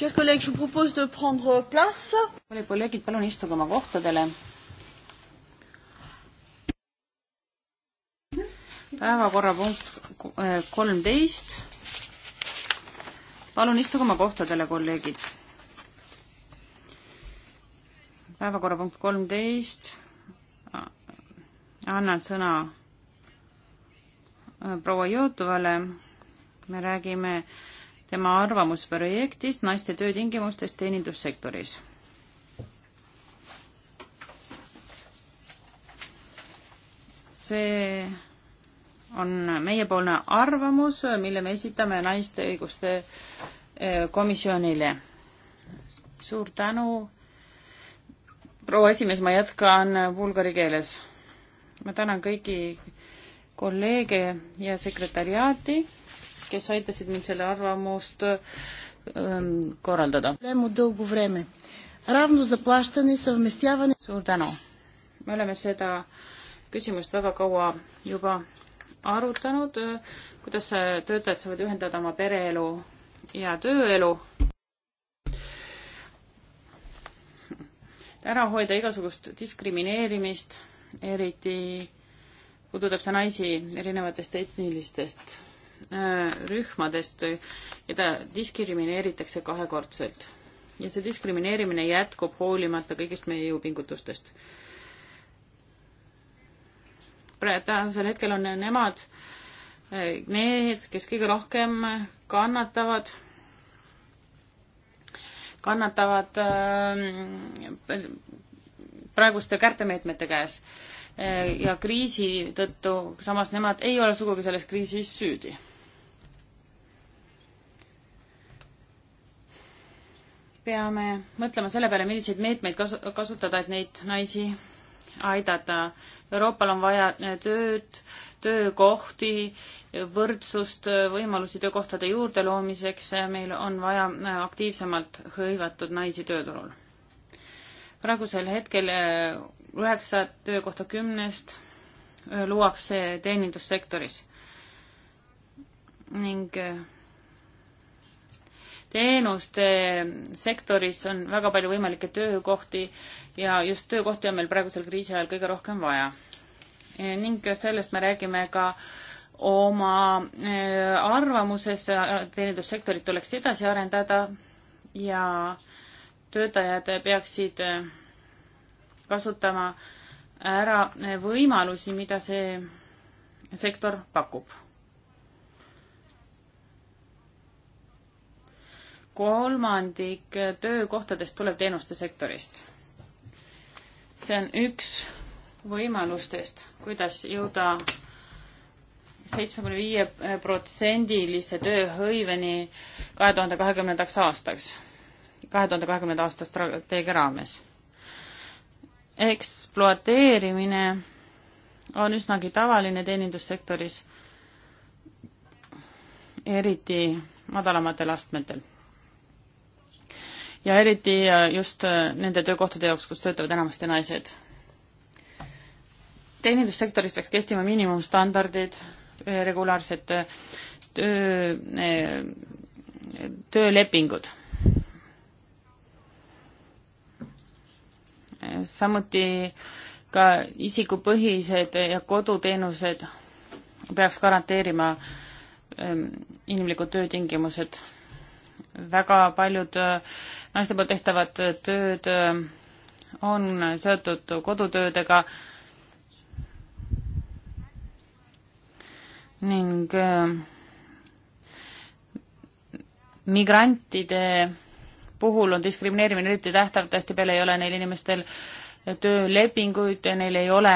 Chers collègues, je vous propose de prendre place. Kallid kolleegid, palun istuge oma kohtadele. Päevakorrapunkt 13. Palun istuge oma kohtadele, kolleegid. Päevakorrapunkt 13. Annan sõna äh, proua Jõutuvale. Me räägime äh, tema arvamus projektist naiste töötingimustest teenindussektoris. see on meiepoolne arvamus, mille me esitame naiste õiguste eh, komisjonile. suur tänu, proua esimees, ma jätkan bulgari keeles. ma tänan kõiki kolleege ja sekretäriaati kes aitasid mind selle arvamust ähm, korraldada. suur tänu. me oleme seda küsimust väga kaua juba arutanud, äh, kuidas töötajad saavad ühendada oma pereelu ja tööelu. ära hoida igasugust diskrimineerimist, eriti puudutab see naisi erinevatest etnilistest rühmadest, keda diskrimineeritakse kahekordselt. ja see diskrimineerimine jätkub hoolimata kõigist meie jõupingutustest. praegusel hetkel on nemad need, kes kõige rohkem kannatavad, kannatavad äh, praeguste kärpemeetmete käes ja kriisi tõttu, samas nemad ei ole sugugi selles kriisis süüdi peame mõtlema selle peale, milliseid meetmeid kasu-, kasutada, et neid naisi aidata. Euroopal on vaja eh, tööd, töökohti, võrdsust, eh, võimalusi töökohtade juurde loomiseks, meil on vaja eh, aktiivsemalt hõivatud naisi tööturul. praegusel hetkel üheksa töökohta kümnest luuakse teenindussektoris ning teenuste sektoris on väga palju võimalikke töökohti ja just töökohti on meil praegusel kriisi ajal kõige rohkem vaja. Eh, ning sellest me räägime ka oma eh, arvamuses, teenindussektorit tuleks edasi arendada ja töötajad peaksid eh, kasutama ära võimalusi, mida see sektor pakub kolmandik töökohtadest tuleb teenuste sektorist. see on üks võimalustest, kuidas jõuda seitsme kuni viie protsendilise tööhõiveni kahe tuhande kahekümnendaks aastaks, kahe tuhande kahekümnenda aasta strateegia raames. ekspluateerimine on üsnagi tavaline teenindussektoris, eriti madalamatel astmetel ja eriti äh, just äh, nende töökohtade jaoks, kus töötavad enamasti naised. teenindussektoris peaks kehtima miinimumstandardid, äh, regulaarsed töö, töölepingud. samuti ka isikupõhised ja koduteenused peaks garanteerima ähm, inimlikud töötingimused väga paljud äh, naiste poolt tehtavad tööd äh, on seotud kodutöödega ning äh, migrantide puhul on diskrimineerimine eriti tähtav, tihtipeale ei ole neil inimestel töölepinguid ja neil ei ole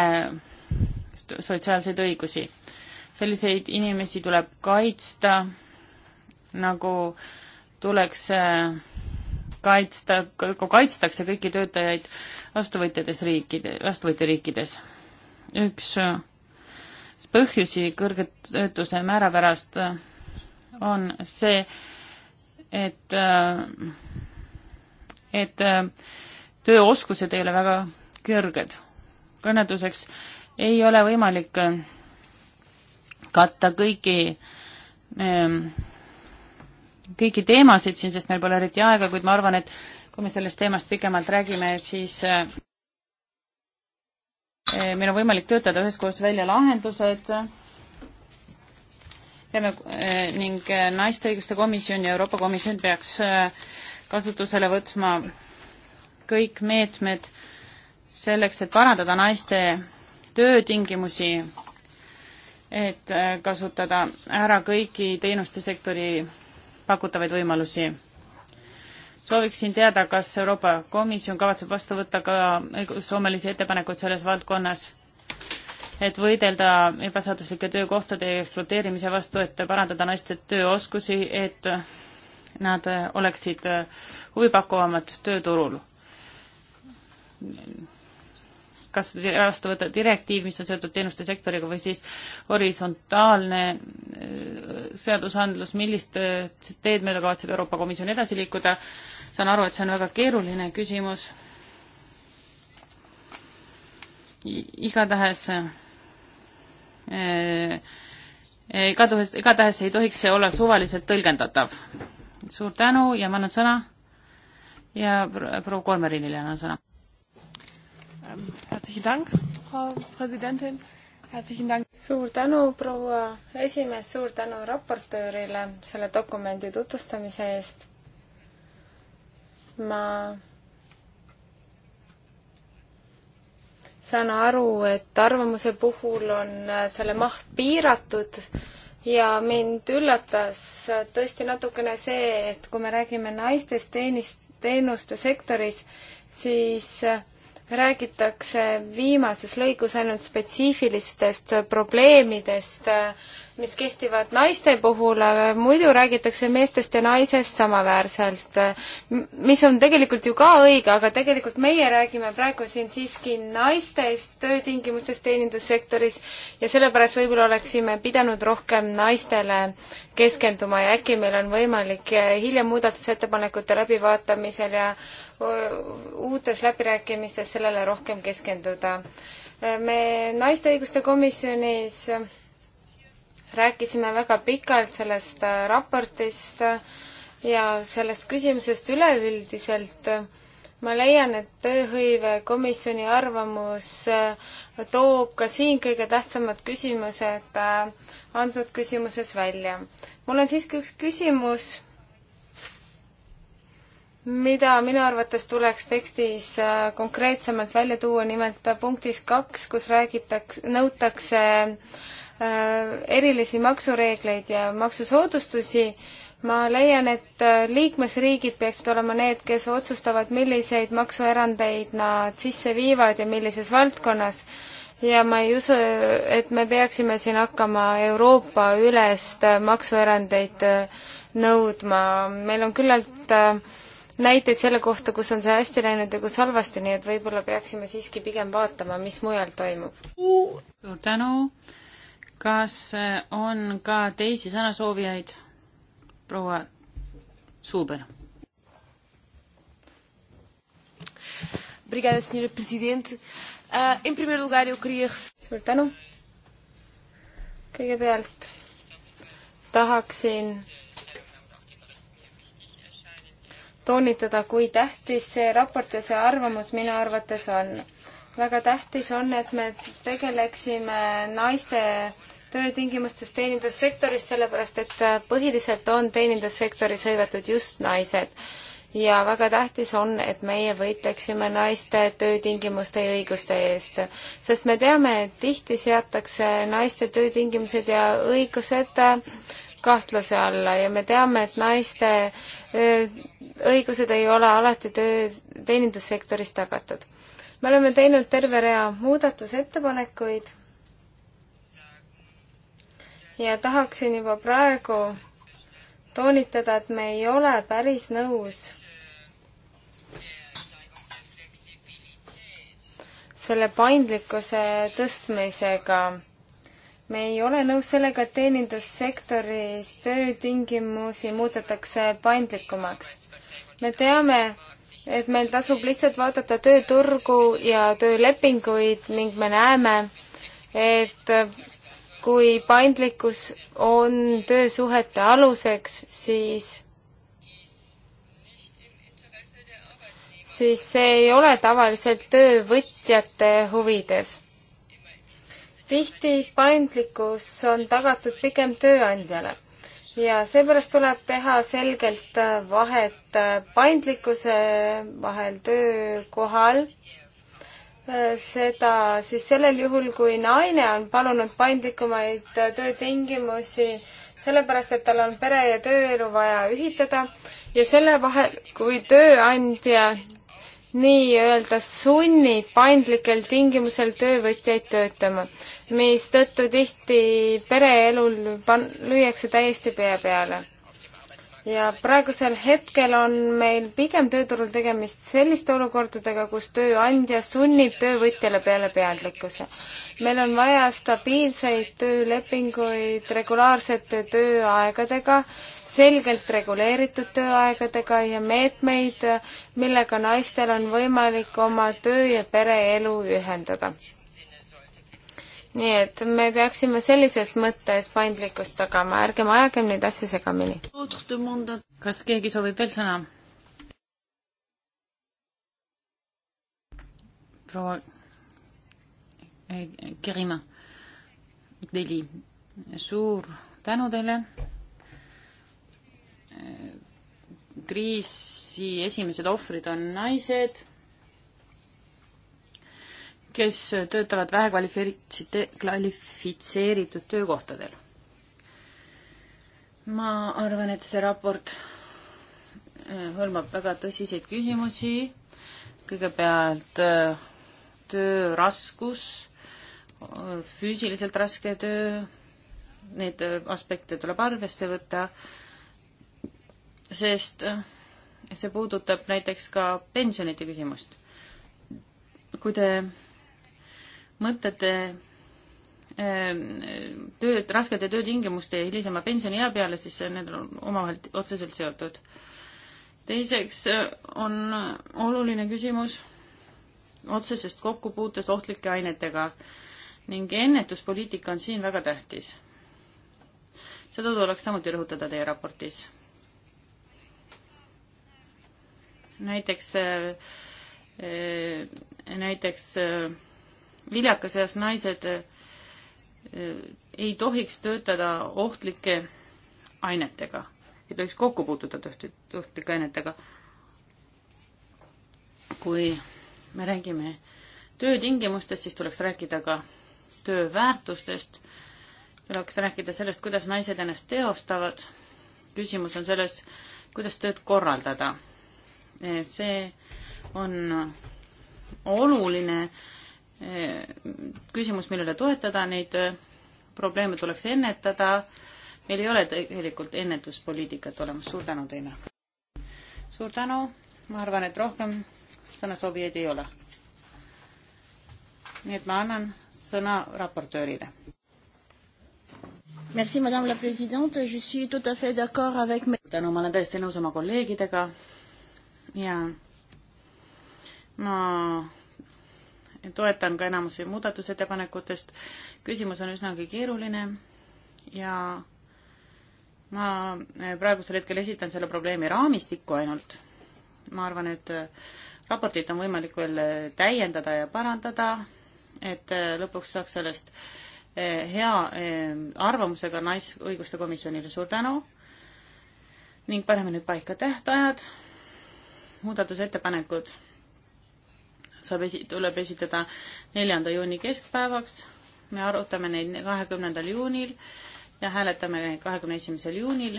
sotsiaalseid õigusi. selliseid inimesi tuleb kaitsta nagu äh, tuleks äh, kaitsta, kaitstakse kõiki töötajaid vastuvõtjates riikide, vastuvõtjariikides. üks äh, põhjusi kõrge töötuse määra pärast äh, on see, et, et tööoskused ei ole väga kõrged. kõnelduseks ei ole võimalik katta kõiki ähm, kõiki teemasid siin, sest meil pole eriti aega, kuid ma arvan, et kui me sellest teemast pikemalt räägime, siis äh, meil on võimalik töötada üheskoos välja lahendused peame äh, ning äh, Naiste Õiguste Komisjon ja Euroopa Komisjon peaks kasutusele võtma kõik meetmed selleks, et parandada naiste töötingimusi, et kasutada ära kõiki teenuste sektori pakutavaid võimalusi. sooviksin teada, kas Euroopa Komisjon kavatseb vastu võtta ka õigusloomelisi ettepanekuid selles valdkonnas, et võidelda ebaseaduslike töökohtade ekspluateerimise vastu, et parandada naiste tööoskusi, et nad oleksid huvipakkuvamad tööturul kas vastu võtta direktiiv, mis on seotud teenuste sektoriga või siis horisontaalne äh, seadusandlus, millist äh, teed mööda kavatseb Euroopa Komisjon edasi liikuda. saan aru, et see on väga keeruline küsimus. igatahes äh, igatahes, igatahes ei tohiks see olla suvaliselt tõlgendatav. suur tänu ja ma annan sõna ja proua Kormerilile annan sõna Ähm, herzlichen Dank, Frau Präsidentin. Herzlichen Dank. suur tänu, proua esimees, suur tänu raportöörile selle dokumendi tutvustamise eest. ma saan aru, et arvamuse puhul on äh, selle maht piiratud ja mind üllatas tõesti natukene see, et kui me räägime naistest teenist, teenuste sektoris, siis äh, räägitakse viimases lõigus ainult spetsiifilistest probleemidest äh, mis kehtivad naiste puhul, aga muidu räägitakse meestest ja naisest samaväärselt, mis on tegelikult ju ka õige, aga tegelikult meie räägime praegu siin siiski naistest töötingimustest teenindussektoris ja sellepärast võib-olla oleksime pidanud rohkem naistele keskenduma ja äkki meil on võimalik hiljem muudatusettepanekute läbivaatamisel ja uutes läbirääkimistes sellele rohkem keskenduda. me naiste õiguste komisjonis rääkisime väga pikalt sellest äh, raportist äh, ja sellest küsimusest üleüldiselt. ma leian, et tööhõivekomisjoni arvamus äh, toob ka siin kõige tähtsamad küsimused antud küsimuses välja. mul on siiski üks küsimus, mida minu arvates tuleks tekstis konkreetsemalt välja tuua, nimelt punktis kaks, kus räägitakse, nõutakse äh, Äh, erilisi maksureegleid ja maksusoodustusi, ma leian, et äh, liikmesriigid peaksid olema need, kes otsustavad, milliseid maksuerandeid nad sisse viivad ja millises valdkonnas. ja ma ei usu, et me peaksime siin hakkama Euroopa ülest äh, maksuerandeid nõudma, meil on küllalt näiteid selle kohta, kus on see hästi läinud ja kus halvasti, nii et võib-olla peaksime siiski pigem vaatama, mis mujal toimub. suur tänu kas eh, on ka teisi sõnasoovijaid? proua Suuber. Obrigada, senhora presidente. Uh, em primeiro lugar, eu queria... Suur tänu. Kõigepealt tahaksin toonitada, kui tähtis see raport ja see arvamus minu arvates on. väga tähtis on, et me tegeleksime naiste töötingimustest teenindussektoris, sellepärast et äh, põhiliselt on teenindussektoris hõivatud just naised. ja väga tähtis on, et meie võitleksime naiste töötingimuste ja õiguste eest, sest me teame, et tihti seatakse naiste töötingimused ja õigused äh, kahtluse alla ja me teame, et naiste äh, õigused ei ole alati töö, teenindussektoris tagatud. me oleme teinud terve rea muudatusettepanekuid ja tahaksin juba praegu toonitada, et me ei ole päris nõus selle paindlikkuse tõstmisega me ei ole nõus sellega, et teenindussektoris töötingimusi muudetakse paindlikumaks. me teame, et meil tasub lihtsalt vaadata tööturgu ja töölepinguid ning me näeme, et kui paindlikkus on töösuhete aluseks, siis siis see ei ole tavaliselt töövõtjate huvides. tihti paindlikkus on tagatud pigem tööandjale ja seepärast tuleb teha selgelt vahet paindlikkuse vahel töökohal Äh, seda siis sellel juhul, kui naine on palunud paindlikumaid äh, töötingimusi, sellepärast et tal on pere ja tööelu vaja ühitada ja selle vahel, kui tööandja nii-öelda sunnib paindlikel tingimusel töövõtjaid töötama, mistõttu tihti pereelul pan-, lüüakse täiesti pea peale ja praegusel hetkel on meil pigem tööturul tegemist selliste olukordadega, kus tööandja sunnib töövõtjale peale peadlikkuse. meil on vaja stabiilseid töölepinguid regulaarsete tööaegadega, selgelt reguleeritud tööaegadega ja meetmeid, millega naistel on võimalik oma töö ja pereelu ühendada nii et me peaksime sellises mõttes paindlikkust tagama, ärgem ajagem neid asju segamini. kas keegi soovib veel sõna? proua eh, Kerima, Deli, suur tänu teile. Eh, kriisi esimesed ohvrid on naised kes töötavad vähe kvalifitseeritud töökohtadel. ma arvan, et see raport äh, hõlmab väga tõsiseid küsimusi, kõigepealt äh, töö raskus, füüsiliselt raske töö, neid äh, aspekte tuleb arvesse võtta, sest see puudutab näiteks ka pensionite küsimust. kui te mõtete ähm, tööd, raskete töötingimuste ja hilisema pensioniea peale, siis need on omavahel otseselt seotud. teiseks äh, on oluline küsimus otsesest kokkupuutest ohtlike ainetega ning ennetuspoliitika on siin väga tähtis. seda tuleks samuti rõhutada teie raportis. näiteks, äh, äh, näiteks viljakas eas naised äh, ei tohiks töötada ohtlike ainetega, ei tohiks kokku puutuda ohtlike ainetega. kui me räägime töötingimustest, siis tuleks rääkida ka töö väärtustest, tuleks rääkida sellest, kuidas naised ennast teostavad. küsimus on selles, kuidas tööd korraldada. Äh, see on oluline Ehm, küsimus, millele toetada, neid äh, probleeme tuleks ennetada. meil ei ole tegelikult ennetuspoliitikat olemas. suur tänu teile. suur tänu. ma arvan, et rohkem sõnasoovijaid ei ole. nii et ma annan sõna raportöörile. Merci, madame la présidente. Je suis tout à fait d'accord avec me... tänu, ma olen täiesti nõus oma kolleegidega ja ma no toetan ka enamusi muudatusettepanekutest. küsimus on üsnagi keeruline ja ma eh, praegusel hetkel esitan selle probleemi raamistikku ainult. ma arvan, et eh, raportit on võimalik veel eh, täiendada ja parandada, et lõpuks saaks sellest hea arvamusega Naisõiguste Komisjonile suur tänu ning paneme nüüd paika tähtajad, muudatusettepanekud saab esi-, tuleb esitada neljanda juuni keskpäevaks. me arutame neid kahekümnendal juunil ja hääletame neid kahekümne esimesel juunil.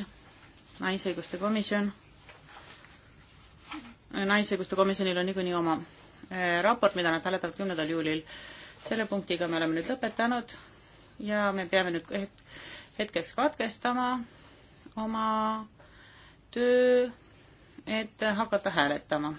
naisõiguste komisjon, naisõiguste komisjonil on niikuinii oma äh, raport, mida nad hääletavad kümnendal juulil. selle punktiga me oleme nüüd lõpetanud ja me peame nüüd hetkeks katkestama oma töö, et hakata hääletama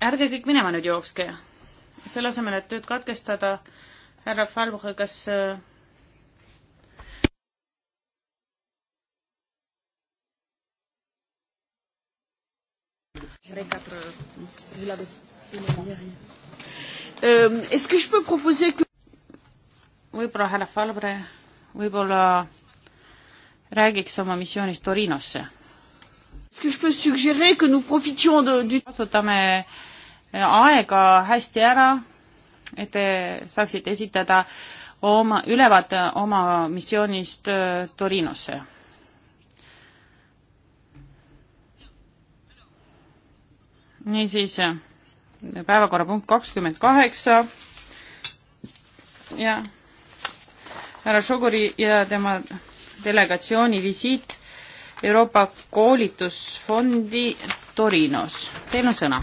ärge kõik minema nüüd jookske. selle asemel, et tööd katkestada, härra Falbuhe, kas võib-olla härra Falbre võib-olla räägiks oma missioonist Torinosse kasutame eh, aega hästi ära, et te saaksite esitada oma, ülevaate oma missioonist eh, Torinosse niisiis, eh, päevakorrapunkt kakskümmend kaheksa ja härra Šoguri ja tema delegatsiooni visiit Euroopa koolitusfondi Torinos. Teil on sõna.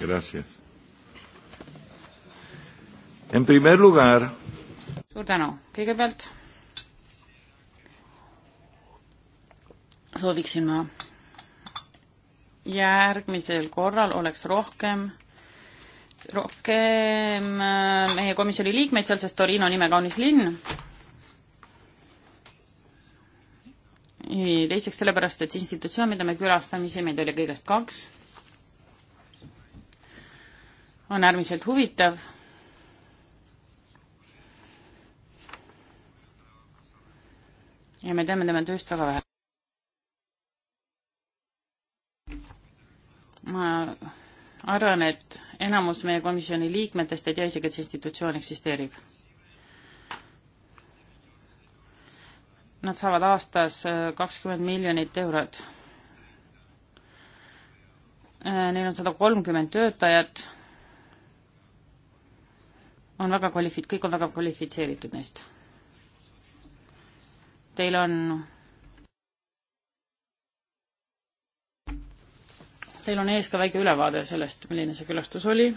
Gracias. En primer lugar. suur tänu, kõigepealt sooviksin ma järgmisel korral oleks rohkem rohkem äh, meie komisjoni liikmeid seal, sest Torino nime kaunis linn teiseks sellepärast, et see institutsioon, mida me külastasime, meid oli kõigest kaks, on äärmiselt huvitav ja me teame tema tööst väga vähe. ma arvan, et enamus meie komisjoni liikmetest ei tea isegi, et see institutsioon eksisteerib. nad saavad aastas äh, kakskümmend miljonit eurot. Äh, neil on sada kolmkümmend töötajat, on väga kvalifi-, kõik on väga kvalifitseeritud neist. Teil on, teil on ees ka väike ülevaade sellest, milline see külastus oli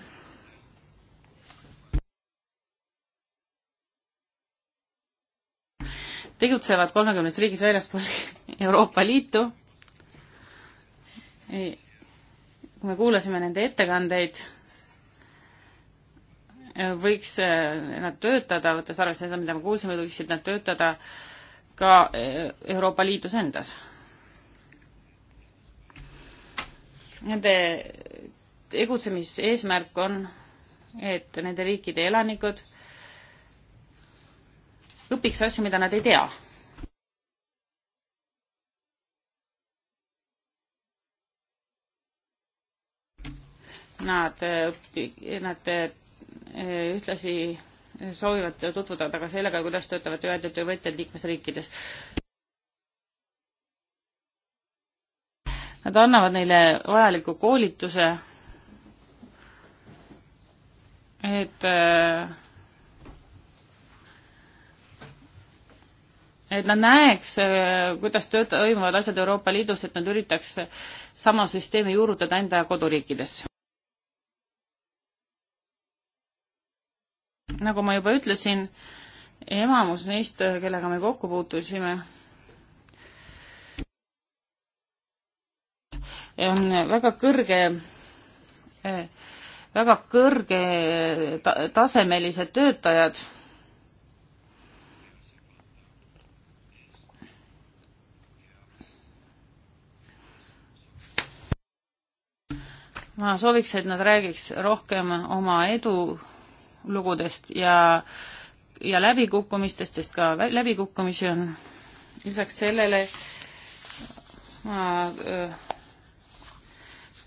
tegutsevad kolmekümnes riigis väljaspool Euroopa Liitu. kui me kuulasime nende ettekandeid, võiks eh, nad töötada, võttes arvesse seda, mida me kuulsime, võiksid nad töötada ka eh, Euroopa Liidus endas. Nende tegutsemiseesmärk on, et nende riikide elanikud õpiks asju, mida nad ei tea. Nad, äh, nad äh, ühtlasi soovivad tutvuda ka sellega, kuidas töötavad tööandjad, töövõtjad liikmesriikides. Nad annavad neile vajaliku koolituse, et äh, et nad näeks, äh, kuidas tööt-, toimuvad asjad Euroopa Liidus, et nad üritaks sama süsteemi juurutada enda koduriikides. nagu ma juba ütlesin, enamus neist, kellega me kokku puutusime, on väga kõrge äh, väga kõrgetasemelised töötajad ma sooviks, et nad räägiks rohkem oma edulugudest ja, ja läbikukkumistest, sest ka läbikukkumisi on. lisaks sellele ma öö,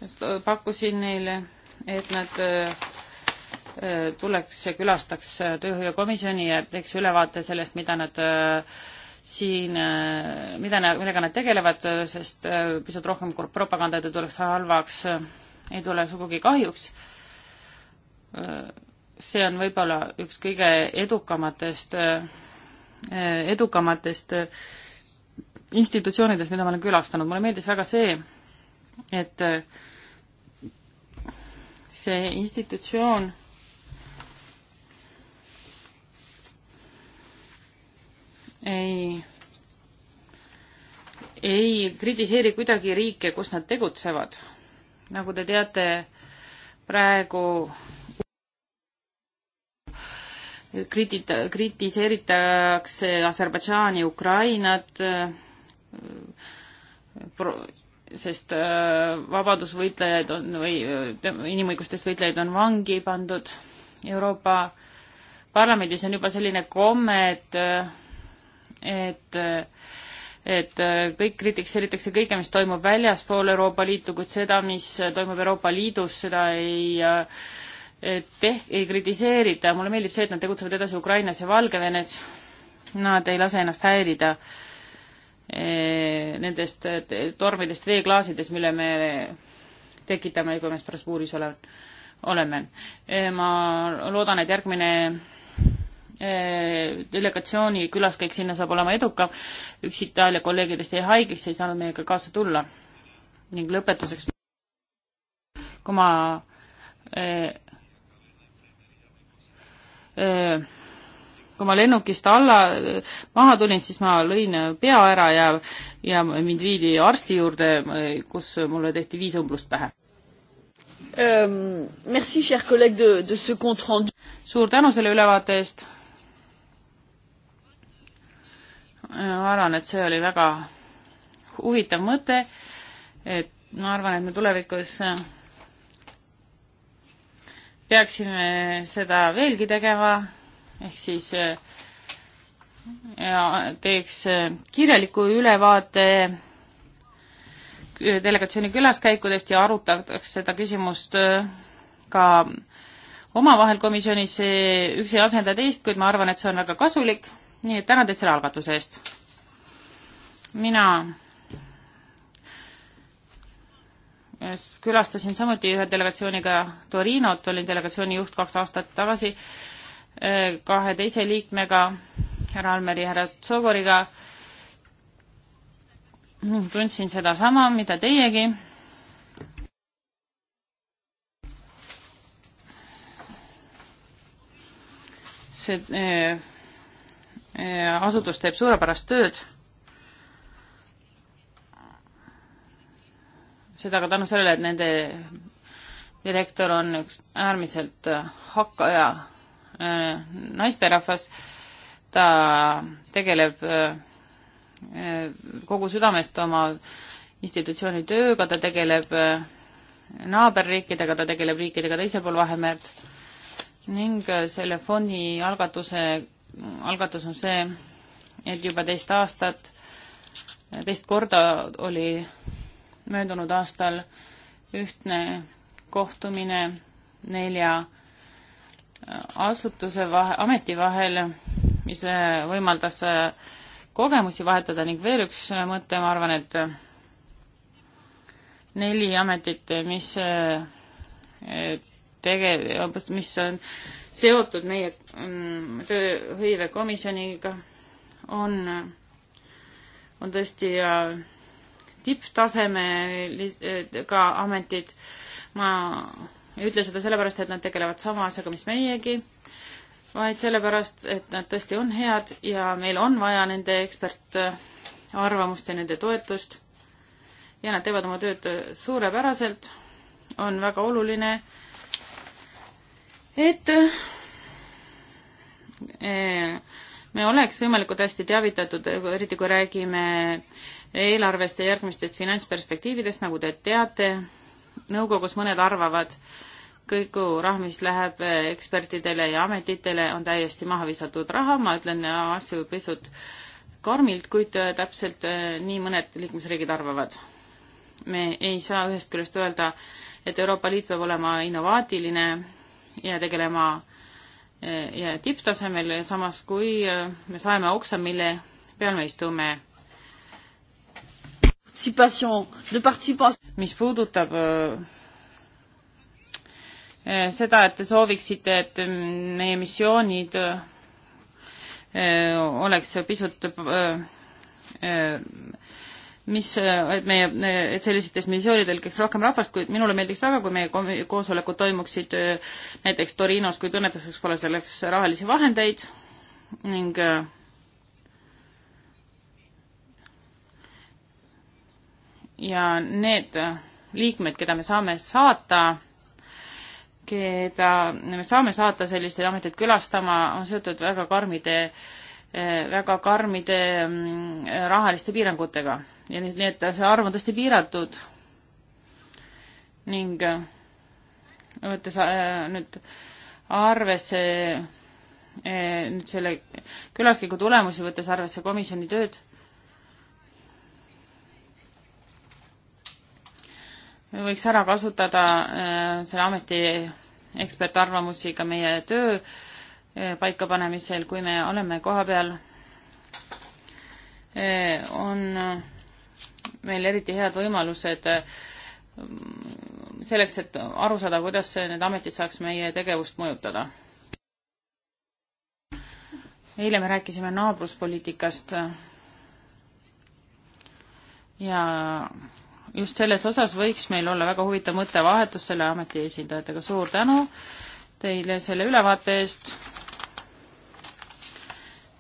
äh, pakkusin neile, et nad öö, äh, äh, tuleks ja külastaks tööhõivekomisjoni ja teeks ülevaate sellest, mida nad siin, mida, millega nad tegelevad, sest pisut rohkem propagandat ei tuleks halvaks ei tule sugugi kahjuks. see on võib-olla üks kõige edukamatest, edukamatest institutsioonidest, mida ma olen külastanud. mulle meeldis väga see, et see institutsioon ei, ei kritiseeri kuidagi riike, kus nad tegutsevad nagu te teate, praegu kritita-, kritiseeritakse Aserbaidžaani, Ukrainat, sest äh, vabadusvõitlejaid on või äh, inimõigustest võitlejaid on vangi pandud. Euroopa Parlamendis on juba selline komme, et, äh, et et äh, kõik kritiseeritakse kõige, mis toimub väljaspool Euroopa Liitu, kuid seda, mis toimub Euroopa Liidus, seda ei äh, teh-, ei kritiseerita, mulle meeldib see, et nad tegutsevad edasi Ukrainas ja Valgevenes, nad ei lase ennast häirida äh, nendest tormidest veeklaasides, mille me tekitame, kui me Strasbourgis ole-, oleme. ma loodan, et järgmine Äh, delegatsiooni külaskäik sinna saab olema edukam, üks Itaalia kolleegidest jäi haigeks, ei saanud meiega kaasa tulla. ning lõpetuseks, kui ma äh, äh, kui ma lennukist alla, maha tulin, siis ma lõin pea ära ja, ja mind viidi arsti juurde, kus mulle tehti viis õmblust pähe. Ähm, merci, cher collègue, de, de ce compte rendu. suur tänu selle ülevaate eest ma arvan, et see oli väga huvitav mõte, et ma arvan, et me tulevikus peaksime seda veelgi tegema, ehk siis ja teeks kirjaliku ülevaate delegatsiooni külaskäikudest ja arutatakse seda küsimust ka omavahel komisjonis, üks ei asenda teist, kuid ma arvan, et see on väga kasulik nii et tänan teid selle algatuse eest. mina külastasin samuti ühe delegatsiooniga Torinot, olin delegatsiooni juht kaks aastat tagasi e, kahe teise liikmega, härra Almeri ja härra Tsogoriga. tundsin sedasama, mida teiegi. see e, Äh, asutus teeb suurepärast tööd. seda ka tänu sellele, et nende direktor on üks äärmiselt äh, hakkaja äh, naisterahvas, ta tegeleb kogu südamest oma institutsiooni tööga, ta tegeleb naaberriikidega, ta tegeleb riikidega teisel pool Vahemerd ning selle fondi algatuse algatus on see, et juba teist aastat, teist korda oli möödunud aastal ühtne kohtumine nelja asutuse vahe, ameti vahel, mis äh, võimaldas äh, kogemusi vahetada ning veel üks äh, mõte, ma arvan, et neli ametit, mis tege-, mis on seotud meie mm, tööhõivekomisjoniga, on, on tõesti tipptasemega äh, ametid. ma ei ütle seda sellepärast, et nad tegelevad sama asjaga, mis meiegi, vaid sellepärast, et nad tõesti on head ja meil on vaja nende ekspertarvamust äh, ja nende toetust. ja nad teevad oma tööd suurepäraselt. on väga oluline äh, et eh, me oleks võimalikult hästi teavitatud, eriti kui räägime eelarvest ja järgmistest finantsperspektiividest, nagu te teate, nõukogus mõned arvavad, kõik raha, mis läheb ekspertidele ja ametitele, on täiesti maha visatud raha, ma ütlen asju pisut karmilt, kuid täpselt eh, nii mõned liikmesriigid arvavad. me ei saa ühest küljest öelda, et Euroopa Liit peab olema innovaatiline ja tegelema eh, ja tipptasemel, samas kui eh, me saeme oksa, mille peal me istume. mis puudutab eh, seda, et te sooviksite, et meie missioonid oleks pisut mis, et meie, et sellistes missioonidel käiks rohkem rahvast, kuid minule meeldiks väga, kui meie koosolekud toimuksid äh, näiteks Torinos, kuid õnnetuseks pole selleks rahalisi vahendeid ning äh, ja need liikmed, keda me saame saata, keda me saame saata selliseid ameteid külastama, on seotud väga karmide, äh, väga karmide mm, rahaliste piirangutega ja nii, nii et see arv on tõesti piiratud. ning äh, võttes äh, nüüd arvesse äh, nüüd selle külaskäigu tulemusi, võttes arvesse komisjoni tööd, võiks ära kasutada äh, selle ameti ekspertarvamusi ka meie töö äh, paikapanemisel, kui me oleme koha peal, äh, on meil eriti head võimalused mm, selleks, et aru saada, kuidas need ametid saaks meie tegevust mõjutada. eile me rääkisime naabruspoliitikast ja just selles osas võiks meil olla väga huvitav mõttevahetus selle ameti esindajatega. suur tänu teile selle ülevaate eest,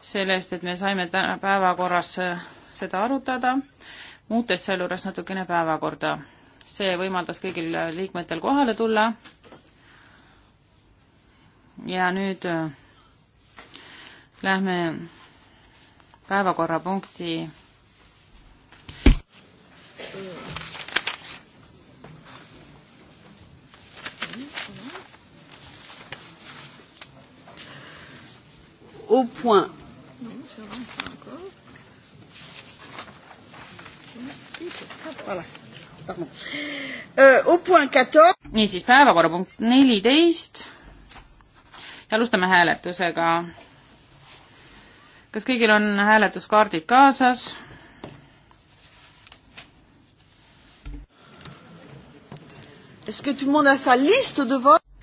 selle eest, et me saime täna päevakorras seda arutada muutes sealjuures natukene päevakorda. see võimaldas kõigil liikmetel kohale tulla. ja nüüd äh, lähme päevakorrapunkti au point Voilà. niisiis, päevakorrapunkt neliteist. alustame hääletusega. kas kõigil on hääletuskaardid kaasas?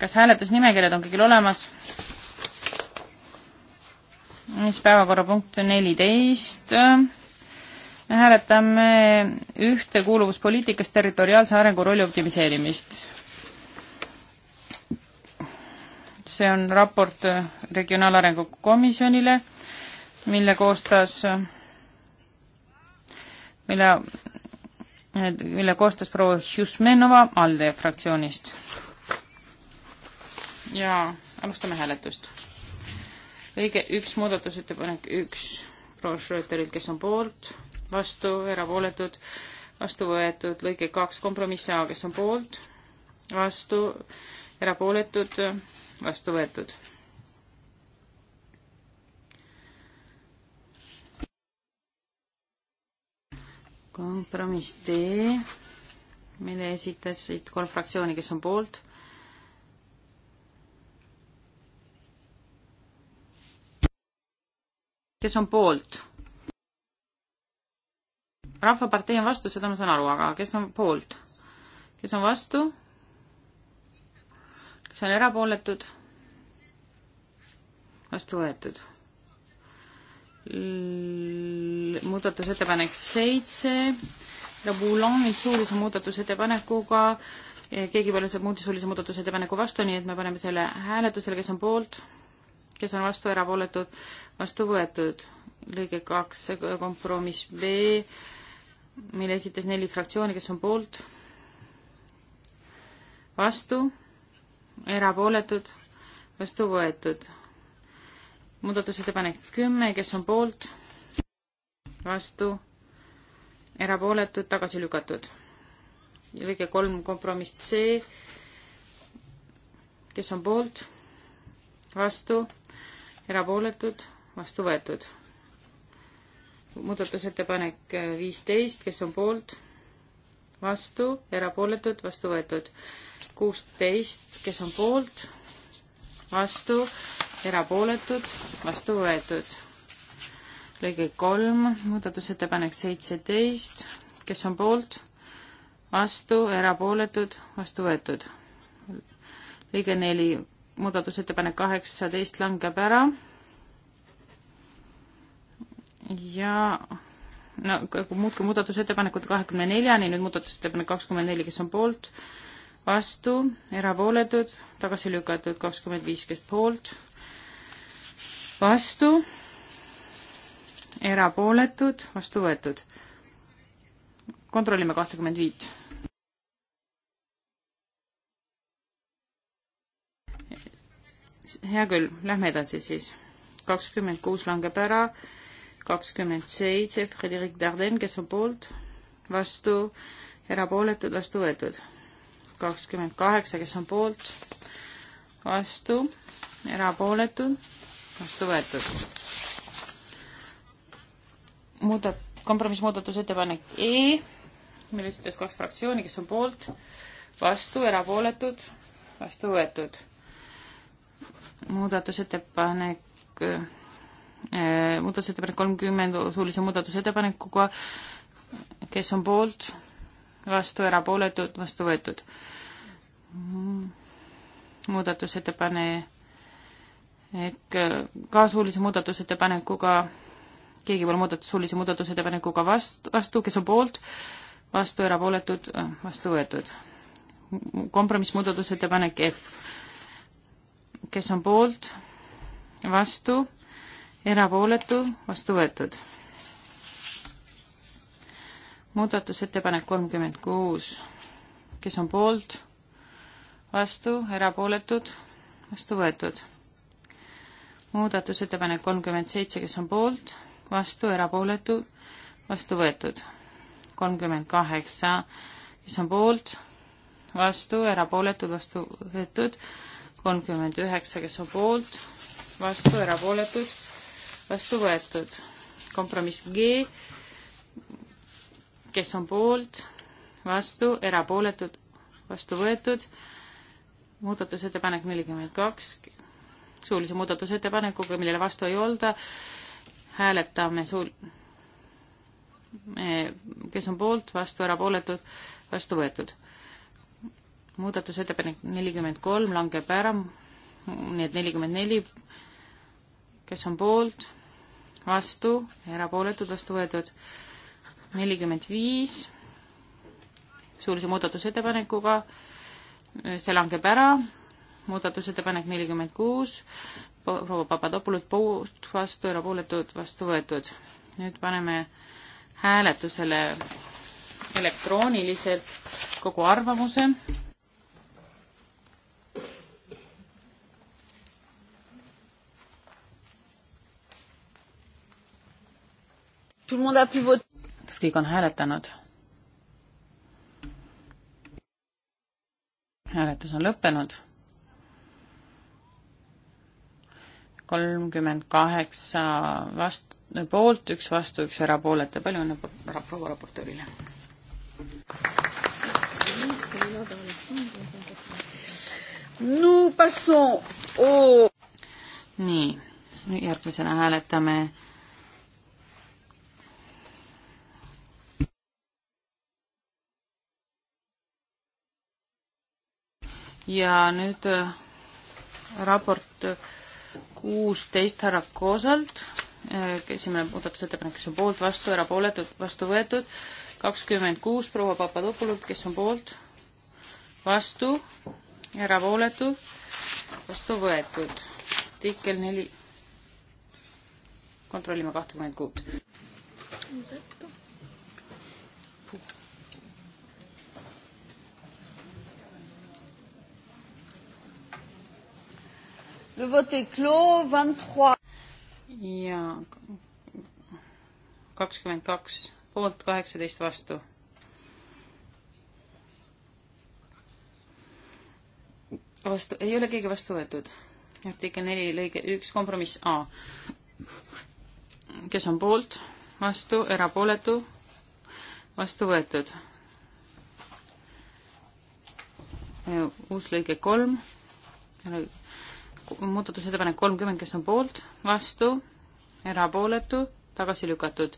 kas hääletusnimekirjad on kõigil olemas? siis päevakorrapunkt neliteist hääletame ühtekuuluvuspoliitikas territoriaalse arengu rolli optimiseerimist. see on raport Regionaalarengu Komisjonile, mille koostas, mille, mille koostas proua Hjusmenova ALDE fraktsioonist. ja alustame hääletust. lõige üks, muudatusettepanek üks, proua Schröterilt, kes on poolt vastu, erapooletud, vastu võetud, lõige kaks, kompromiss A, kes on poolt, vastu, erapooletud, vastu võetud. kompromiss D, mille esitasid kolm fraktsiooni, kes on poolt kes on poolt? rahvapartei on vastu, seda ma saan aru, aga kes on poolt? kes on vastu? kes on erapooletud? vastu võetud. muudatusettepanek seitse, Rabulangilt suulise muudatusettepanekuga, eh, keegi pole selle muud suulise muudatusettepaneku vastu, nii et me paneme selle hääletusele, kes on poolt, kes on vastu, erapooletud, vastu võetud. lõige kaks, kompromiss B mille esitas neli fraktsiooni, kes on poolt, vastu, erapooletud, vastu võetud. muudatusettepanek kümme, kes on poolt, vastu, erapooletud, tagasi lükatud. lõige kolm, kompromiss C, kes on poolt, vastu, erapooletud, vastu võetud muudatusettepanek äh, viisteist, kes on poolt, vastu, erapooletud, vastu võetud. kuusteist, kes on poolt, vastu, erapooletud, vastu võetud. lõige kolm, muudatusettepanek seitseteist, kes on poolt, vastu, erapooletud, vastu võetud. lõige neli, muudatusettepanek kaheksateist langeb ära ja no muudkui muudatusettepanekud kahekümne neljani, nüüd muudatusettepanek kakskümmend neli, kes on poolt, vastu, erapooletud, tagasi lükatud kakskümmend viis, kes poolt, vastu, erapooletud, vastu võetud. kontrollime kahtekümmend viit. hea küll, lähme edasi siis. kakskümmend kuus langeb ära kakskümmend seitse Frederik Darden, kes on poolt, vastu, erapooletud, vastu võetud. kakskümmend kaheksa, kes on poolt, vastu, erapooletud, vastu võetud. muudat-, kompromissmuudatusettepanek E, mille esitas kaks fraktsiooni, kes on poolt, vastu, erapooletud, vastu võetud. muudatusettepanek Äh, muudatusettepanek kolmkümmend suulise muudatusettepanekuga, kes on poolt, vastu, erapooletud, vastu võetud. muudatusettepanek äh, ka suulise muudatusettepanekuga, keegi pole muudatus, suulise muudatusettepanekuga vastu, vastu, kes on poolt, vastu, erapooletud, äh, vastu võetud. kompromissmuudatusettepanek F, kes on poolt, vastu erapooletu, vastu võetud. muudatusettepanek kolmkümmend kuus, kes on poolt, vastu, erapooletud, vastu võetud. muudatusettepanek kolmkümmend seitse, kes on poolt, vastu, erapooletud, vastu võetud. kolmkümmend kaheksa, kes on poolt, vastu, erapooletud, vastu võetud. kolmkümmend üheksa, kes on poolt, vastu, erapooletud vastu võetud. kompromiss G, kes on poolt, vastu, erapooletud, vastu võetud. muudatusettepanek nelikümmend kaks, suulise muudatusettepanekuga, millele vastu ei olda, hääletame suul-, eh, kes on poolt, vastu, erapooletud, vastu võetud. muudatusettepanek nelikümmend kolm langeb ära, nii et nelikümmend neli kes on poolt, vastu, erapooletud, vastu võetud nelikümmend viis suulise muudatusettepanekuga, see langeb ära, muudatusettepanek nelikümmend kuus, proua Papadopoulos poolt, vastu, erapooletud, vastu võetud. nüüd paneme hääletusele elektrooniliselt kogu arvamuse kas kõik on hääletanud? hääletus on lõppenud. kolmkümmend kaheksa vast-, poolt, üks vastu, üks erapooletu. palju õnne proua raportöörile! nii, järgmisena hääletame ja nüüd äh, raport kuusteist härra Koosalt, äh, esimene muudatusettepanek, kes on poolt, vastu, erapooletud, vastu võetud, kakskümmend kuus proua Papadopolult, kes on poolt, vastu, erapooletu, vastu võetud. artikkel neli, kontrollime kahtekümmet kuut. Le vote est clos, 23. ja kakskümmend kaks poolt, kaheksateist vastu. vastu, ei ole keegi vastu võetud. artikkel neli lõige üks, kompromiss A. kes on poolt, vastu, erapooletu, vastu võetud. uus lõige kolm muudatusettepanek kolmkümmend, kes on poolt, vastu, erapooletu, tagasi lükatud.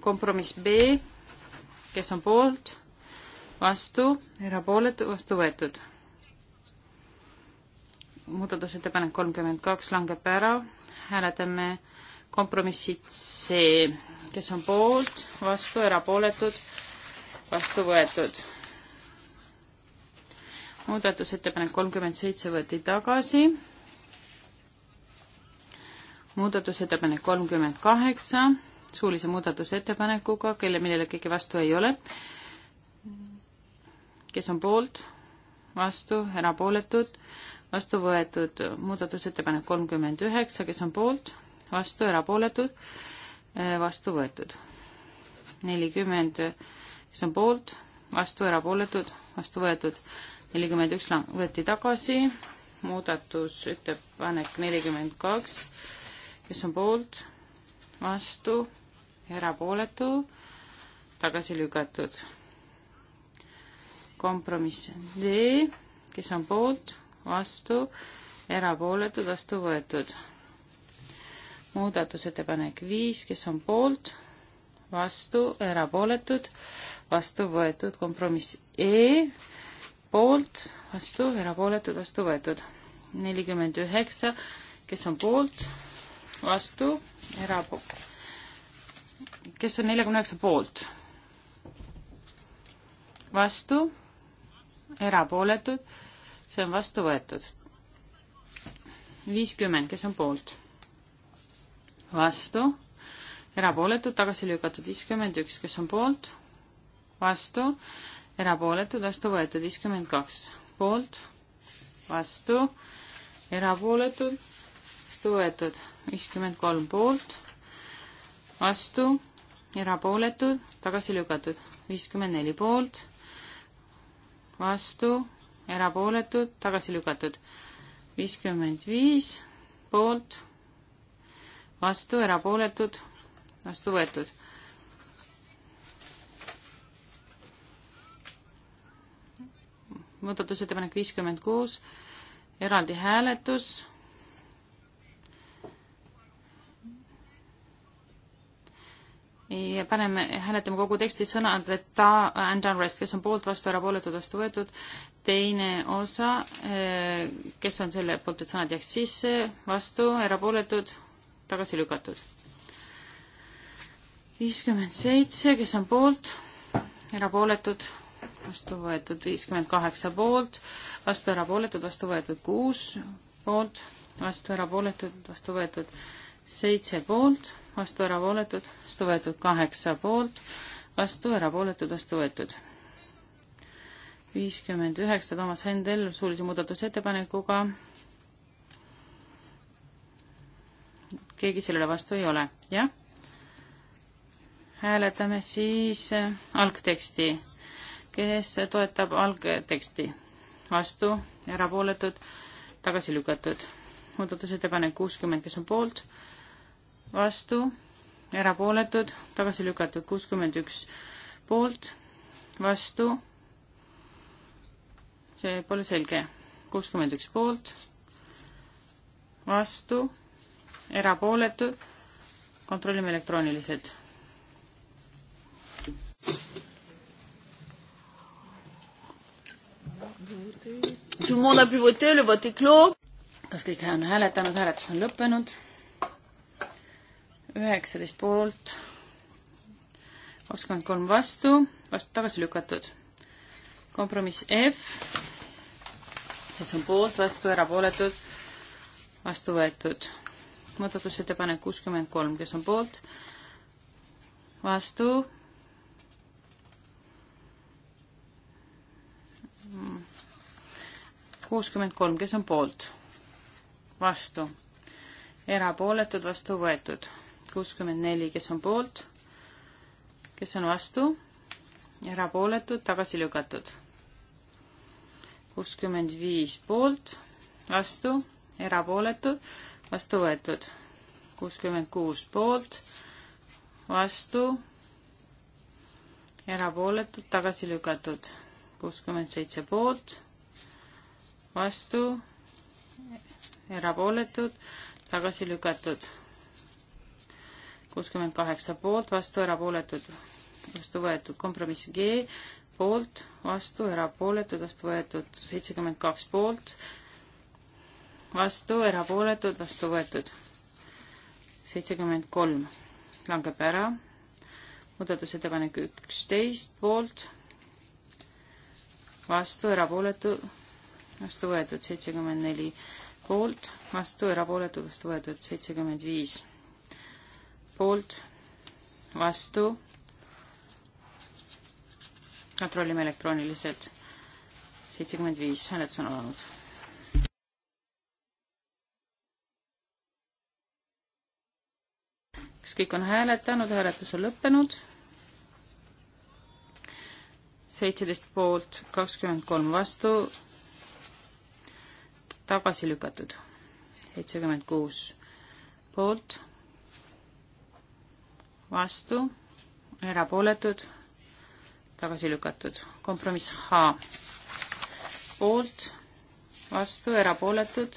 kompromiss B, kes on poolt, vastu, erapooletu, vastu võetud. muudatusettepanek kolmkümmend kaks langeb ära, hääletame kompromissid C, kes on poolt, vastu, erapooletud, vastu võetud muudatusettepanek kolmkümmend seitse võeti tagasi. muudatusettepanek kolmkümmend kaheksa suulise muudatusettepanekuga, kelle, millele keegi vastu ei ole. kes on poolt, vastu, erapooletud, vastu võetud muudatusettepanek kolmkümmend üheksa, kes on poolt, vastu, erapooletud, äh, vastu võetud. nelikümmend, kes on poolt, vastu, erapooletud, vastu võetud nelikümmend üks võeti tagasi, muudatus ettepanek nelikümmend kaks, kes on poolt, vastu, erapooletu, tagasi lükatud. kompromiss D, kes on poolt, vastu, erapooletud, vastu võetud. muudatusettepanek viis, kes on poolt, vastu, erapooletud, vastu võetud, kompromiss E, poolt, vastu, erapooletud, vastu võetud. nelikümmend üheksa, kes on poolt, vastu, erapo-, kes on neljakümne üheksa poolt? vastu, erapooletud, see on vastu võetud. viiskümmend, kes on poolt? vastu, erapooletud, tagasi lükatud viiskümmend üks, kes on poolt? vastu, erapooletud, vastu võetud viiskümmend kaks poolt, vastu, erapooletud, vastu võetud viiskümmend kolm poolt, vastu, erapooletud, tagasi lükatud viiskümmend neli poolt, vastu, erapooletud, tagasi lükatud viiskümmend viis poolt, vastu, erapooletud, vastu võetud muudatusettepanek viiskümmend kuus, eraldi hääletus. ja paneme, hääletame kogu teksti sõnadeta and unrest, kes on poolt, vastu, erapooletud, vastu võetud. teine osa, eh, kes on selle poolt, et sõnad jääks sisse, vastu, erapooletud, tagasi lükatud. viiskümmend seitse, kes on poolt, erapooletud vastu võetud viiskümmend kaheksa poolt, vastu erapooletud, vastu võetud kuus poolt, vastu erapooletud, vastu võetud seitse poolt, vastu erapooletud, vastu võetud kaheksa poolt, vastu erapooletud, vastu võetud viiskümmend üheksa, Toomas Hendel suulise muudatusettepanekuga. keegi sellele vastu ei ole, jah? hääletame siis algteksti kes toetab algteksti, vastu, erapooletud, tagasi lükatud. muudatusettepanek kuuskümmend, kes on poolt, vastu, erapooletud, tagasi lükatud, kuuskümmend üks poolt, vastu, see pole selge, kuuskümmend üks poolt, vastu, erapooletud, kontrollime elektrooniliselt. Tout le monde a pu voter, le vote est clos. kas kõik on hääletanud, hääletus on lõppenud. üheksateist poolt, kakskümmend kolm vastu, vastu tagasi lükatud. kompromiss F, kes on poolt, vastu, erapooletud, vastu võetud. muudatusettepanek kuuskümmend kolm, kes on poolt, vastu kuuskümmend kolm, kes on poolt? vastu. erapooletud, vastu võetud. kuuskümmend neli, kes on poolt? kes on vastu? erapooletud, tagasi lükatud. kuuskümmend viis poolt, vastu, erapooletud, vastu võetud. kuuskümmend kuus poolt, vastu, erapooletud, tagasi lükatud. kuuskümmend seitse poolt, vastu, erapooletud, tagasi lükatud. kuuskümmend kaheksa poolt, vastu, erapooletud, vastu võetud, kompromiss G, poolt, vastu, erapooletud, vastu võetud, seitsekümmend kaks poolt, vastu, erapooletud, vastu võetud, seitsekümmend kolm langeb ära, muudatusettepanek üksteist poolt, vastu, erapooletu vastu võetud seitsekümmend neli poolt, vastu erapooletud, vastu võetud seitsekümmend viis poolt, vastu. kontrollime elektrooniliselt. seitsekümmend viis, hääletus on alanud kas kõik on hääletanud, hääletus on lõppenud. seitseteist poolt, kakskümmend kolm vastu, tagasi lükatud. seitsekümmend kuus poolt, vastu, erapooletud, tagasi lükatud. kompromiss H poolt, vastu, erapooletud,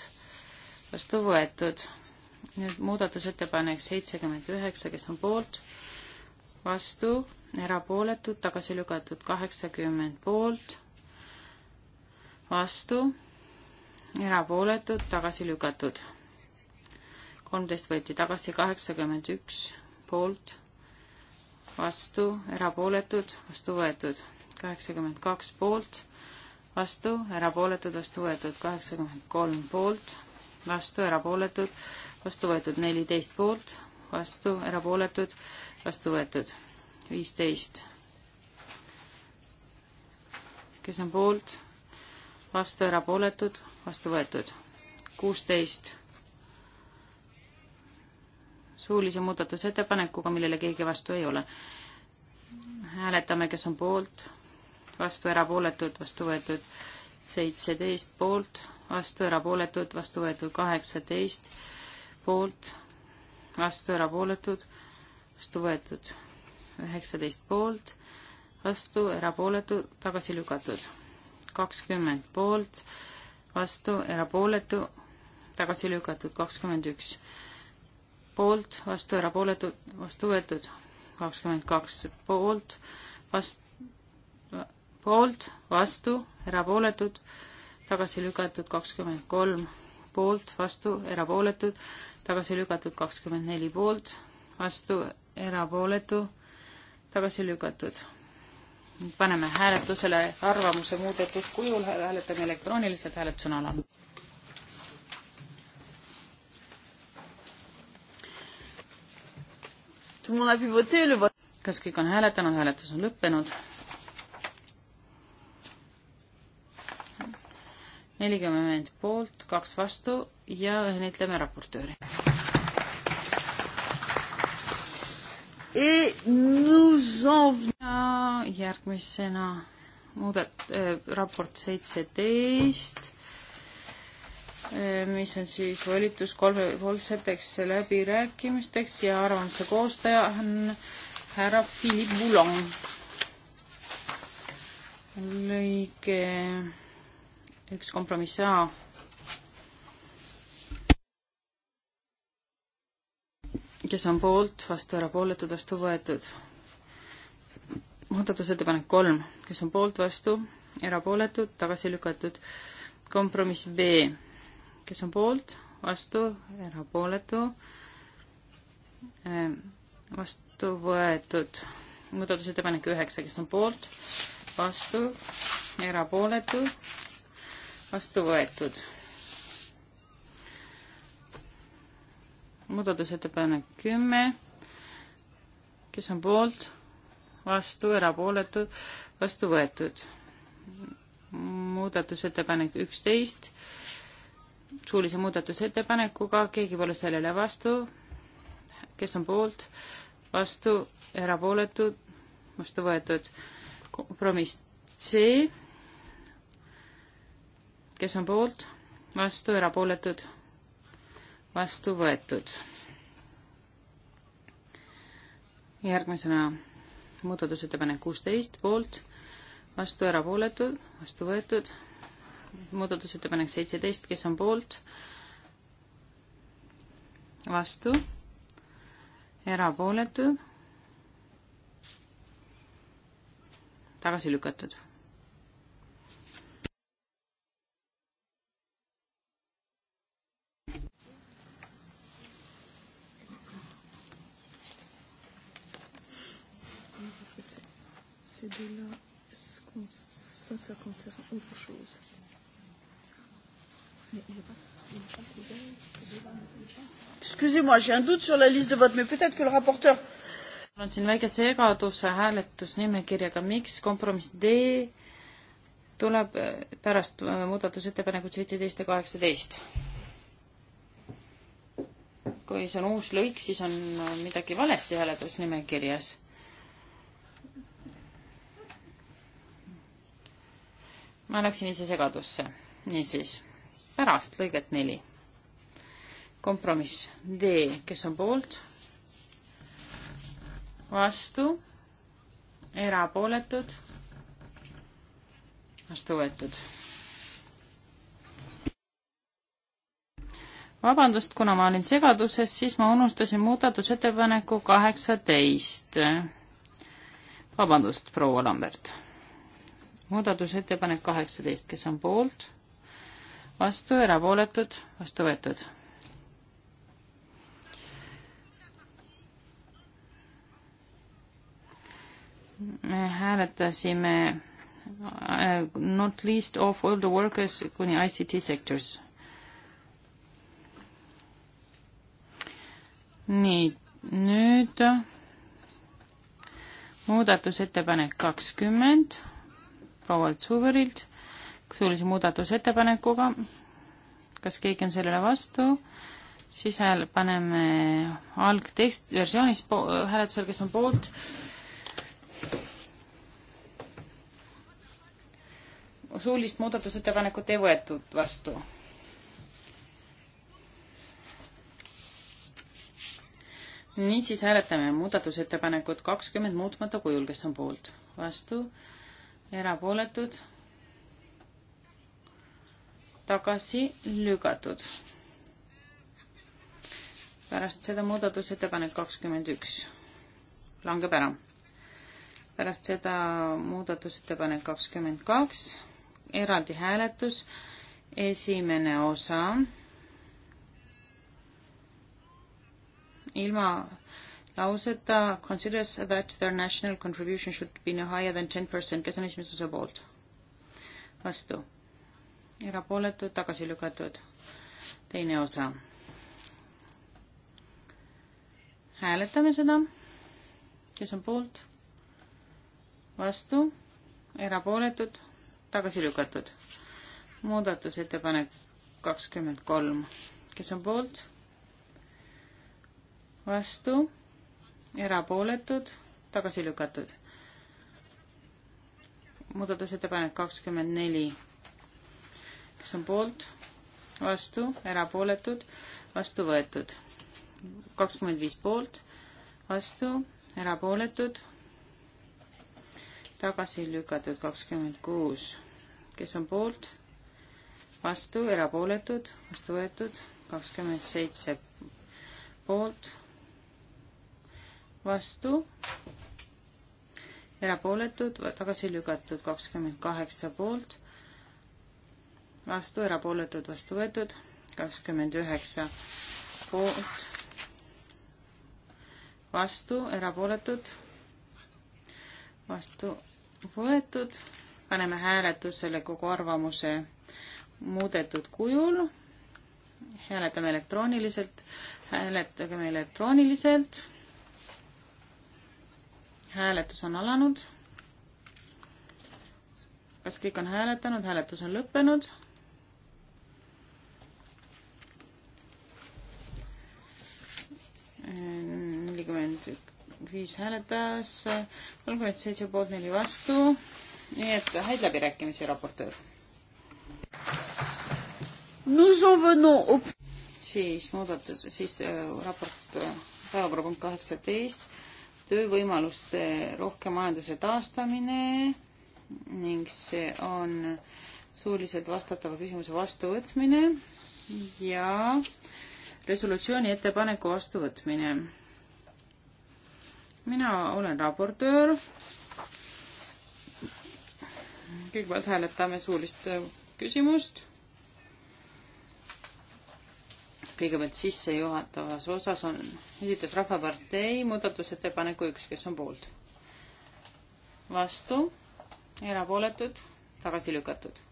vastu võetud. nüüd muudatusettepanek seitsekümmend üheksa, kes on poolt, vastu, erapooletud, tagasi lükatud, kaheksakümmend poolt, vastu erapooletud, tagasi lükatud. kolmteist võeti tagasi, kaheksakümmend üks poolt, vastu, erapooletud, vastu võetud. kaheksakümmend kaks poolt, vastu, erapooletud, vastu võetud. kaheksakümmend kolm poolt, vastu, erapooletud, vastu võetud. neliteist poolt, vastu, erapooletud, vastu võetud. viisteist kes on poolt, vastu, erapooletud, vastu võetud. kuusteist suulise muudatusettepanekuga, millele keegi vastu ei ole. hääletame, kes on poolt, vastu, erapooletud, vastu võetud. seitseteist poolt, vastu, erapooletud, vastu võetud. kaheksateist poolt, vastu, erapooletud, vastu võetud. üheksateist poolt, vastu, erapooletud, tagasi lükatud kakskümmend poolt, vastu, erapooletu, tagasi lükatud, kakskümmend üks poolt, vastu, erapooletu, vastu võetud, kakskümmend kaks poolt, vastu, poolt, vastu, erapooletud, tagasi lükatud, kakskümmend kolm poolt, vastu, erapooletud, tagasi lükatud, kakskümmend neli poolt, vastu, erapooletu, tagasi lükatud paneme hääletusele arvamuse muudetud kujul, hääletame elektrooniliselt, hääletus on alanud. kas kõik on hääletanud, hääletus on lõppenud? nelikümmend poolt, kaks vastu ja õnnitleme raportööri. E ja järgmisena muudat- äh,, raport seitseteist, äh, mis on siis volitus kolmepoolseteks läbirääkimisteks ja arvamuse koostaja on härra Philip Boulon. lõige üks kompromiss A kes on poolt, vastu, erapooletud, vastu võetud. muudatusettepanek kolm, kes on poolt, vastu, erapooletud, tagasi lükatud. kompromiss B, kes on poolt, vastu, erapooletu, ähm, vastu võetud. muudatusettepanek üheksa, kes on poolt, vastu, erapooletu, vastu võetud muudatusettepanek kümme, kes on poolt, vastu, erapooletu, vastu võetud. muudatusettepanek üksteist, suulise muudatusettepanekuga, keegi pole sellele vastu, kes on poolt, vastu, erapooletu, vastu võetud. kompromiss C, kes on poolt, vastu, erapooletud vastu võetud. järgmisena muudatusettepanek kuusteist poolt, vastu erapooletud, vastu võetud. muudatusettepanek seitseteist, kes on poolt, vastu, erapooletud, tagasi lükatud procédé-là, ça, ça concerne autre chose. Excusez-moi, j'ai un doute sur la liste de vote, mais peut-être que le rapporteur mul on siin väike segadus hääletusnimekirjaga, miks kompromiss D tuleb äh, pärast äh, muudatusettepanekut seitseteist ja kaheksateist? kui see on uus lõik, siis on äh, midagi valesti hääletusnimekirjas. ma läksin ise segadusse. niisiis, pärast lõiget neli. kompromiss D, kes on poolt? vastu, erapooletud, vastu võetud. vabandust, kuna ma olin segaduses, siis ma unustasin muudatusettepaneku kaheksateist. vabandust, proua Lambert muudatusettepanek kaheksateist, kes on poolt, vastu, erapooletud, vastu võetud. me hääletasime äh, not least of all the workers kuni ICT sectors. nii, nüüd muudatusettepanek kakskümmend proua Tsuverilt suulise muudatusettepanekuga. kas keegi on sellele vastu? siis hääl-, paneme algtekst, versioonis hääletusel, kes on poolt. suulist muudatusettepanekut ei võetud vastu. niisiis hääletame muudatusettepanekut kakskümmend muutmata kujul, kes on poolt, vastu erapooletud, tagasi lükatud. pärast seda muudatusettepanek kakskümmend üks langeb ära. pärast seda muudatusettepanek kakskümmend kaks, eraldi hääletus, esimene osa ilma lause, et ta considers that their national contribution should be no higher than ten percent, kes on esimesuse poolt? vastu. erapooletud, tagasi lükatud. teine osa. hääletame seda. kes on poolt? vastu, erapooletud, tagasi lükatud. muudatusettepanek kakskümmend kolm, kes on poolt? vastu erapooletud, tagasi lükatud. muudatusettepanek kakskümmend neli, kes on poolt, vastu, erapooletud, vastu võetud. kakskümmend viis poolt, vastu, erapooletud, tagasi lükatud kakskümmend kuus, kes on poolt, vastu, erapooletud, vastu võetud, kakskümmend seitse poolt vastu, erapooletud, tagasi lükatud, kakskümmend kaheksa poolt, vastu, erapooletud, vastu võetud, kakskümmend üheksa poolt, vastu, erapooletud, vastu võetud, paneme hääletusele kogu arvamuse muudetud kujul hääletame elektrooniliselt, hääletagem elektrooniliselt hääletus on alanud. kas kõik on hääletanud, hääletus on lõppenud? nelikümmend viis hääletas, kolmkümmend seitse poolt, neli vastu. nii et häid läbirääkimisi, raportöör. siis muudatus, siis äh, raport äh, päevakorrapunkt kaheksateist töövõimaluste rohke majanduse taastamine ning see on suuliselt vastatava küsimuse vastuvõtmine ja resolutsiooni ettepaneku vastuvõtmine. mina olen raportöör. kõigepealt hääletame suulist küsimust kõigepealt sissejuhatavas osas on, esitas Rahvapartei muudatusettepaneku üks, kes on poolt. vastu, erapooletud, tagasi lükatud.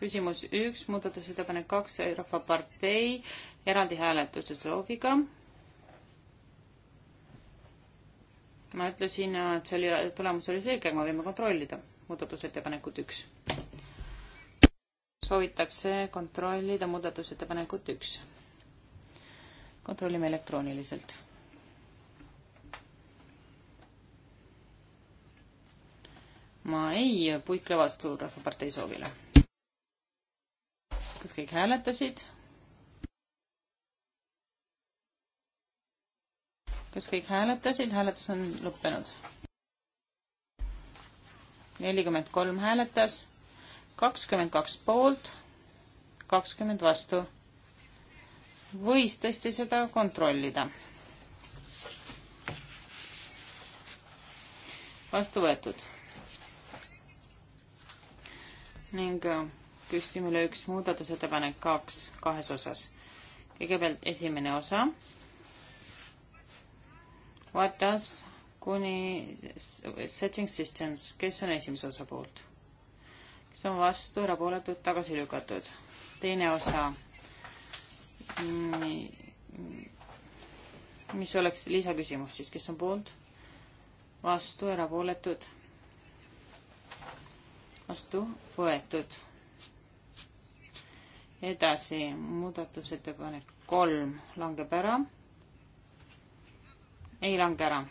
küsimus üks, muudatusettepanek kaks, Rahvapartei eraldi hääletuse sooviga. ma ütlesin, et see oli, tulemus oli selge, aga me võime kontrollida muudatusettepanekut üks soovitakse kontrollida muudatusettepanekut üks. kontrollime elektrooniliselt. ma ei puikle vastu Rahvapartei soovile. kas kõik hääletasid? kas kõik hääletasid, hääletus on lõppenud. nelikümmend kolm hääletas kakskümmend kaks poolt, kakskümmend vastu. võis tõesti seda kontrollida. vastu võetud. ning äh, küstime üle üks muudatusettepanek kaks kahes osas. kõigepealt esimene osa. What does kuni setting systems, kes on esimese osa poolt? see on vastu, erapooletud, tagasi lükatud. teine osa, mis oleks lisaküsimus siis, kes on poolt, vastu, erapooletud, vastu, võetud. edasi, muudatusettepanek kolm langeb ära. ei lange ära.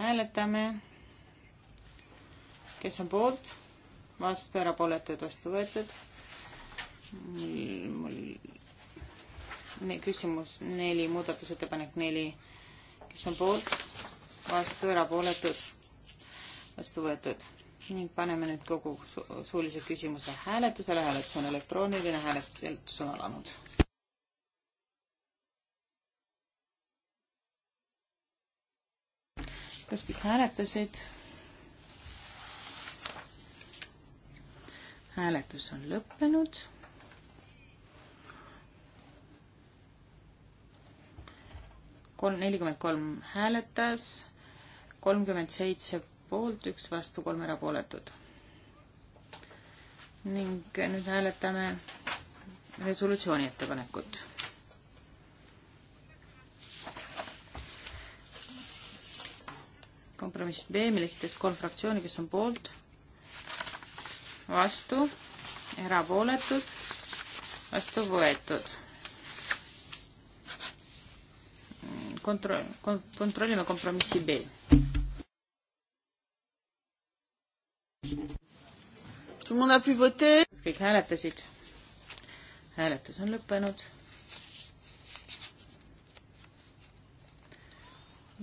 hääletame kes on poolt, vastu, erapooletud, vastu võetud. mul küsimus neli, muudatusettepanek neli, kes on poolt, vastu, erapooletud, vastu võetud ning paneme nüüd kogu su suulise küsimuse hääletusele, hääletus on elektrooniline, hääletus on alanud. kas kõik hääletasid? hääletus on lõppenud. kolm, nelikümmend kolm hääletas, kolmkümmend seitse poolt, üks vastu, kolm erapooletut. ning nüüd hääletame resolutsiooni ettepanekut. kompromiss B, millest kolm fraktsiooni, kes on poolt vastu, erapooletud, vastu võetud. kontroll, kontrollime kompromissi B. kõik hääletasid. hääletus on lõppenud.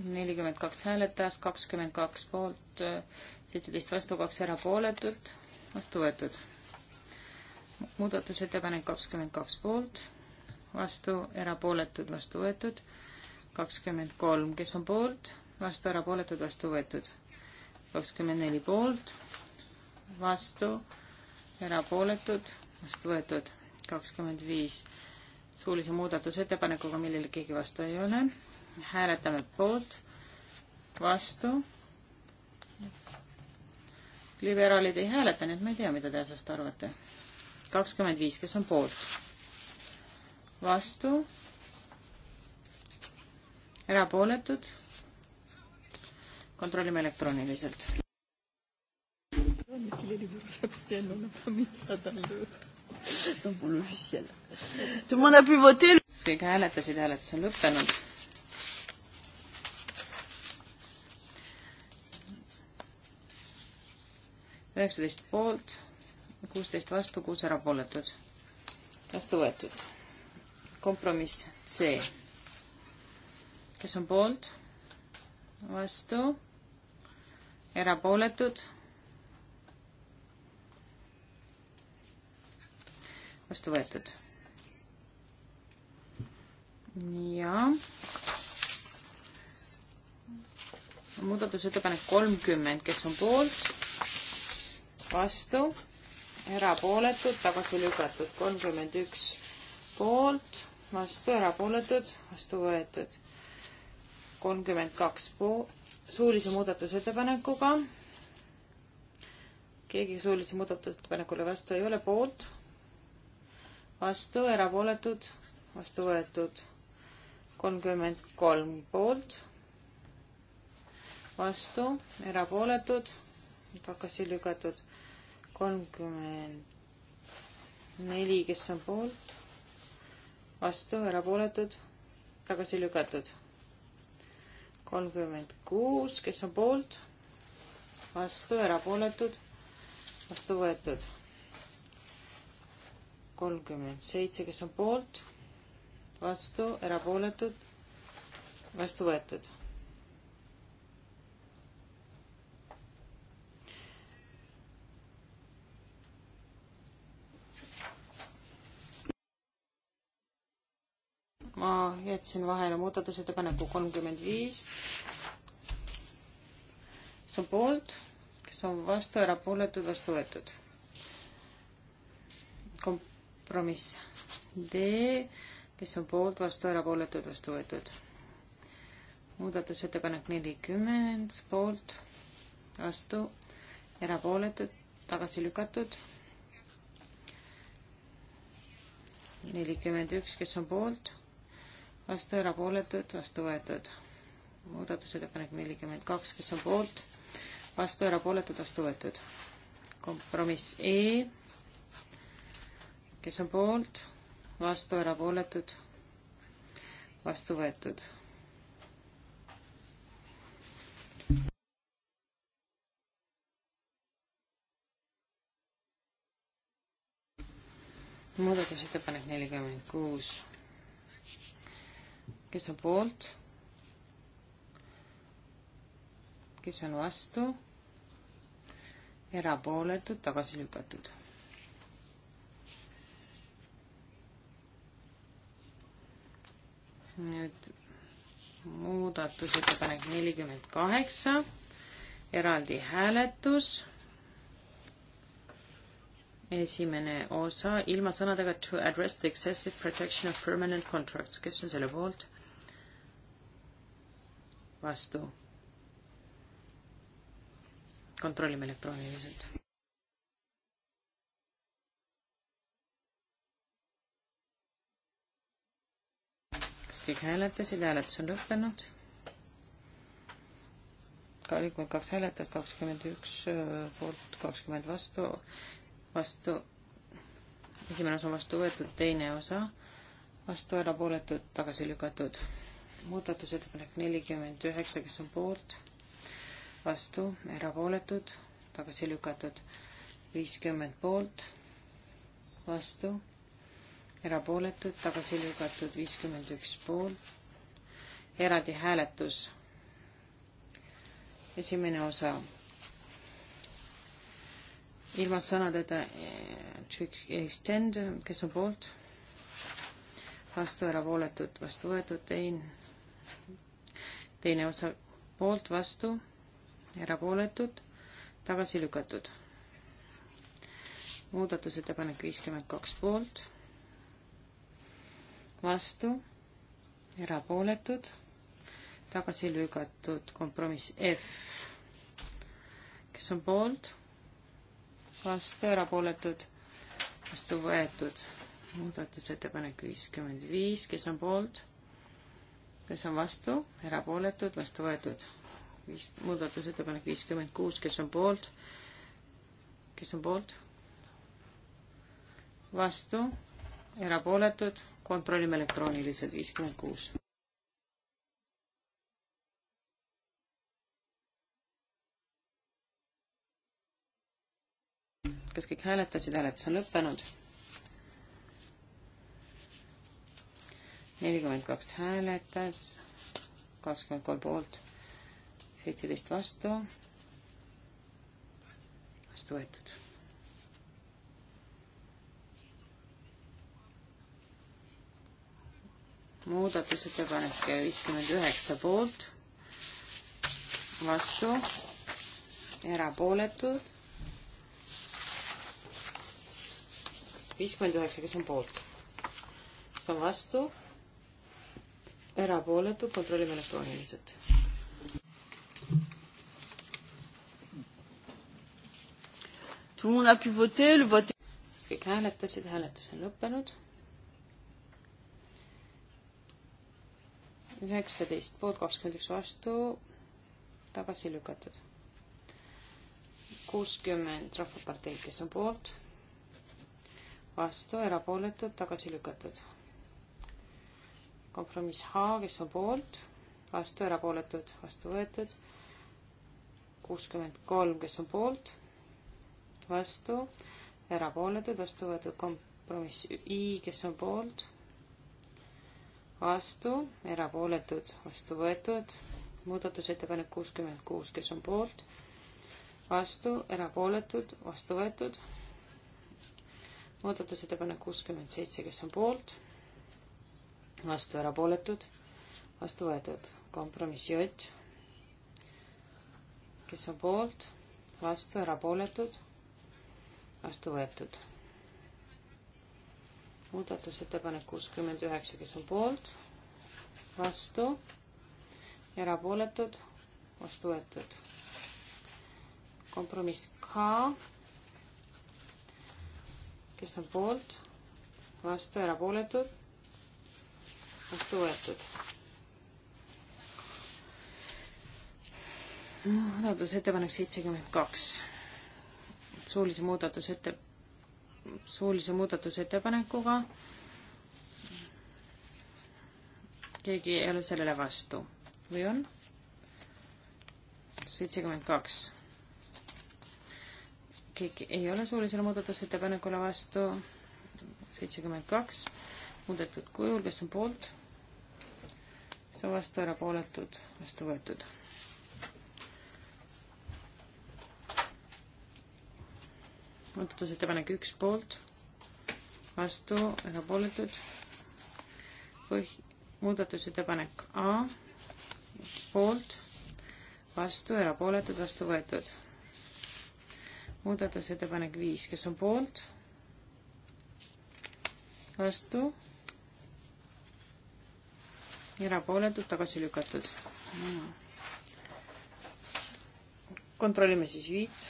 nelikümmend kaks hääletas, kakskümmend kaks poolt, seitseteist vastu, kaks erapooletut vastu võetud. muudatusettepanek kakskümmend kaks poolt, vastu erapooletud, vastu võetud. kakskümmend kolm, kes on poolt, vastu erapooletud, vastu võetud. kakskümmend neli poolt, vastu erapooletud, vastu võetud. kakskümmend viis suulise muudatusettepanekuga, millele keegi vastu ei ole. hääletame poolt, vastu liberaalid ei hääleta, nii et ma ei tea, mida te asjast arvate. kakskümmend viis, kes on poolt? vastu? erapooletud? kontrollime elektrooniliselt. kas kõik hääletasid, hääletus on lõppenud? üheksateist poolt, kuusteist vastu, kuus erapooletut. vastu võetud. kompromiss C. kes on poolt? vastu. erapooletud. vastu võetud. ja. muudatusettepanek kolmkümmend, kes on poolt? vastu, erapooletud, tagasi lükatud, kolmkümmend üks poolt, vastu, erapooletud, vastu võetud. kolmkümmend kaks po-, suulise muudatusettepanekuga. keegi suulise muudatusettepanekule vastu ei ole, poolt, vastu, erapooletud, vastu võetud. kolmkümmend kolm poolt, vastu, erapooletud, tagasi lükatud kolmkümmend neli, kes on poolt, vastu, erapooletud, tagasi lükatud. kolmkümmend kuus, kes on poolt, vastu, erapooletud, vastu võetud. kolmkümmend seitse, kes on poolt, vastu, erapooletud, vastu võetud ma jätsin vahele muudatusettepaneku kolmkümmend viis, kes on poolt, kes on vastu, erapooletud, vastu võetud. kompromiss D, kes on poolt, vastu, erapooletud, vastu võetud. muudatusettepanek nelikümmend, poolt, vastu, erapooletud, tagasi lükatud nelikümmend üks, kes on poolt, vastu erapooletud, vastu võetud. muudatusettepanek nelikümmend kaks, kes on poolt, vastu erapooletud, vastu võetud. kompromiss E, kes on poolt, vastu erapooletud, vastu võetud. muudatusettepanek nelikümmend kuus kes on poolt, kes on vastu, erapooletud, tagasi lükatud. nüüd muudatusettepanek nelikümmend kaheksa, eraldi hääletus esimene osa ilma sõnadega to address the excessive protection of permanent contracts, kes on selle poolt? vastu. kontrollime elektrooniliselt. kas kõik hääletasid, hääletus on lõppenud? kolmkümmend kaks hääletas, kakskümmend üks äh, poolt, kakskümmend vastu, vastu, esimene osa vastu võetud, teine osa vastu erapooletud, tagasi lükatud muudatusettepanek nelikümmend üheksa, kes on poolt, vastu, erapooletud, tagasi lükatud, viiskümmend poolt, vastu, erapooletud, tagasi lükatud, viiskümmend üks poolt, eraldi hääletus. esimene osa ilma sõnadeta eh, extend, kes on poolt, vastu erapooletud, vastu võetud, tein teine osa poolt, vastu, erapooletud, tagasi lükatud. muudatusettepanek viiskümmend kaks poolt, vastu, erapooletud, tagasi lükatud, kompromiss F, kes on poolt, vastu, erapooletud, vastu võetud. muudatusettepanek viiskümmend viis, kes on poolt kes on vastu, erapooletud, vastu võetud. viis, muudatusettepanek viiskümmend kuus, kes on poolt, kes on poolt, vastu, erapooletud, kontrollime elektrooniliselt, viiskümmend kuus. kas kõik hääletasid, hääletus on lõppenud nelikümmend kaks hääletas, kakskümmend kolm poolt, seitseteist vastu, vastu võetud. muudatusettepanek viiskümmend üheksa poolt, vastu, erapooletud, viiskümmend üheksa, kes on poolt, kes on vastu erapooletu, kontrollime elektrooniliselt. kas kõik hääletasid, hääletus on lõppenud. üheksateist poolt, kakskümmend üks vastu, tagasi lükatud. kuuskümmend Rahvaparteid, kes on poolt, vastu, erapooletud, tagasi lükatud kompromiss H, kes on poolt, vastu, erapooletud, vastu võetud. kuuskümmend kolm, kes on poolt, vastu, erapooletud, vastu võetud. kompromiss I, kes on poolt, vastu, erapooletud, vastu võetud. muudatusettepanek kuuskümmend kuus, kes on poolt, vastu, erapooletud, vastu võetud muudatusettepanek kuuskümmend seitse, kes on poolt, vastu erapooletud, vastu võetud. kompromiss J, kes on poolt, vastu erapooletud, vastu võetud. muudatusettepanek kuuskümmend üheksa, kes on poolt, vastu, erapooletud, vastu võetud. kompromiss K, kes on poolt, vastu erapooletud vastu võetud. muudatusettepanek seitsekümmend kaks. suulise muudatusette, suulise muudatusettepanekuga. keegi ei ole sellele vastu või on? seitsekümmend kaks. keegi ei ole suulisele muudatusettepanekule vastu. seitsekümmend kaks muudetud kujul, kes on poolt? see on vastu erapooletud, vastu võetud. muudatusettepanek üks poolt, vastu erapooletud. põhi, muudatusettepanek A poolt, vastu erapooletud, vastu võetud muudatusettepanek viis, kes on poolt? vastu, erapooletud, tagasi lükatud. kontrollime siis viit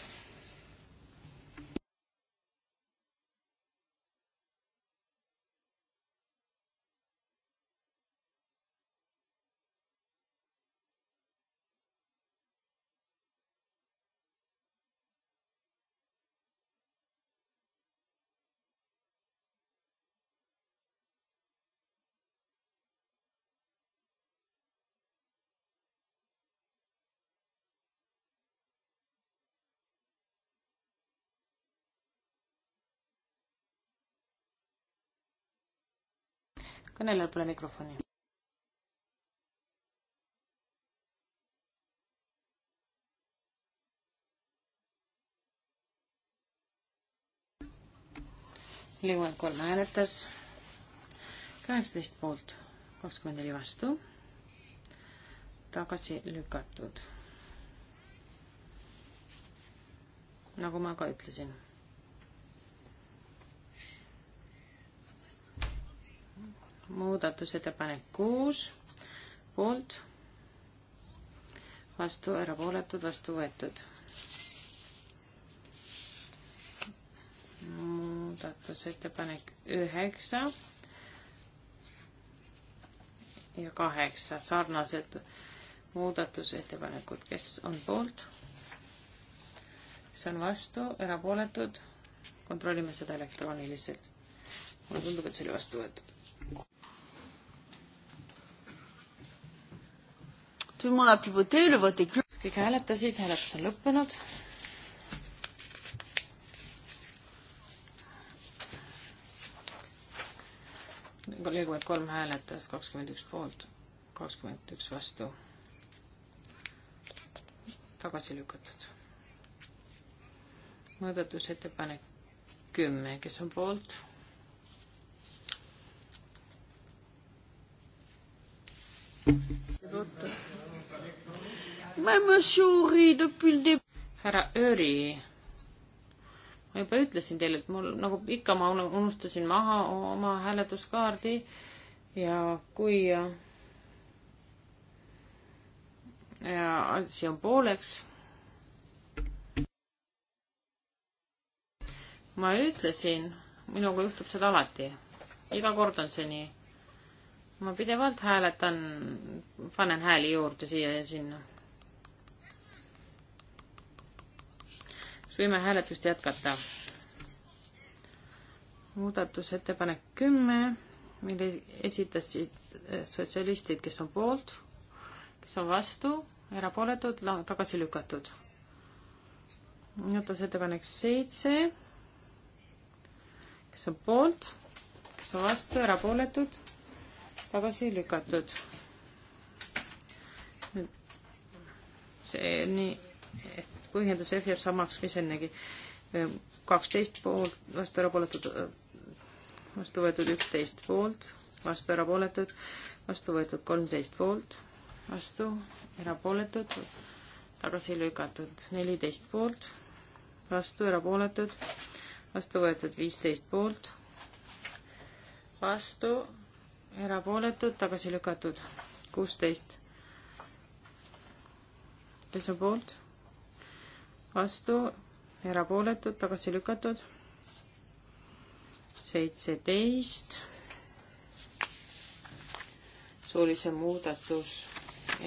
kõnelejal pole mikrofoni. nelikümmend kolm hääletas, kaheksateist poolt, kakskümmend neli vastu, tagasi lükatud. nagu ma ka ütlesin muudatusettepanek kuus, poolt, vastu, erapooletud, vastu võetud. muudatusettepanek üheksa ja kaheksa, sarnased muudatusettepanekud, kes on poolt, kes on vastu, erapooletud, kontrollime seda elektrooniliselt. mulle tundub, et see oli vastu võetud. Tout le monde a pu voter, le vote est clos. kas kõik hääletasid, hääletus on lõppenud? nelikümmend kolm hääletas, kakskümmend üks poolt, kakskümmend üks vastu. tagasi lükatud. muudatusettepanek kümme, kes on poolt? vot härra Öri, ma juba ütlesin teile, et mul nagu ikka ma unustasin maha oma hääletuskaardi ja kui ja, ja asi on pooleks ma ütlesin, minuga juhtub seda alati. iga kord on see nii. ma pidevalt hääletan, panen hääli juurde siia ja sinna. siis võime hääletust jätkata. muudatusettepanek kümme, mille esitasid äh, sotsialistid, kes on poolt, kes on vastu, erapooletud, tagasi lükatud. muudatusettepanek seitse, kes on poolt, kes on vastu, erapooletud, tagasi lükatud see nii, et põhjendus F jääb samaks, mis ennegi. Ehm, kaksteist poolt, vastu erapooletud, ehm, vastu võetud üksteist poolt, vastu erapooletud, vastu võetud kolmteist poolt, vastu erapooletud, tagasi lükatud neliteist poolt, vastu erapooletud, vastu võetud viisteist poolt, vastu erapooletud, tagasi lükatud kuusteist. kes on poolt? vastu, erapooletud, tagasi lükatud. seitseteist. suulise muudatus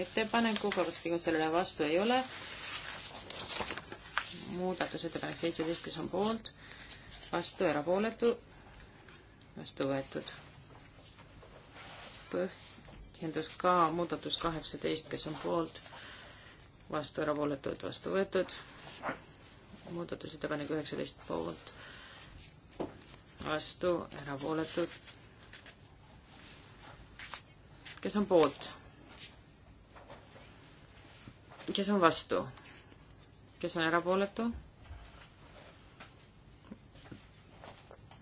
ettepanekuga, kas keegi sellele vastu ei ole? muudatusettepanek seitseteist, kes on poolt, vastu, erapooletu, vastu võetud. põhjendus ka, muudatus kaheksateist, kes on poolt, vastu, erapooletud, vastu võetud muudatusettepanek üheksateist poolt, vastu, erapooletud. kes on poolt? kes on vastu? kes on erapooletu?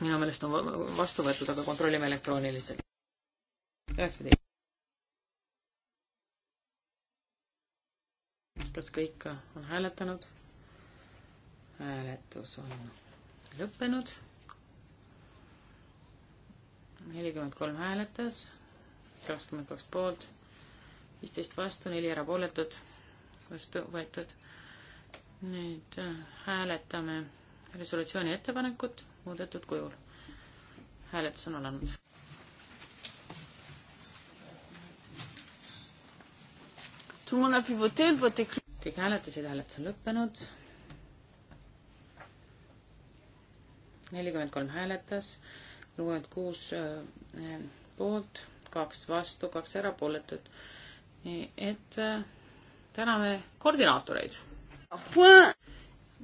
minu meelest on vastu võetud, aga kontrollime elektrooniliselt. üheksateist. kas kõik on hääletanud? hääletus on lõppenud. nelikümmend kolm hääletas, kakskümmend kaks poolt, viisteist vastu, neli erapooletut, vastu võetud. nüüd äh, hääletame resolutsiooni ettepanekut muudetud kujul. hääletus on alanud. kõik hääletasid, hääletus on lõppenud nelikümmend kolm hääletas, kuuskümmend kuus äh, poolt, kaks vastu, kaks erapooletut. nii et äh, täname koordinaatoreid.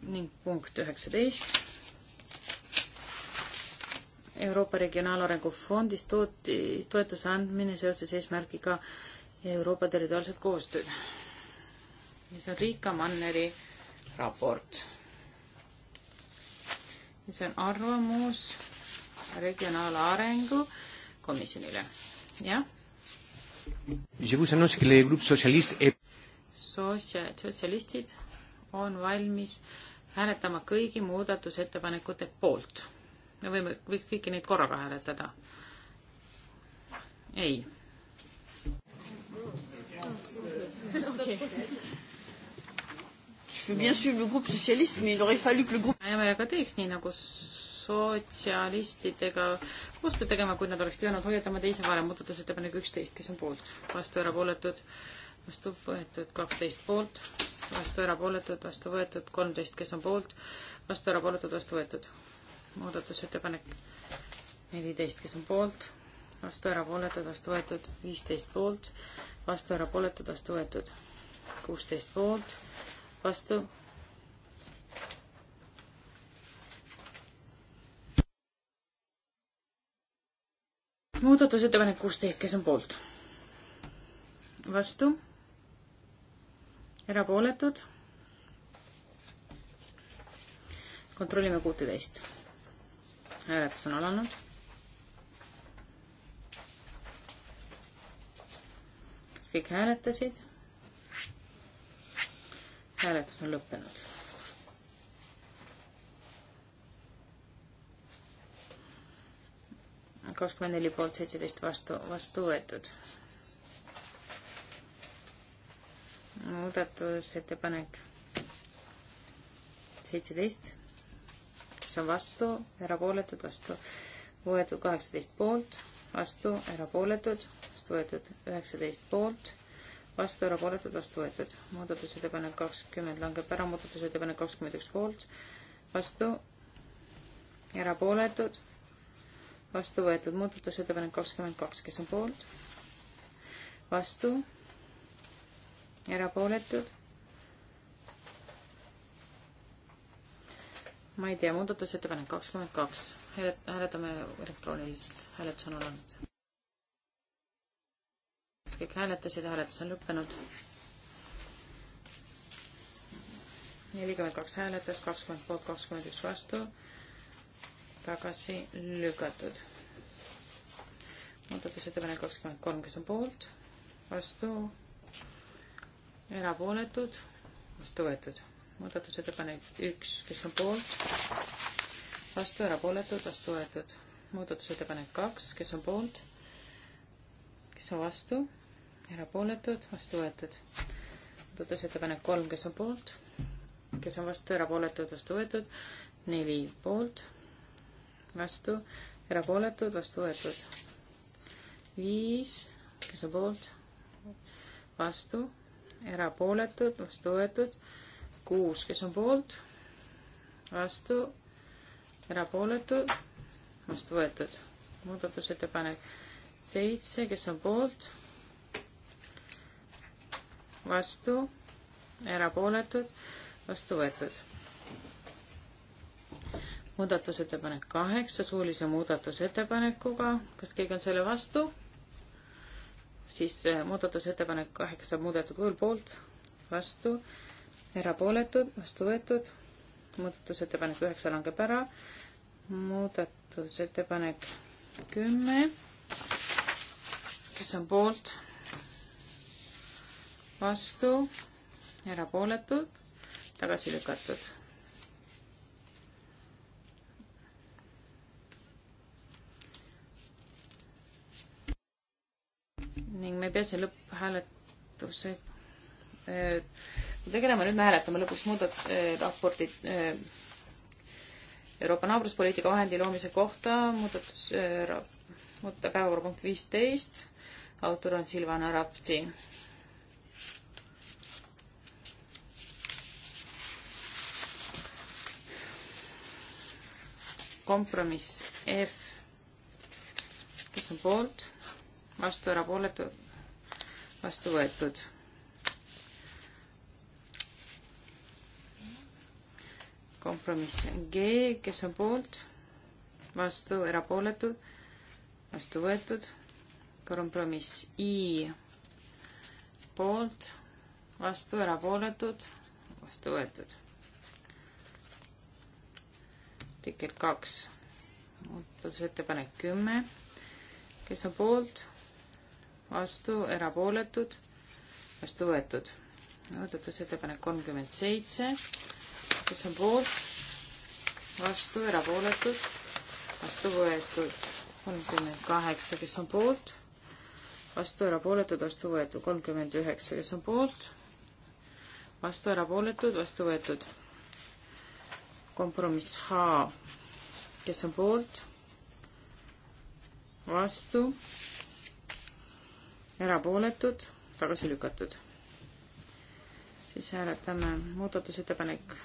ning punkt üheksateist. Euroopa Regionaalarengu Fondist tooti toetuse andmine seoses eesmärgiga Euroopa territoriaalset koostööd. ja see on Riika Manneri raport see on arvamus regionaalarengu komisjonile, jah. Soosia-, sotsialistid on valmis hääletama kõigi muudatusettepanekute poolt. me võime, võiks kõiki neid korraga hääletada. ei okay hea meelega teeks nii, nagu sotsialistidega koostööd tegema, kuid nad oleks pidanud hoiatama teise varem muudatusettepaneku üksteist, kes on poolt, vastu erapooletud, vastu võetud kaksteist poolt, vastu erapooletud, vastu võetud kolmteist, kes on poolt, vastu erapooletud, vastu võetud. muudatusettepanek neliteist, kes on poolt, vastu erapooletud, vastu võetud viisteist poolt, vastu erapooletud, vastu võetud kuusteist poolt vastu. muudatusettepanek kuusteist, kes on poolt? vastu. erapooletud. kontrollime kuuteteist. hääletus on alanud. kas kõik hääletasid? hääletus on lõppenud. kakskümmend neli poolt seitseteist vastu, vastu võetud. muudatusettepanek seitseteist, kes on vastu, erapooletud, vastu võetud kaheksateist poolt, vastu, erapooletud, vastu võetud üheksateist poolt vastu, erapooletud, vastu võetud. muudatusettepanek kakskümmend langeb ära, muudatusettepanek kakskümmend üks poolt, vastu, erapooletud, vastu võetud. muudatusettepanek kakskümmend kaks, kes on poolt, vastu, erapooletud. ma ei tea, muudatusettepanek kakskümmend kaks, hääletame elektrooniliselt, hääletus on olnud kas kõik hääletasid, hääletus on lõppenud? nelikümmend kaks hääletas, kakskümmend poolt, kakskümmend üks vastu, tagasi lükatud. muudatusettepanek kakskümmend kolm, kes on poolt, vastu, erapooletud, vastu võetud. muudatusettepanek üks, kes on poolt, vastu, erapooletud, vastu võetud. muudatusettepanek kaks, kes on poolt kes on vastu, erapooletud, vastu võetud. muudatusettepanek kolm, kes on poolt, kes on vastu, erapooletud, vastu võetud, neli poolt, vastu, erapooletud, vastu võetud. viis, kes on poolt, vastu, erapooletud, vastu võetud, kuus, kes on poolt, vastu, erapooletud, vastu võetud. muudatusettepanek seitse, kes on poolt, vastu, erapooletud, vastu võetud. muudatusettepanek kaheksa suulise muudatusettepanekuga, kas keegi on selle vastu? siis äh, muudatusettepanek kaheksa muudetud kujul poolt, vastu, erapooletud, vastu võetud, muudatusettepanek üheksa langeb ära, muudatusettepanek kümme kes on poolt, vastu, erapooletud, tagasi lükatud. ning me ei pea see lõpphääletuse äh, tegelema, nüüd me hääletame lõpuks muudat- äh,, raportit äh, Euroopa naabruspoliitika vahendi loomise kohta, muudatus äh,, muuta päevakorrapunkt viisteist autor on Silvana Rapti. kompromiss F, kes on poolt, vastu, erapooletud, vastu võetud. kompromiss G, kes on poolt, vastu, erapooletud, vastu võetud kompromiss I poolt, vastu, erapooletud, vastu võetud. artikkel kaks, muudatusettepanek kümme, kes on poolt, vastu, erapooletud, vastu võetud. muudatusettepanek kolmkümmend seitse, kes on poolt, vastu, erapooletud, vastu võetud. kolmkümmend kaheksa, kes on poolt vastu erapooletud, vastu võetud kolmkümmend üheksa, kes on poolt, vastu erapooletud, vastu võetud. kompromiss H, kes on poolt, vastu, erapooletud, tagasi lükatud. siis hääletame muudatusettepanek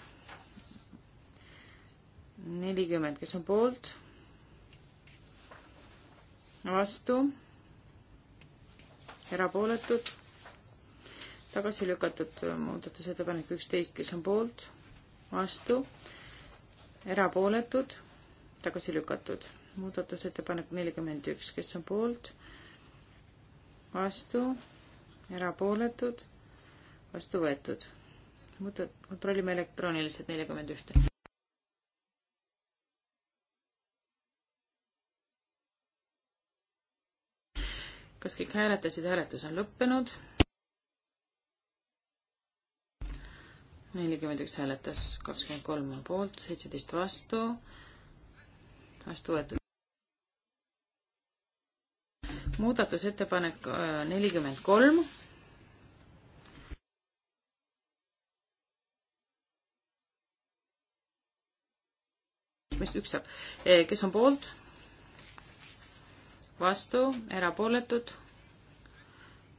nelikümmend, kes on poolt, vastu erapooletud, tagasi lükatud äh, muudatusettepanek üksteist, kes on poolt, vastu, erapooletud, tagasi lükatud. muudatusettepanek nelikümmend üks, kes on poolt, vastu, erapooletud, vastu võetud. muudat-, kontrollime elektrooniliselt neljakümmend ühte. kas kõik hääletasid, hääletus on lõppenud. nelikümmend üks hääletas, kakskümmend kolm on poolt, seitseteist vastu, vastu võetud. muudatusettepanek äh, nelikümmend kolm. mis üks saab, äh, kes on poolt? vastu, erapooletud,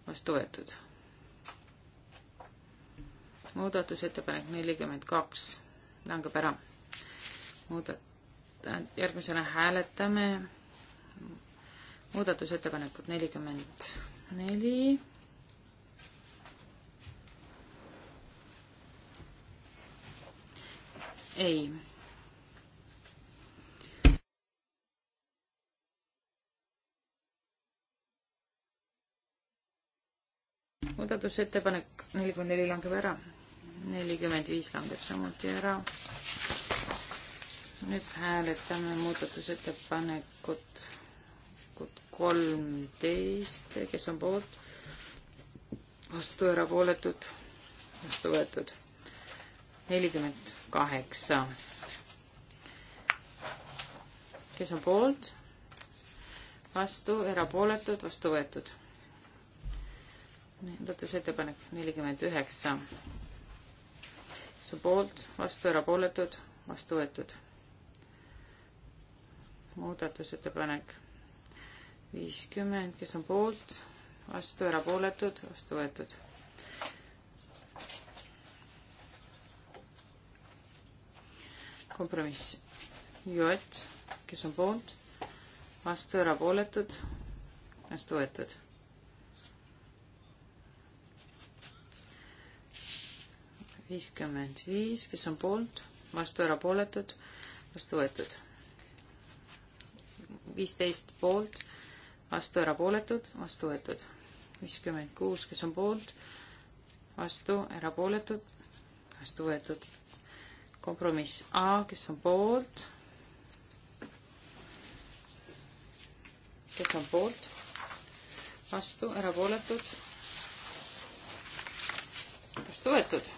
vastu võetud. muudatusettepanek nelikümmend kaks langeb ära. muudat-, järgmisena hääletame muudatusettepanekut nelikümmend neli. ei muudatusettepanek nelikümmend neli langeb ära, nelikümmend viis langeb samuti ära. nüüd hääletame muudatusettepanekut kolmteist, kes on poolt, vastu erapooletud, vastu võetud nelikümmend kaheksa. kes on poolt? vastu, erapooletud, vastu võetud muudatusettepanek nelikümmend üheksa. su poolt, vastu, erapooletud, vastu võetud. muudatusettepanek viiskümmend, kes on poolt, vastu, erapooletud, vastu võetud. kompromiss J, kes on poolt, vastu, erapooletud, vastu võetud viiskümmend viis, kes on poolt, vastu erapooletud, vastu võetud. viisteist poolt, vastu erapooletud, vastu võetud. viiskümmend kuus, kes on poolt, vastu erapooletud, vastu võetud. kompromiss A, kes on poolt, kes on poolt, vastu erapooletud, vastu võetud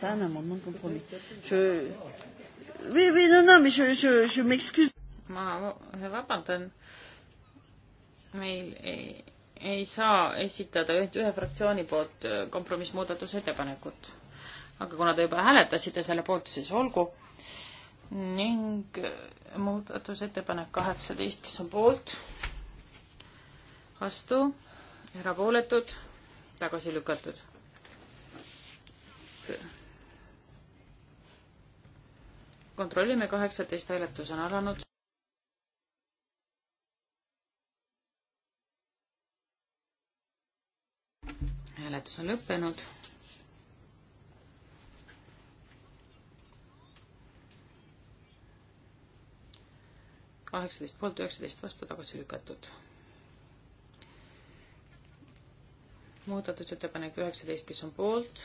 pas un amendement de compromis. Je... Oui, oui, non, non, mais je, je, je m'excuse. ma vabandan, meil ei, ei saa esitada üht, ühe fraktsiooni poolt äh, kompromissmuudatusettepanekut. aga kuna te juba hääletasite selle poolt, siis olgu. ning äh, muudatusettepanek kaheksateist, kes on poolt, vastu, erapooletud, tagasi lükatud kontrollime, kaheksateist hääletus on alanud. hääletus on lõppenud. kaheksateist poolt, üheksateist vastu tagasi lükatud. muudatusettepanek üheksateist, kes on poolt,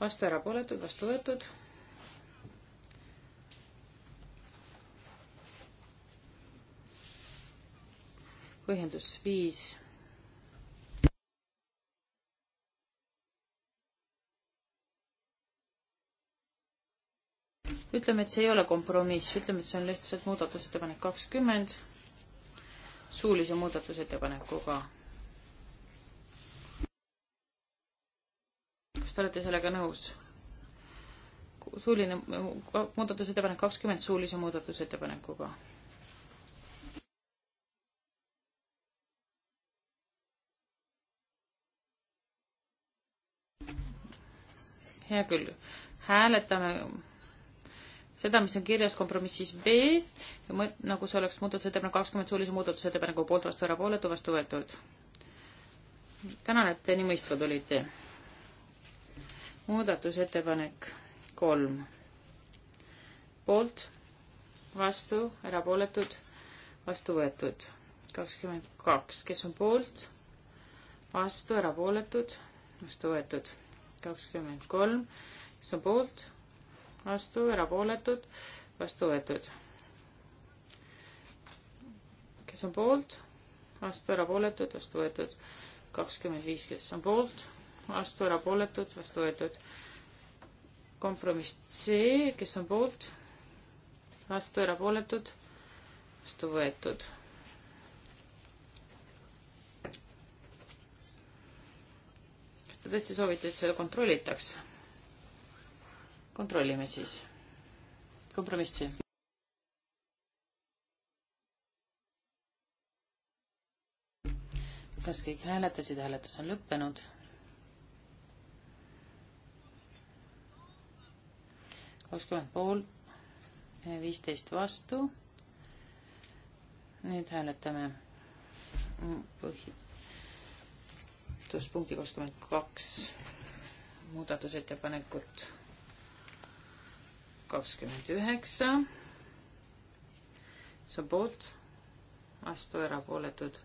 vastu erapooletud, vastu võetud põhjendus viis ütleme, et see ei ole kompromiss, ütleme, et see on lihtsalt muudatusettepanek kakskümmend suulise muudatusettepanekuga. kas te olete sellega nõus? suuline muudatusettepanek kakskümmend suulise muudatusettepanekuga hea küll, hääletame seda, mis on kirjas kompromissis B, nagu see oleks muudatusettepanek kakskümmend suulise muudatusettepaneku poolt vastu erapooletu vastu võetud. tänan, et te nii mõistvad olite. muudatusettepanek kolm. poolt, vastu, erapooletud, vastu võetud. kakskümmend kaks, kes on poolt, vastu, erapooletud, vastu võetud kakskümmend kolm, kes on poolt, vastu, erapooletud, vastu võetud. kes on poolt, vastu, erapooletud, vastu võetud. kakskümmend viis, kes on poolt, vastu, erapooletud, vastu võetud. kompromiss C, kes on poolt, vastu, erapooletud, vastu võetud te tõesti soovite, et seda kontrollitaks? kontrollime siis. kompromissi. kas kõik hääletasid, hääletus on lõppenud. kakskümmend pool, viisteist vastu. nüüd hääletame põhi täienduspunkti kakskümmend kaks muudatusettepanekut kakskümmend üheksa. see on poolt, vastu erapooletud,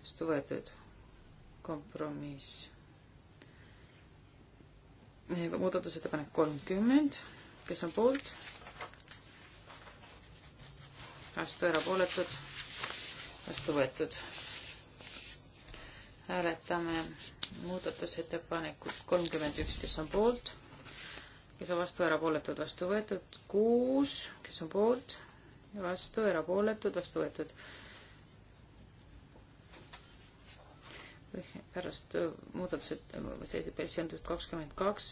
vastu võetud, kompromiss. muudatusettepanek kolmkümmend, kes on poolt? vastu erapooletud, vastu võetud hääletame muudatusettepanekut kolmkümmend üks, kes on poolt, kes on vastu, erapooletud, vastu võetud, kuus, kes on poolt, vastu, erapooletud, vastu võetud. pärast muudatused, seisundust kakskümmend kaks,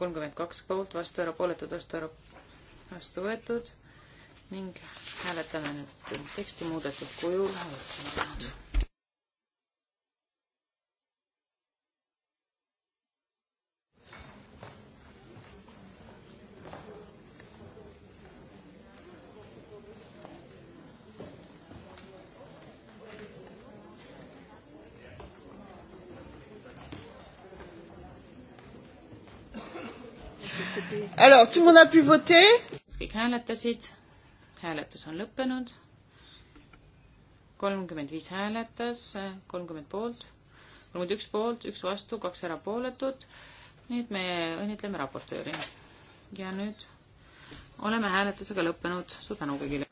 kolmkümmend kaks poolt, vastu, erapooletud, vastu, ära, vastu võetud ning hääletame nüüd teksti muudetud kujul hääletame nüüd Alors, tout le monde a pu voter? kas kõik hääletasid? hääletus on lõppenud. kolmkümmend viis hääletas, kolmkümmend poolt, kolmkümmend üks poolt, üks vastu, kaks erapooletut. nüüd me õnnitleme raportööri. ja nüüd oleme hääletusega lõppenud. suur tänu kõigile.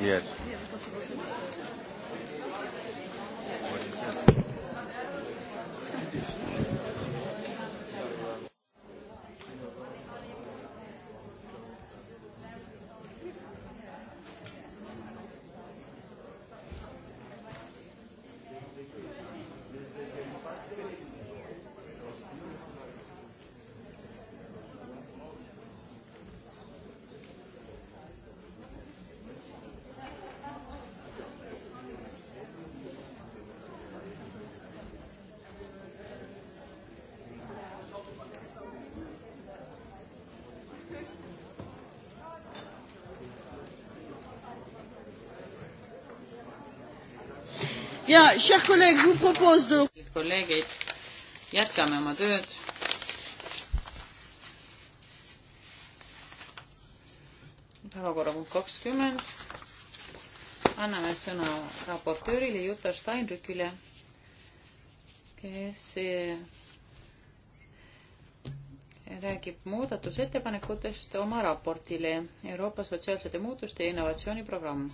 Yes. ja, chers collègues, je vous propose de... kolleegid, jätkame oma tööd. päevakorrapunkt kakskümmend. anname sõna raportöörile Juta Steinrückile, kes eh, räägib muudatusettepanekutest oma raportile Euroopa sotsiaalsete muutuste ja innovatsiooniprogramm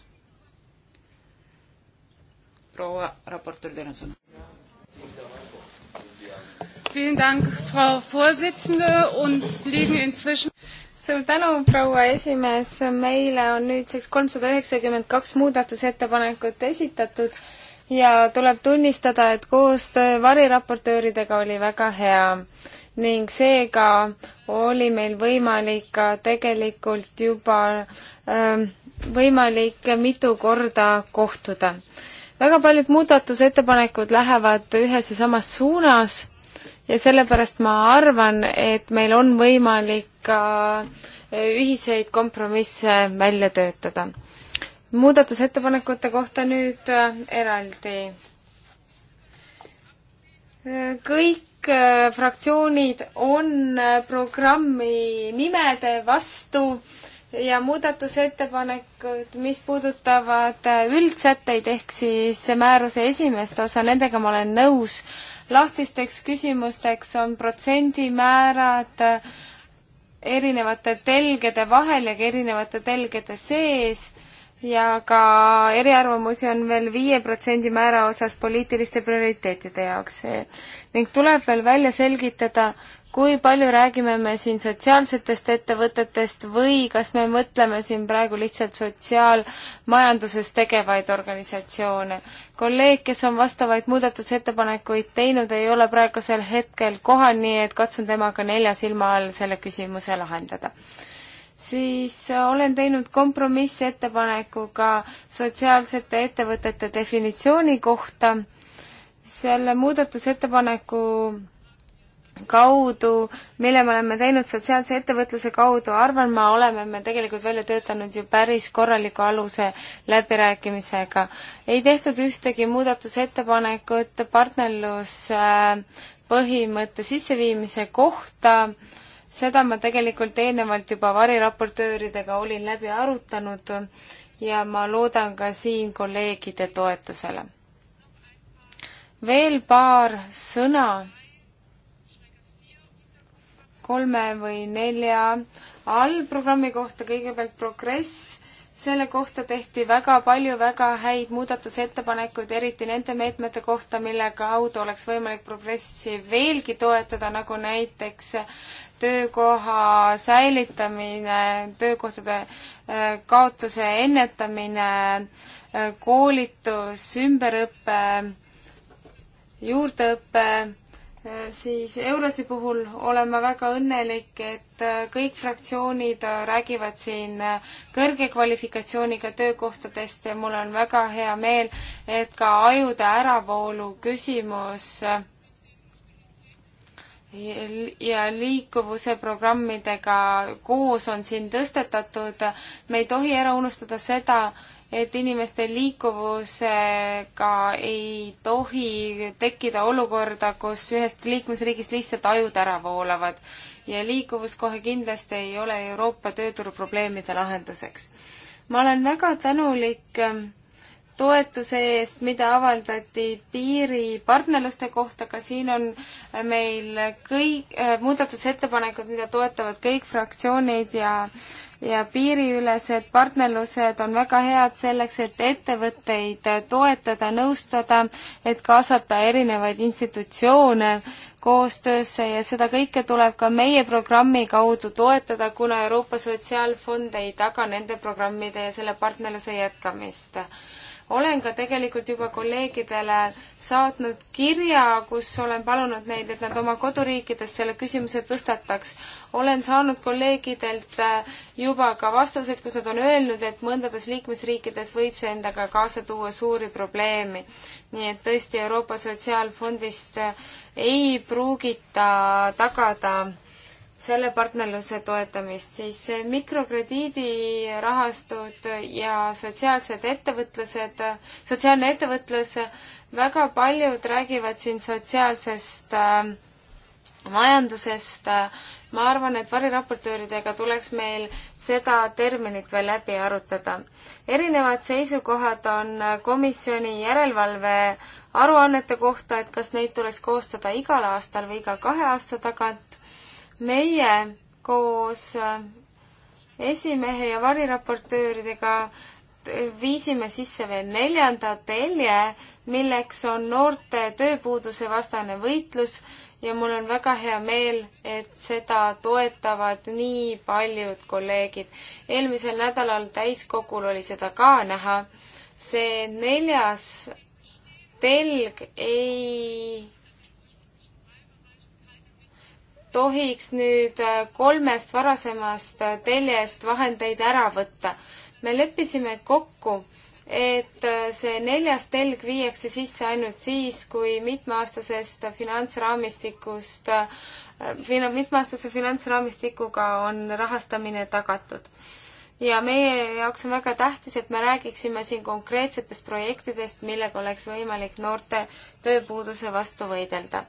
proua raportöör, teil on sõna. Vielen Dank, Frau Vorsitzende. Uns liegen inzwischen suur tänu, proua esimees, meile on nüüdseks kolmsada üheksakümmend kaks muudatusettepanekut esitatud ja tuleb tunnistada, et koostöö variraportööridega oli väga hea ning seega oli meil võimalik ka tegelikult juba ähm, võimalik mitu korda kohtuda väga paljud muudatusettepanekud lähevad ühes ja samas suunas ja sellepärast ma arvan, et meil on võimalik ka eh, ühiseid kompromisse välja töötada. muudatusettepanekute kohta nüüd eh, eraldi. Eh, kõik fraktsioonid on programmi nimede vastu ja muudatusettepanekud, mis puudutavad üldsätteid ehk siis määruse esimest osa, nendega ma olen nõus. lahtisteks küsimusteks on protsendimäärad erinevate telgede vahel ja ka erinevate telgede sees ja ka eriarvamusi on veel viie protsendi määra osas poliitiliste prioriteetide jaoks ning tuleb veel välja selgitada, kui palju räägime me siin sotsiaalsetest ettevõtetest või kas me mõtleme siin praegu lihtsalt sotsiaalmajanduses tegevaid organisatsioone? kolleeg, kes on vastavaid muudatusettepanekuid teinud, ei ole praegusel hetkel kohal, nii et katsun temaga nelja silma all selle küsimuse lahendada. siis olen teinud kompromissettepaneku ka sotsiaalsete ettevõtete definitsiooni kohta, selle muudatusettepaneku kaudu, mille me oleme teinud sotsiaalse ettevõtluse kaudu, arvan ma, oleme me tegelikult välja töötanud ju päris korraliku aluse läbirääkimisega. ei tehtud ühtegi muudatusettepanekut partnerluspõhimõtte äh, sisseviimise kohta, seda ma tegelikult eelnevalt juba variraportööridega olin läbi arutanud ja ma loodan ka siin kolleegide toetusele. veel paar sõna kolme või nelja allprogrammi kohta, kõigepealt progress, selle kohta tehti väga palju väga häid muudatusettepanekuid, eriti nende meetmete kohta, mille kaudu oleks võimalik progressi veelgi toetada, nagu näiteks töökoha säilitamine, töökohtade äh, kaotuse ennetamine, äh, koolitus, ümberõpe, juurdeõpe siis Eurosi puhul olen ma väga õnnelik, et äh, kõik fraktsioonid äh, räägivad siin äh, kõrge kvalifikatsiooniga töökohtadest ja mul on väga hea meel, et ka ajude äravoolu küsimus ja liikuvuse programmidega koos on siin tõstetatud. me ei tohi ära unustada seda, et inimeste liikuvusega ei tohi tekkida olukorda, kus ühest liikmesriigist lihtsalt ajud ära voolavad ja liikuvus kohe kindlasti ei ole Euroopa tööturu probleemide lahenduseks. ma olen väga tänulik ähm, toetuse eest, mida avaldati piiripartnerluste kohta, ka siin on meil kõik äh, muudatusettepanekud, mida toetavad kõik fraktsioonid ja ja piiriülesed partnerlused on väga head selleks, et ettevõtteid toetada, nõustada, et kaasata erinevaid institutsioone koostöösse ja seda kõike tuleb ka meie programmi kaudu toetada, kuna Euroopa Sotsiaalfond ei taga nende programmide ja selle partnerluse jätkamist olen ka tegelikult juba kolleegidele saatnud kirja, kus olen palunud neid, et nad oma koduriikides selle küsimuse tõstataks. olen saanud kolleegidelt äh, juba ka vastuseid, kus nad on öelnud, et mõndades liikmesriikides võib see endaga kaasa tuua suuri probleeme. nii et tõesti Euroopa Sotsiaalfondist äh, ei pruugita tagada selle partnerluse toetamist, siis mikrokrediidirahastud ja sotsiaalsed ettevõtlused, sotsiaalne ettevõtlus, väga paljud räägivad siin sotsiaalsest äh, majandusest, ma arvan, et variraportööridega tuleks meil seda terminit veel läbi arutada. erinevad seisukohad on komisjoni järelevalve aruannete kohta, et kas neid tuleks koostada igal aastal või iga kahe aasta tagant meie koos äh, esimehe ja variraportööridega viisime sisse veel neljanda telje, milleks on noorte tööpuuduse vastane võitlus ja mul on väga hea meel, et seda toetavad nii paljud kolleegid. eelmisel nädalal täiskogul oli seda ka näha. see neljas telg ei tohiks nüüd äh, kolmest varasemast äh, teljest vahendeid ära võtta. me leppisime kokku, et äh, see neljas telg viiakse sisse ainult siis, kui mitmeaastasest finantsraamistikust, mitmeaastase finantsraamistikuga on rahastamine tagatud ja meie jaoks on väga tähtis, et me räägiksime siin konkreetsetest projektidest, millega oleks võimalik noorte tööpuuduse vastu võidelda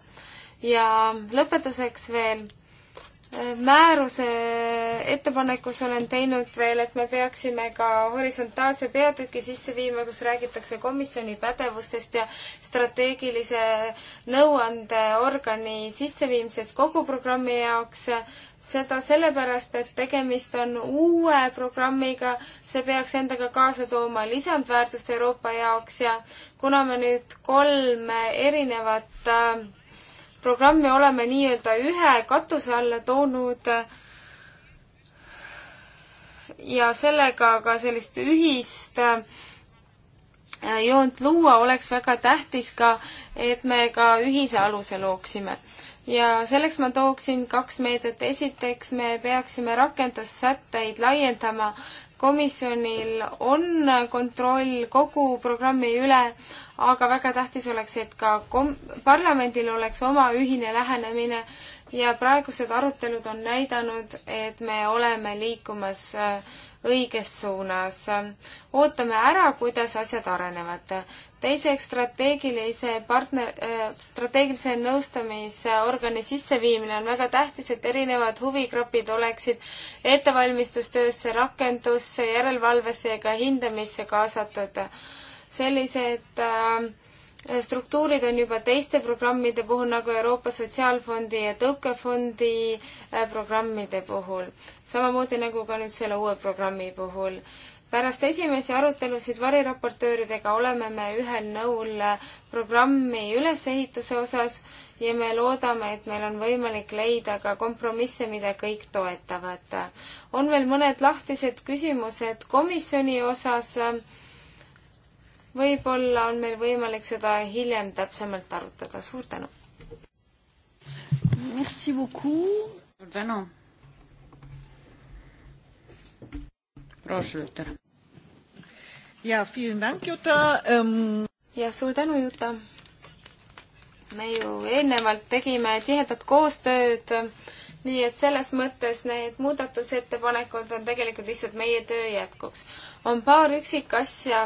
ja lõpetuseks veel, äh, määruse ettepanekus olen teinud veel, et me peaksime ka horisontaalse peatüki sisse viima, kus räägitakse komisjoni pädevustest ja strateegilise nõuandeorgani sisseviimisest kogu programmi jaoks, seda sellepärast, et tegemist on uue programmiga, see peaks endaga kaasa tooma lisandväärtust Euroopa jaoks ja kuna me nüüd kolm erinevat äh, programmi oleme nii-öelda ühe katuse alla toonud ja sellega ka sellist ühist äh, joont luua oleks väga tähtis ka, et me ka ühise aluse looksime. ja selleks ma tooksin kaks meedet. esiteks me peaksime rakendussätteid laiendama komisjonil on kontroll kogu programmi üle, aga väga tähtis oleks, et ka kom-, parlamendil oleks oma ühine lähenemine ja praegused arutelud on näidanud, et me oleme liikumas äh, õiges suunas. ootame ära, kuidas asjad arenevad teiseks, strateegilise partner äh,, strateegilise nõustamisorgani sisseviimine on väga tähtis, et erinevad huvigrupid oleksid ettevalmistustöösse, rakendusse, järelevalvesse ja ka hindamisse kaasatud. sellised äh, struktuurid on juba teiste programmide puhul nagu Euroopa Sotsiaalfondi ja Tõukefondi äh, programmide puhul, samamoodi nagu ka nüüd selle uue programmi puhul pärast esimesi arutelusid variraportööridega oleme me ühel nõul programmi ülesehituse osas ja me loodame, et meil on võimalik leida ka kompromisse, mida kõik toetavad. on veel mõned lahtised küsimused komisjoni osas. võib-olla on meil võimalik seda hiljem täpsemalt arutada. suur tänu! Merci beaucoup! suur tänu! proua Schlüter ja, ähm... ja suur tänu, Juta. me ju eelnevalt tegime tihedat koostööd, nii et selles mõttes need muudatusettepanekud on tegelikult lihtsalt meie töö jätkuks. on paar üksikasja,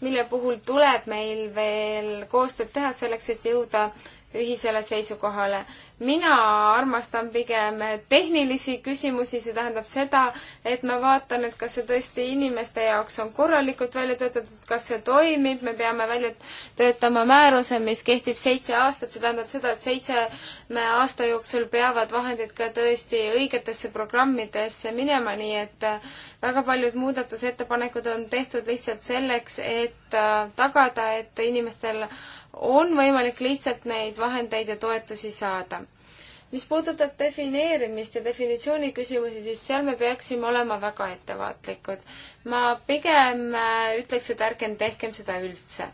mille puhul tuleb meil veel koostööd teha selleks, et jõuda ühisele seisukohale. mina armastan pigem tehnilisi küsimusi, see tähendab seda, et ma vaatan, et kas see tõesti inimeste jaoks on korralikult välja töötatud, kas see toimib, me peame välja töötama määruse, mis kehtib seitse aastat, see tähendab seda, et seitsme aasta jooksul peavad vahendid ka tõesti õigetesse programmidesse minema, nii et väga paljud muudatusettepanekud on tehtud lihtsalt selleks, et tagada, et inimestel on võimalik lihtsalt neid vahendeid ja toetusi saada. mis puudutab defineerimist ja definitsiooni küsimusi, siis seal me peaksime olema väga ettevaatlikud. ma pigem äh, ütleks, et ärgem tehkem seda üldse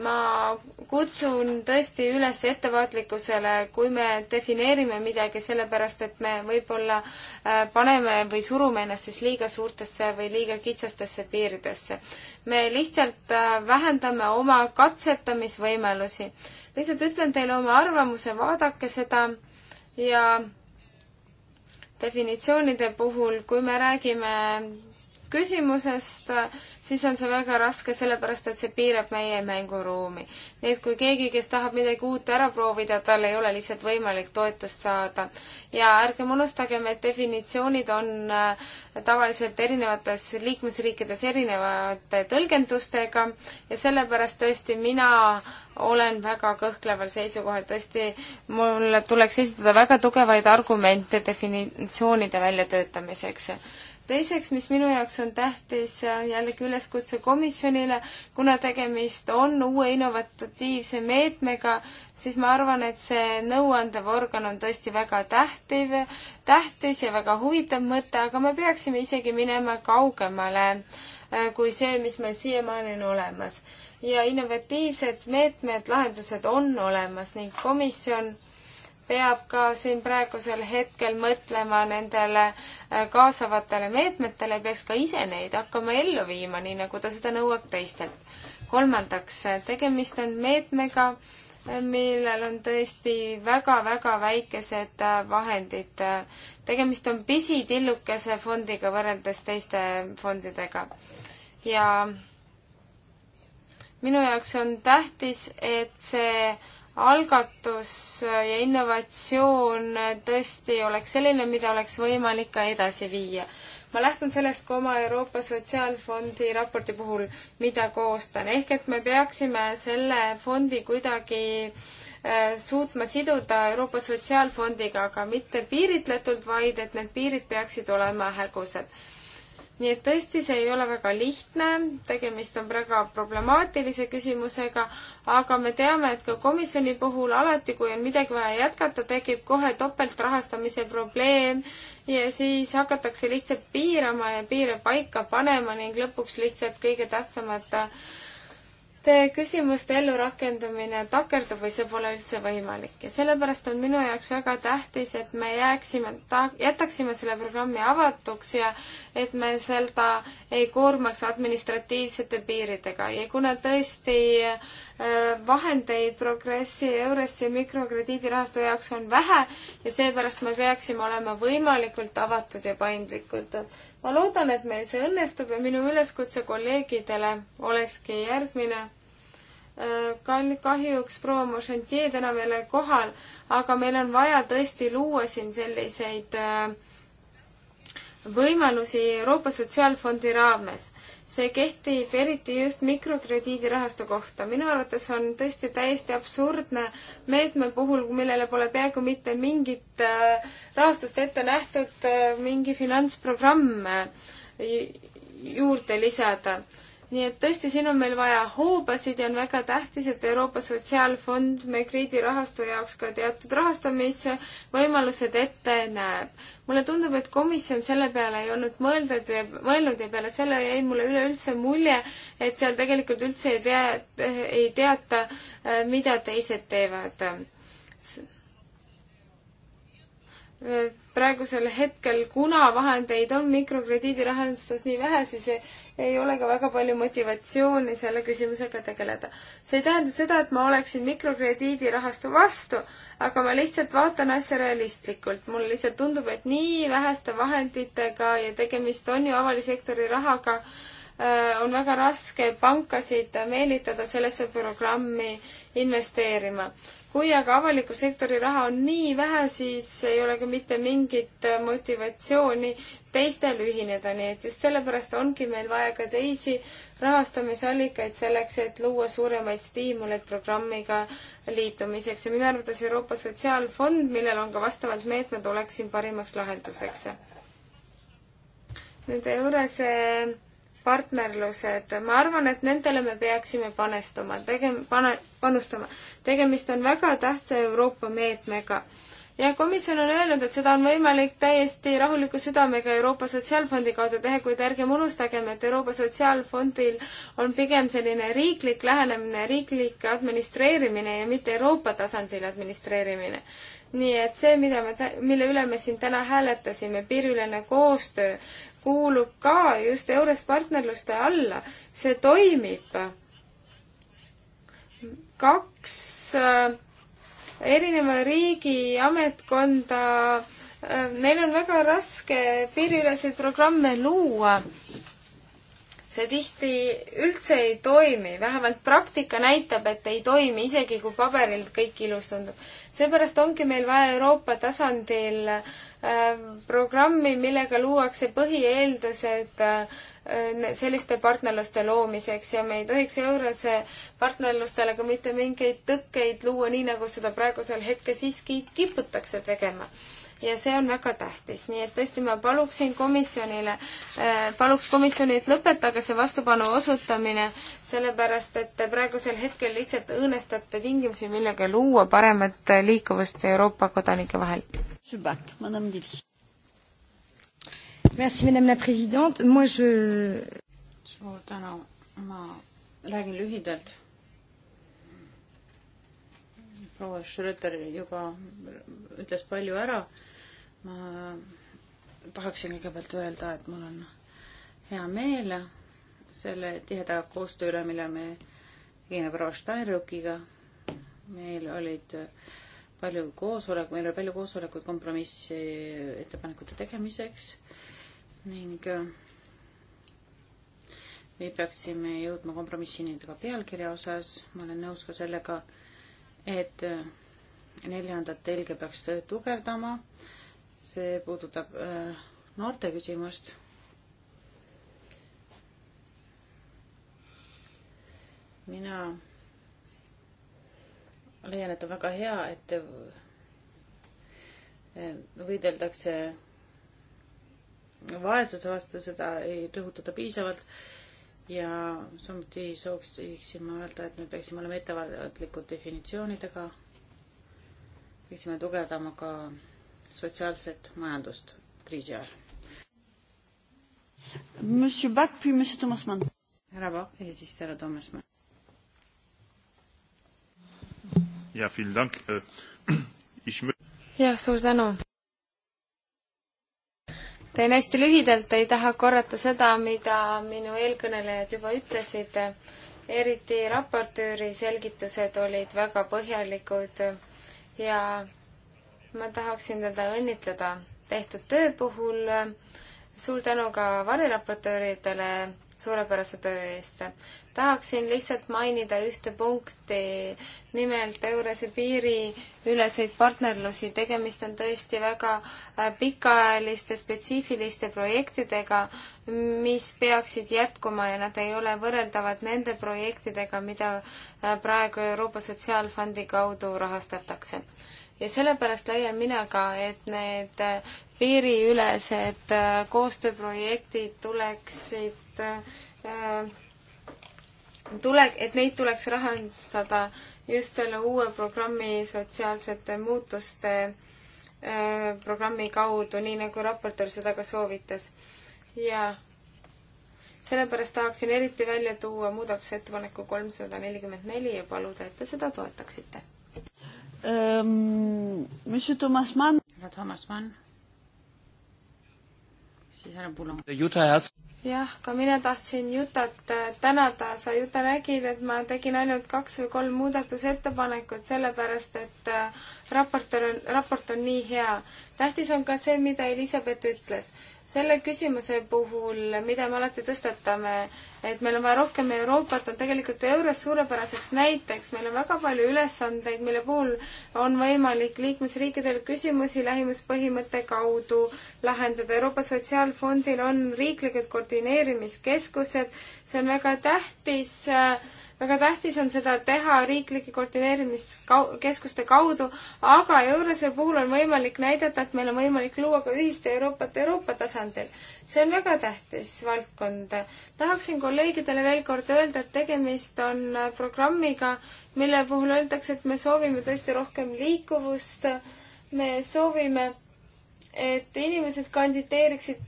ma kutsun tõesti üles ettevaatlikkusele, kui me defineerime midagi, sellepärast et me võib-olla äh, paneme või surume ennast siis liiga suurtesse või liiga kitsastesse piiridesse. me lihtsalt äh, vähendame oma katsetamisvõimalusi. lihtsalt ütlen teile oma arvamuse, vaadake seda ja definitsioonide puhul, kui me räägime küsimusest, siis on see väga raske, sellepärast et see piirab meie mänguruumi. nii et kui keegi, kes tahab midagi uut ära proovida, tal ei ole lihtsalt võimalik toetust saada. ja ärgem unustagem, et definitsioonid on äh, tavaliselt erinevates liikmesriikides erinevate tõlgendustega ja sellepärast tõesti mina olen väga kõhkleval seisukohal, tõesti mul tuleks esitada väga tugevaid argumente definitsioonide väljatöötamiseks teiseks, mis minu jaoks on tähtis, jällegi üleskutse komisjonile, kuna tegemist on uue innovatiivse meetmega, siis ma arvan, et see nõuandev organ on tõesti väga tähtiv, tähtis ja väga huvitav mõte, aga me peaksime isegi minema kaugemale äh, kui see, mis meil siiamaani on olemas. ja innovatiivsed meetmed, lahendused on olemas ning komisjon peab ka siin praegusel hetkel mõtlema nendele äh, kaasavatele meetmetele, peaks ka ise neid hakkama ellu viima, nii nagu ta seda nõuab teistelt. kolmandaks, äh, tegemist on meetmega, äh, millel on tõesti väga-väga väikesed vahendid. tegemist on pisitillukese fondiga võrreldes teiste fondidega. ja minu jaoks on tähtis, et see algatus ja innovatsioon tõesti oleks selline, mida oleks võimalik ka edasi viia. ma lähtun sellest ka oma Euroopa Sotsiaalfondi raporti puhul, mida koostan, ehk et me peaksime selle fondi kuidagi äh, suutma siduda Euroopa Sotsiaalfondiga, aga mitte piiritletult, vaid et need piirid peaksid olema hägusad nii et tõesti, see ei ole väga lihtne, tegemist on väga problemaatilise küsimusega, aga me teame, et ka komisjoni puhul alati, kui on midagi vaja jätkata, tekib kohe topeltrahastamise probleem ja siis hakatakse lihtsalt piirama ja piire paika panema ning lõpuks lihtsalt kõige tähtsamad äh, Teie küsimuste ellurakendamine takerdub või see pole üldse võimalik ja sellepärast on minu jaoks väga tähtis, et me jääksime, jätaksime selle programmi avatuks ja et me seda ei koormaks administratiivsete piiridega ja kuna tõesti äh, vahendeid Progressi, Euressi mikrokrediidirahastu jaoks on vähe ja seepärast me peaksime olema võimalikult avatud ja paindlikud. ma loodan, et meil see õnnestub ja minu üleskutse kolleegidele olekski järgmine. Kall-, kahjuks proua Mošantje täna veel kohal, aga meil on vaja tõesti luua siin selliseid äh, võimalusi Euroopa Sotsiaalfondi raames see kehtib eriti just mikrokrediidirahastu kohta. minu arvates on tõesti täiesti absurdne meetme puhul, millele pole peaaegu mitte mingit äh, rahastust ette nähtud, äh, mingi finantsprogramm äh, juurde lisada nii et tõesti, siin on meil vaja hoobasid ja on väga tähtis, et Euroopa Sotsiaalfond me krediidirahastu jaoks ka teatud rahastamisvõimalused ette näeb. mulle tundub, et komisjon selle peale ei olnud mõeldud, mõelnud ja peale selle jäi mulle üleüldse mulje, et seal tegelikult üldse ei tea, ei teata, mida teised teevad praegusel hetkel, kuna vahendeid on mikrokrediidirahastus nii vähe, siis ei, ei ole ka väga palju motivatsiooni selle küsimusega tegeleda. see ei tähenda seda, et ma oleksin mikrokrediidirahastu vastu, aga ma lihtsalt vaatan asja realistlikult. mulle lihtsalt tundub, et nii väheste vahenditega ja tegemist on ju avalisektori rahaga, äh, on väga raske pankasid meelitada sellesse programmi investeerima kui aga avaliku sektori raha on nii vähe, siis ei ole ka mitte mingit motivatsiooni teistel ühineda, nii et just sellepärast ongi meil vaja ka teisi rahastamisallikaid selleks, et luua suuremaid stiimuleid programmiga liitumiseks ja minu arvates Euroopa Sotsiaalfond, millel on ka vastavad meetmed, oleks siin parimaks lahenduseks. nüüd Eurese partnerlused, ma arvan, et nendele me peaksime panestuma, tege-, pane-, panustama tegemist on väga tähtsa Euroopa meetmega ja komisjon on öelnud, et seda on võimalik täiesti rahuliku südamega Euroopa Sotsiaalfondi kaudu teha, kuid ärgem unustagem, et Euroopa Sotsiaalfondil on pigem selline riiklik lähenemine, riiklik administreerimine ja mitte Euroopa tasandil administreerimine. nii et see, mida me, mille üle me siin täna hääletasime, piiriülene koostöö, kuulub ka just EURES partnerluste alla, see toimib kaks äh, erineva riigi ametkonda, äh, neil on väga raske piiriüleseid programme luua. see tihti üldse ei toimi, vähemalt praktika näitab, et ei toimi, isegi kui paberil kõik ilus tundub. seepärast ongi meil vaja Euroopa tasandil äh, programmi, millega luuakse põhieeldused äh, Äh, selliste partnerluste loomiseks ja me ei tohiks Eurose partnerlustele ka mitte mingeid tõkkeid luua, nii nagu seda praegusel hetkel siiski kiputakse tegema ja see on väga tähtis, nii et tõesti ma paluksin komisjonile, äh, paluks komisjonilt lõpetage see vastupanu osutamine, sellepärast et te praegusel hetkel lihtsalt õõnestate tingimusi, millega luua paremat liikuvust Euroopa kodanike vahel. Merci, madame la president, moi je. suur tänu, ma räägin lühidalt. proua Schröter juba ütles palju ära. ma tahaksin kõigepealt öelda, et mul on hea meel selle tiheda koostöö üle, mille me tegime proua Steinruckiga. meil olid palju koosolekuid, meil oli palju koosolekuid kompromissettepanekute tegemiseks ning äh, me peaksime jõudma kompromissini ka pealkirja osas, ma olen nõus ka sellega, et äh, neljandat telge peaks äh, tugevdama, see puudutab noorte küsimust. mina leian, et on väga hea, et võideldakse vaesuse vastu, seda ei rõhutata piisavalt. ja samuti sooviksin ma öelda, et me peaksime olema ettevaatlikud definitsioonidega, peaksime tugevdama ka sotsiaalset majandust kriisi ajal. Monsieur Bach, puis Monsieur Thomas Mann. härra Bach ja siis härra Thomas Mann. ja, vielen Dank. Äh, jah, suur tänu teen hästi lühidalt, ei taha korrata seda, mida minu eelkõnelejad juba ütlesid. eriti raportööri selgitused olid väga põhjalikud ja ma tahaksin teda õnnitleda tehtud töö puhul. suur tänu ka variraportööridele suurepärase töö eest tahaksin lihtsalt mainida ühte punkti, nimelt Eurose piiriüleseid partnerlusi. tegemist on tõesti väga äh, pikaajaliste spetsiifiliste projektidega, mis peaksid jätkuma ja nad ei ole võrreldavad nende projektidega, mida äh, praegu Euroopa Sotsiaalfondi kaudu rahastatakse ja sellepärast leian mina ka, et need äh, piiriülesed koostööprojektid tuleksid äh, tule, et neid tuleks rahastada just selle uue programmi sotsiaalsete muutuste öö, äh, programmi kaudu, nii nagu raportöör seda ka soovitas. ja sellepärast tahaksin eriti välja tuua muudatusettepaneku kolmsada nelikümmend neli ja paluda, et te seda toetaksite ähm,. Monsieur Thomas Mann. härra Thomas Mann. siis härra Pulo. Juta Herts jah, ka mina tahtsin Jutat äh, tänada, sa Juta nägid, et ma tegin ainult kaks või kolm muudatusettepanekut, sellepärast et äh, raportöör on, raport on nii hea. tähtis on ka see, mida Elizabeth ütles. selle küsimuse puhul, mida me alati tõstatame, et meil on vaja rohkem Euroopat, on tegelikult EURES suurepäraseks näiteks. meil on väga palju ülesandeid, mille puhul on võimalik liikmesriikidel küsimusi lähimuspõhimõtte kaudu lahendada. Euroopa Sotsiaalfondil on riiklikud koordineerimiskeskused, see on väga tähtis väga tähtis on seda teha riiklike koordineerimiskeskuste kaudu, aga Eurose puhul on võimalik näidata, et meil on võimalik luua ka ühist Euroopat Euroopa tasandil see on väga tähtis valdkond. tahaksin kolleegidele veel kord öelda, et tegemist on programmiga, mille puhul öeldakse, et me soovime tõesti rohkem liikuvust, me soovime et inimesed kandideeriksid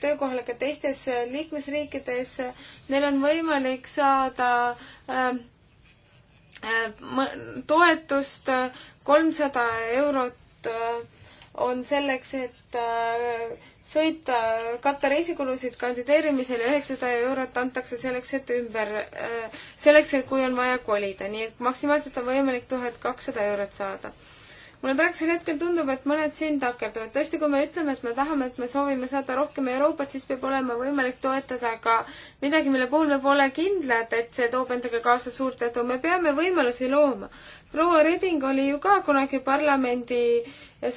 töökohale ka teistes liikmesriikides, neil on võimalik saada ähm, äh, äh, toetust kolmsada eurot äh, on selleks, et äh, sõita, katta reisikulusid kandideerimisel ja üheksasada eurot antakse selleks, et ümber, äh, selleks, kui on vaja kolida, nii et maksimaalselt on võimalik tuhat kakssada eurot saada mulle praegusel hetkel tundub, et mõned siin takerduvad. tõesti, kui me ütleme, et me tahame, et me soovime saada rohkem Euroopat, siis peab olema võimalik toetada ka midagi, mille puhul me pole kindlad, et see toob endaga kaasa suurt edu. me peame võimalusi looma. proua Reding oli ju ka kunagi parlamendi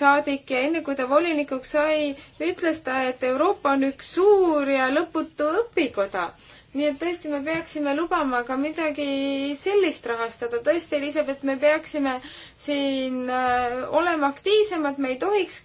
saadik ja enne, kui ta volinikuks sai, ütles ta, et Euroopa on üks suur ja lõputu õpikoda nii et tõesti, me peaksime lubama ka midagi sellist rahastada. tõesti, Elisabeth, me peaksime siin äh, olema aktiivsemad, me ei tohiks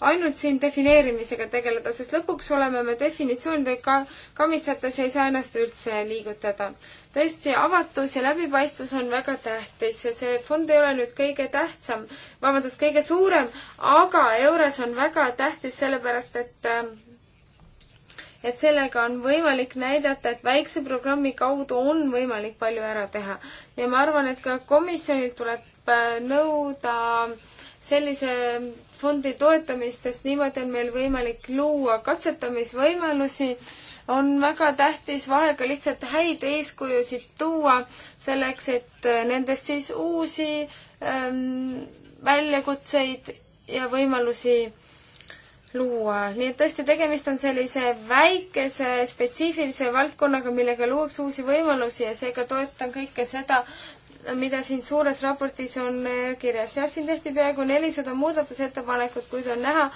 ainult siin defineerimisega tegeleda, sest lõpuks oleme me definitsioonide ka kamitsates ja ei saa ennast üldse liigutada. tõesti, avatus ja läbipaistvus on väga tähtis ja see fond ei ole nüüd kõige tähtsam, vabandust, kõige suurem, aga EURES on väga tähtis sellepärast, et äh, et sellega on võimalik näidata, et väikse programmi kaudu on võimalik palju ära teha. ja ma arvan, et ka komisjonilt tuleb äh, nõuda sellise fondi toetamist, sest niimoodi on meil võimalik luua katsetamisvõimalusi, on väga tähtis vahel ka lihtsalt häid eeskujusid tuua, selleks et äh, nendest siis uusi ähm, väljakutseid ja võimalusi luua, nii et tõesti, tegemist on sellise väikese spetsiifilise valdkonnaga, millega luuakse uusi võimalusi ja seega toetan kõike seda, mida siin suures raportis on äh, kirjas. jah, siin tehti peaaegu nelisada muudatusettepanekut, kuid on näha,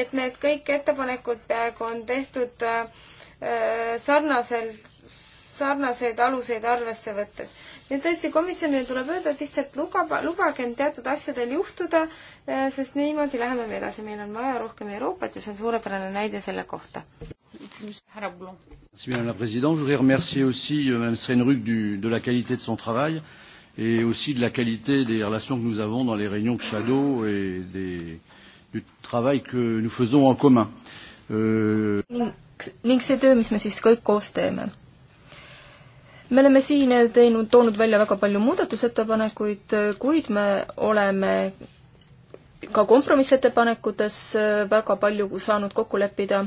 et need kõik ettepanekud peaaegu on tehtud äh, äh, sarnaselt, sarnaseid aluseid arvesse võttes ja tõesti, komisjonile tuleb öelda, et lihtsalt lubage, lubagem teatud asjadel juhtuda, eh, sest niimoodi läheme me edasi, meil on vaja rohkem Euroopat ja see on suurepärane näide selle kohta. härra Blum. Madame la Présidente, je voudrais remercier aussi euh, Mme Srenrug du, de la qualité de son travail et aussi de la qualité des relations que nous avons dans les réunions de Shadow et des, du travail que nous faisons en commun. Euh... ning, ning see töö, mis me siis kõik koos teeme me oleme siin teinud, toonud välja väga palju muudatusettepanekuid, kuid me oleme ka kompromissettepanekutes väga palju saanud kokku leppida.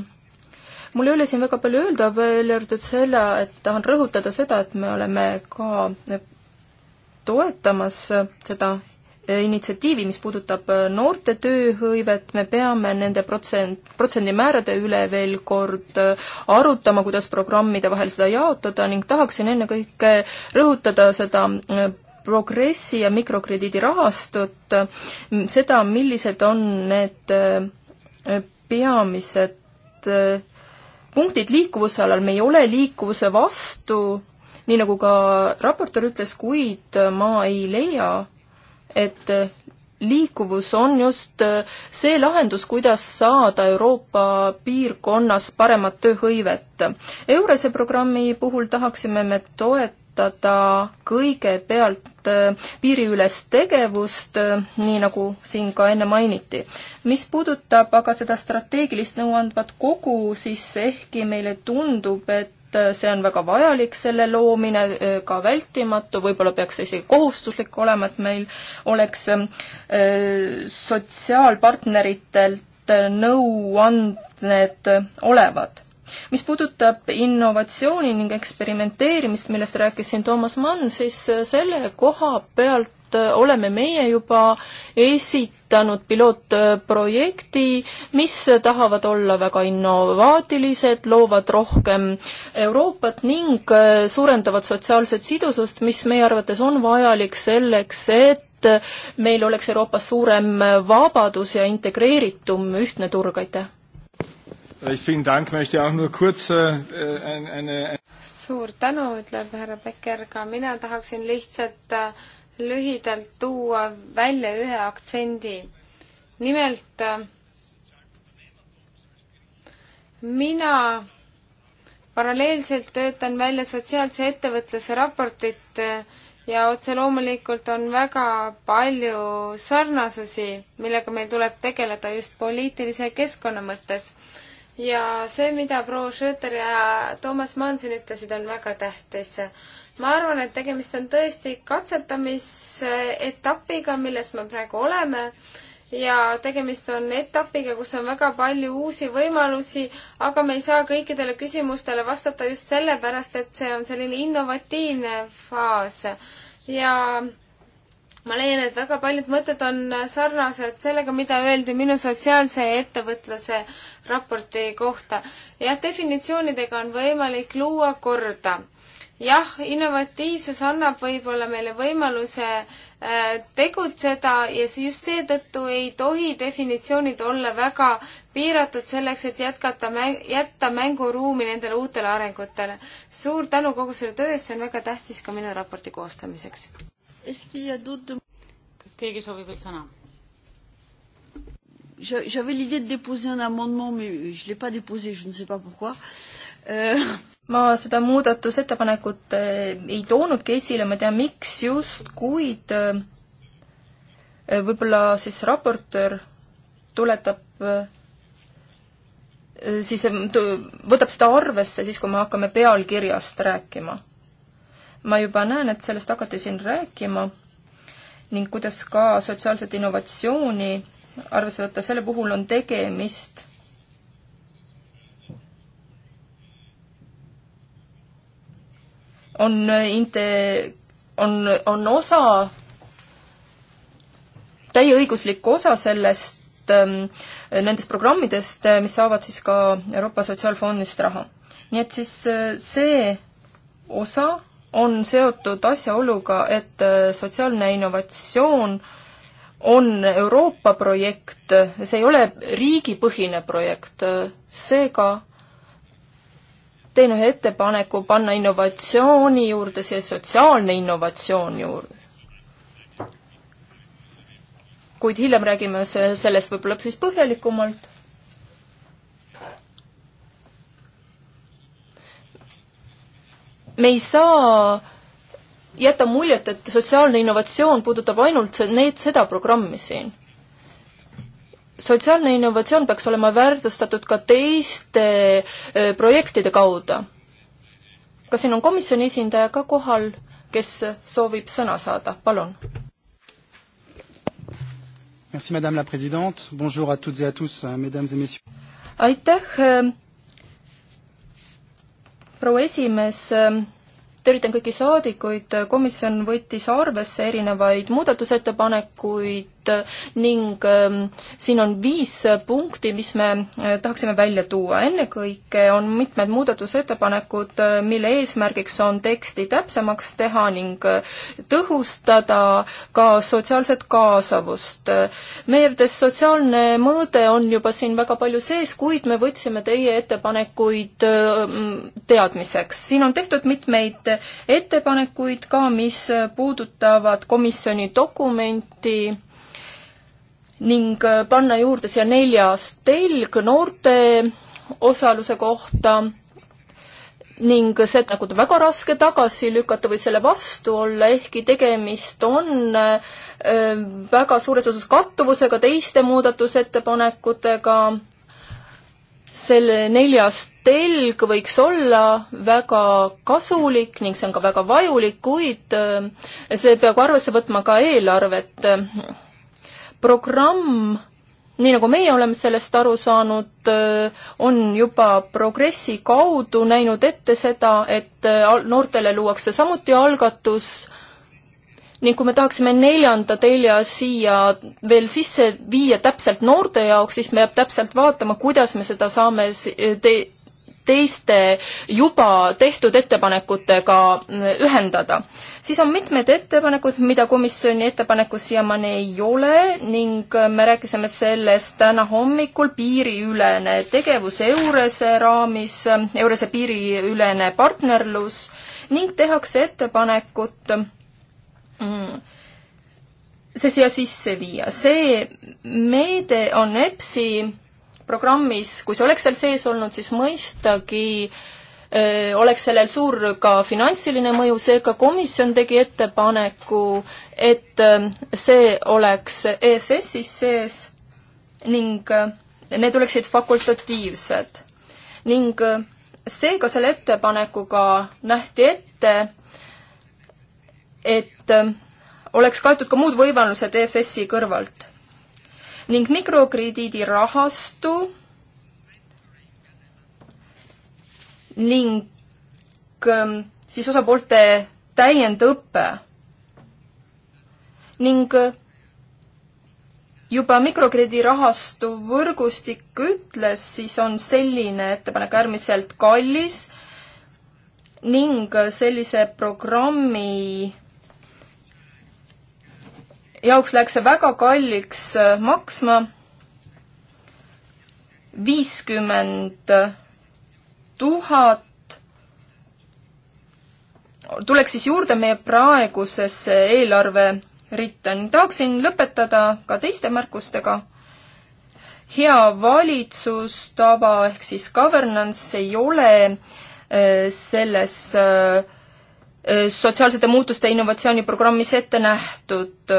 mul ei ole siin väga palju öelda, välja arvatud selle, et tahan rõhutada seda, et me oleme ka toetamas seda initsiatiivi, mis puudutab äh, noorte tööhõivet, me peame nende protsent, protsendimäärade üle veel kord äh, arutama, kuidas programmide vahel seda jaotada ning tahaksin ennekõike rõhutada seda äh, progressi ja mikrokrediidi rahastut, seda, millised on need peamised punktid liikuvuse alal, me ei ole liikuvuse vastu, nii nagu ka raportöör ütles, kuid ma ei leia, et äh, liikuvus on just äh, see lahendus, kuidas saada Euroopa piirkonnas paremat tööhõivet. Eurese programmi puhul tahaksime me toetada kõigepealt äh, piiriülest tegevust, nii nagu siin ka enne mainiti. mis puudutab aga seda strateegilist nõuandvat kogu, siis ehkki meile tundub, et Äh, see on väga vajalik, selle loomine äh, ka vältimatu, võib-olla peaks see isegi kohustuslik olema, et meil oleks äh, sotsiaalpartneritelt nõuanded olevad mis puudutab innovatsiooni ning eksperimenteerimist, millest rääkis siin Toomas Mann, siis selle koha pealt Äh, oleme meie juba esitanud pilootprojekti, mis tahavad olla väga innovaatilised, loovad rohkem Euroopat ning äh, suurendavad sotsiaalset sidusust, mis meie arvates on vajalik selleks, et meil oleks Euroopas suurem vabadus ja integreeritum ühtne turg, aitäh! Vielen Dank, möchte auch nur kurz äh, äh, eine, eine suur tänu, ütleb härra Becker, ka mina tahaksin lihtsalt äh, lühidalt tuua välja ühe aktsendi. nimelt mina paralleelselt töötan välja sotsiaalse ettevõtluse raportit ja otse loomulikult on väga palju sarnasusi, millega meil tuleb tegeleda just poliitilise keskkonna mõttes. ja see, mida proua Schröter ja Toomas Manson ütlesid, on väga tähtis ma arvan, et tegemist on tõesti katsetamisetapiga, milles me praegu oleme ja tegemist on etapiga, kus on väga palju uusi võimalusi, aga me ei saa kõikidele küsimustele vastata just sellepärast, et see on selline innovatiivne faas ja ma leian, et väga paljud mõtted on sarnased sellega, mida öeldi minu sotsiaalse ettevõtluse raporti kohta. jah, definitsioonidega on võimalik luua korda jah, innovatiivsus annab võib-olla meile võimaluse äh, tegutseda ja just seetõttu ei tohi definitsioonid olla väga piiratud selleks, et jätkata, jätta mänguruumi nendele uutele arengutele. suur tänu kogu selle töö eest, see on väga tähtis ka minu raporti koostamiseks. kas keegi soovib veel sõna? J'avais l'idée de déposer un amendement, mais je ne l'ai pas déposé, je ne sais pas pourquoi. Euh ma seda muudatusettepanekut eh, ei toonudki esile, ma ei tea, miks just, kuid eh, võib-olla siis raportöör tuletab eh, siis võtab seda arvesse siis, kui me hakkame pealkirjast rääkima. ma juba näen, et sellest hakati siin rääkima ning kuidas ka sotsiaalset innovatsiooni arvesse võtta, selle puhul on tegemist on inte-, on, on osa, täieõiguslik osa sellest, ähm, nendest programmidest, äh, mis saavad siis ka Euroopa Sotsiaalfondist raha. nii et siis äh, see osa on seotud asjaoluga, et äh, sotsiaalne innovatsioon on Euroopa projekt, see ei ole riigipõhine projekt, seega teen ühe ettepaneku panna innovatsiooni juurde siia sotsiaalne innovatsioon juurde. kuid hiljem räägime sellest võib-olla siis põhjalikumalt. me ei saa jätta muljet, et sotsiaalne innovatsioon puudutab ainult need, seda programmi siin sotsiaalne innovatsioon peaks olema väärtustatud ka teiste projektide kaudu. kas siin on komisjoni esindaja ka kohal, kes soovib sõna saada, palun? Merci Madame la Présidente, bonjour à toutes et à tous, euh, mesdames et messieurs. aitäh, proua esimees tervitan kõiki saadikuid, komisjon võttis arvesse erinevaid muudatusettepanekuid ning ähm, siin on viis punkti, mis me äh, tahaksime välja tuua. ennekõike on mitmed muudatusettepanekud, äh, mille eesmärgiks on teksti täpsemaks teha ning äh, tõhustada ka sotsiaalset kaasavust. meie arvates sotsiaalne mõõde on juba siin väga palju sees, kuid me võtsime teie ettepanekuid teadmiseks. siin on tehtud mitmeid ettepanekuid ka, mis puudutavad komisjoni dokumenti, ning äh, panna juurde siia neljas telg noorte osaluse kohta ning see nagu väga raske tagasi lükata või selle vastu olla, ehkki tegemist on äh, väga suures osas kattuvusega teiste muudatusettepanekutega. selle neljas telg võiks olla väga kasulik ning see on ka väga vajulik, kuid äh, see peab arvesse võtma ka eelarvet programm, nii nagu meie oleme sellest aru saanud, on juba progressi kaudu näinud ette seda, et noortele luuakse samuti algatus ning kui me tahaksime neljanda telje siia veel sisse viia täpselt noorte jaoks, siis me peab täpselt vaatama, kuidas me seda saame te teiste juba tehtud ettepanekutega ühendada siis on mitmeid ettepanekuid, mida komisjoni ettepanekus siiamaani ei ole ning äh, me rääkisime sellest täna hommikul, piiriülene tegevus Eurese raamis, äh, Eurese piiriülene partnerlus ning tehakse ettepanekut mm, see siia sisse viia. see meede on EPS-i programmis, kui see oleks seal sees olnud, siis mõistagi äh, oleks sellel suur ka finantsiline mõju, seega komisjon tegi ettepaneku, et see oleks EFS-is sees ning need oleksid fakultatiivsed. ning seega selle ettepanekuga nähti ette, et oleks kaetud ka muud võimalused EFS-i kõrvalt. ning mikrokrediidirahastu ning ähm, siis osapoolte täiendõpe. ning äh, juba mikrokrediidirahastu võrgustik ütles, siis on selline ettepanek äärmiselt kallis ning äh, sellise programmi jaoks läks see väga kalliks äh, maksma, viiskümmend tuhat tuleks siis juurde meie praegusesse eelarveritta ning tahaksin lõpetada ka teiste märkustega. hea valitsustava ehk siis governance ei ole äh, selles äh, äh, sotsiaalsete muutuste innovatsiooniprogrammis ette nähtud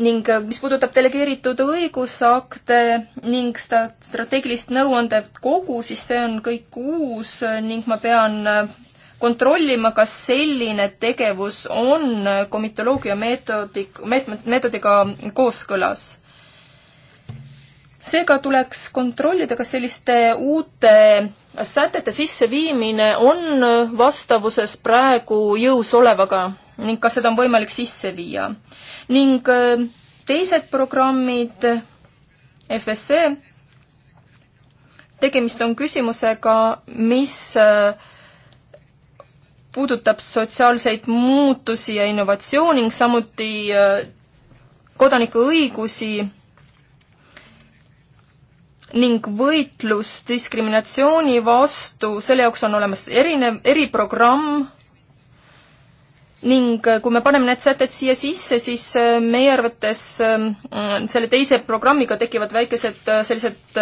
ning äh, mis puudutab delegeeritud õigusakte ning seda strateegilist nõuandev kogu, siis see on kõik uus äh, ning ma pean äh, kontrollima, kas selline tegevus on komitoloogia meetodik, meetmed, meetodiga kooskõlas. seega tuleks kontrollida, kas selliste uute sätete sisseviimine on vastavuses praegu jõus olevaga ning kas seda on võimalik sisse viia. ning äh, teised programmid, FSE, tegemist on küsimusega, mis äh, puudutab sotsiaalseid muutusi ja innovatsiooni ning samuti äh, kodanikuõigusi ning võitlus diskriminatsiooni vastu, selle jaoks on olemas erinev, eriprogramm, ning äh, kui me paneme need sätted siia sisse, siis äh, meie arvates ähm, mm, selle teise programmiga tekivad väikesed äh, sellised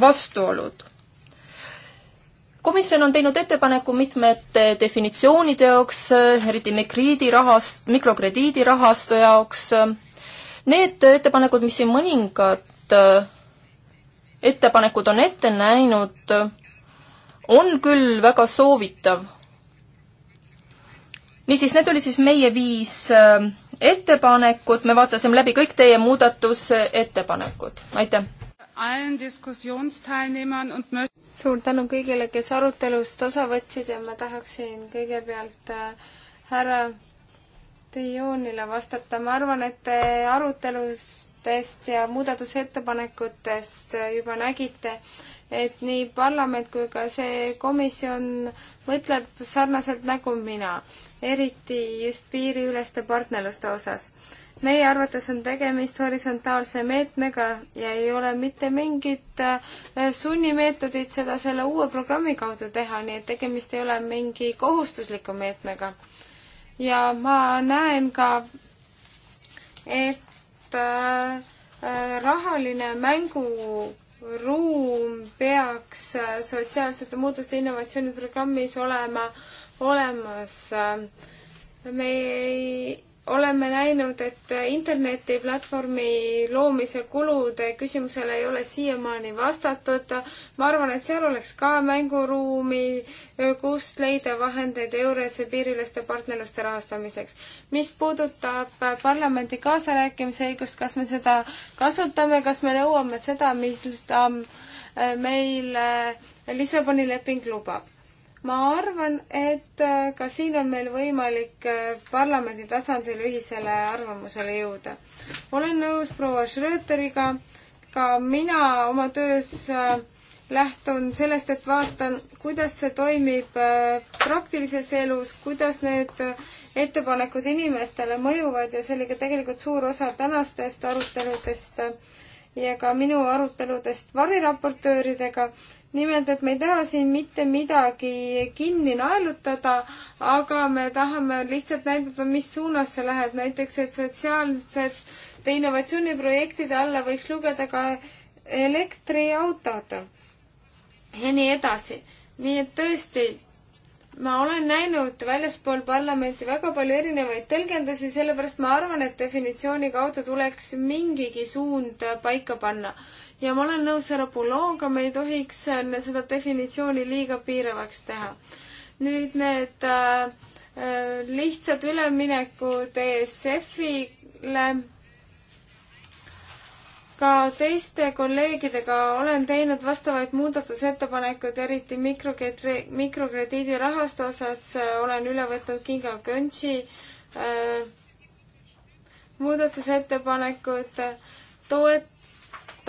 vastuolud. komisjon on teinud ettepaneku mitmete definitsioonide jaoks, eriti mikriidirahast, mikrokrediidirahastu jaoks. Need ettepanekud, mis siin mõningad ettepanekud on ette näinud, on küll väga soovitav niisiis, need olid siis meie viis ähm, ettepanekut, me vaatasime läbi kõik teie muudatusettepanekud, aitäh! suur tänu kõigile, kes arutelust osa võtsid ja ma tahaksin kõigepealt äh, härra Dionile vastata, ma arvan, et te arutelustest ja muudatusettepanekutest juba nägite, et nii parlament kui ka see komisjon mõtleb sarnaselt nagu mina, eriti just piiriüleste partnerluste osas. meie arvates on tegemist horisontaalse meetmega ja ei ole mitte mingit äh, sunnimeetodit seda selle uue programmi kaudu teha, nii et tegemist ei ole mingi kohustusliku meetmega. ja ma näen ka, et äh, äh, rahaline mängu ruum peaks sotsiaalsete muutuste innovatsiooniprogrammis olema olemas. me ei oleme näinud, et internetiplatvormi loomise kulude küsimusele ei ole siiamaani vastatud. ma arvan, et seal oleks ka mänguruumi, kust leida vahendeid EURES-e piiriüleste partnerluste rahastamiseks. mis puudutab parlamendi kaasarääkimise õigust, kas me seda kasutame, kas me nõuame seda, mis ta äh, meil Lissaboni leping lubab ma arvan, et äh, ka siin on meil võimalik äh, parlamendi tasandil ühisele arvamusele jõuda. olen nõus proua Schröteriga, ka mina oma töös äh, lähtun sellest, et vaatan, kuidas see toimib praktilises elus, kuidas need ettepanekud inimestele mõjuvad ja see oli ka tegelikult suur osa tänastest aruteludest ja ka minu aruteludest variraportööridega, nimelt, et me ei taha siin mitte midagi kinni naelutada, aga me tahame lihtsalt näidata, mis suunas see läheb, näiteks et sotsiaalsete innovatsiooniprojektide alla võiks lugeda ka elektriautod ja nii edasi. nii et tõesti, ma olen näinud väljaspool parlamenti väga palju erinevaid tõlgendusi, sellepärast ma arvan, et definitsiooni kaudu tuleks mingigi suund paika panna ja ma olen nõus härra Buloga, me ei tohiks seda definitsiooni liiga piiravaks teha. nüüd need äh, äh, lihtsad üleminekud ESF-ile ka teiste kolleegidega olen teinud vastavaid muudatusettepanekuid, eriti mikrokredri-, mikrokrediidirahastu osas äh, olen üle võtnud Kinga Köntši äh, muudatusettepanekud, äh, toet-,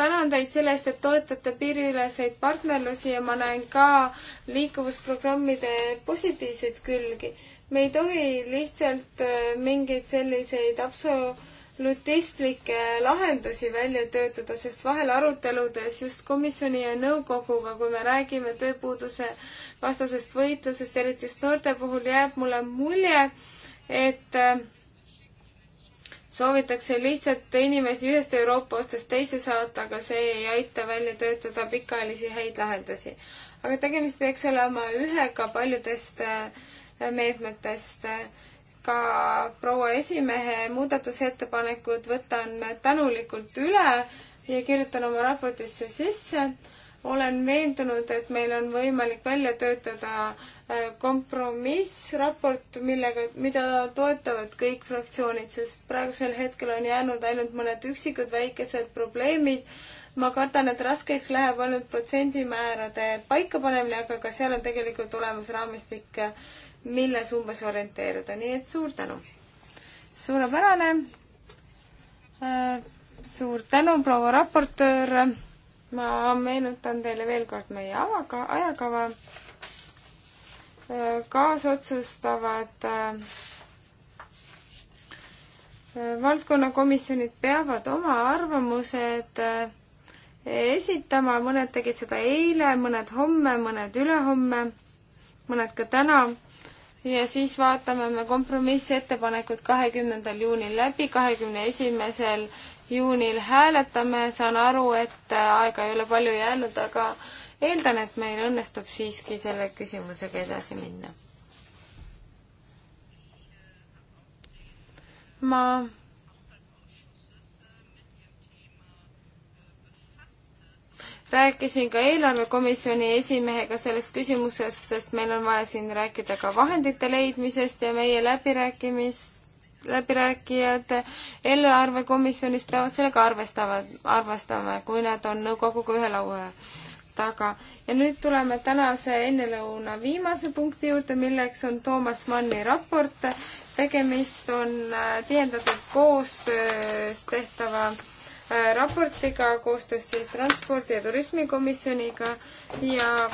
tänan teid selle eest, et toetate piiriüleseid partnerlusi ja ma näen ka liikuvusprogrammide positiivseid külgi. me ei tohi lihtsalt äh, mingeid selliseid absolutistlikke lahendusi välja töötada, sest vahel aruteludes just komisjoni ja nõukoguga, kui me räägime tööpuuduse vastasest võitlusest, eriti just noorte puhul, jääb mulle mulje, et äh, soovitakse lihtsalt inimesi ühest Euroopa otsast teise saata, aga see ei aita välja töötada pikaajalisi häid lahendusi. aga tegemist peaks olema ühega paljudest äh, meetmetest. ka proua esimehe muudatusettepanekud võtan tänulikult üle ja kirjutan oma raportisse sisse olen veendunud, et meil on võimalik välja töötada kompromissraport, millega, mida toetavad kõik fraktsioonid, sest praegusel hetkel on jäänud ainult mõned üksikud väikesed probleemid. ma kardan, et raskeks läheb ainult protsendimäärade paikapanemine, aga ka seal on tegelikult olemas raamistik, milles umbes orienteeruda, nii et suur tänu. suurepärane. Äh, suur tänu, proua raportöör. ma meenutan teile veel kord meie avaga, ajakava kaasotsustavad äh, valdkonnakomisjonid peavad oma arvamused äh, esitama, mõned tegid seda eile, mõned homme, mõned ülehomme, mõned ka täna. ja siis vaatame me kompromissettepanekud kahekümnendal juunil läbi, kahekümne esimesel juunil hääletame, saan aru, et äh, aega ei ole palju jäänud, aga eeldan, et meil õnnestub siiski selle küsimusega edasi minna. ma rääkisin ka eelarvekomisjoni esimehega sellest küsimusest, sest meil on vaja siin rääkida ka vahendite leidmisest ja meie läbirääkimist, läbirääkijad eelarvekomisjonis peavad sellega arvestama, arvestama, kui nad on nõukoguga ühe laua taga. ja nüüd tuleme tänase ennelõuna viimase punkti juurde, milleks on Toomas Manni raport. tegemist on äh, tihendatud koostöös tehtava äh, raportiga koostöös siis Transpordi- ja Turismikomisjoniga ja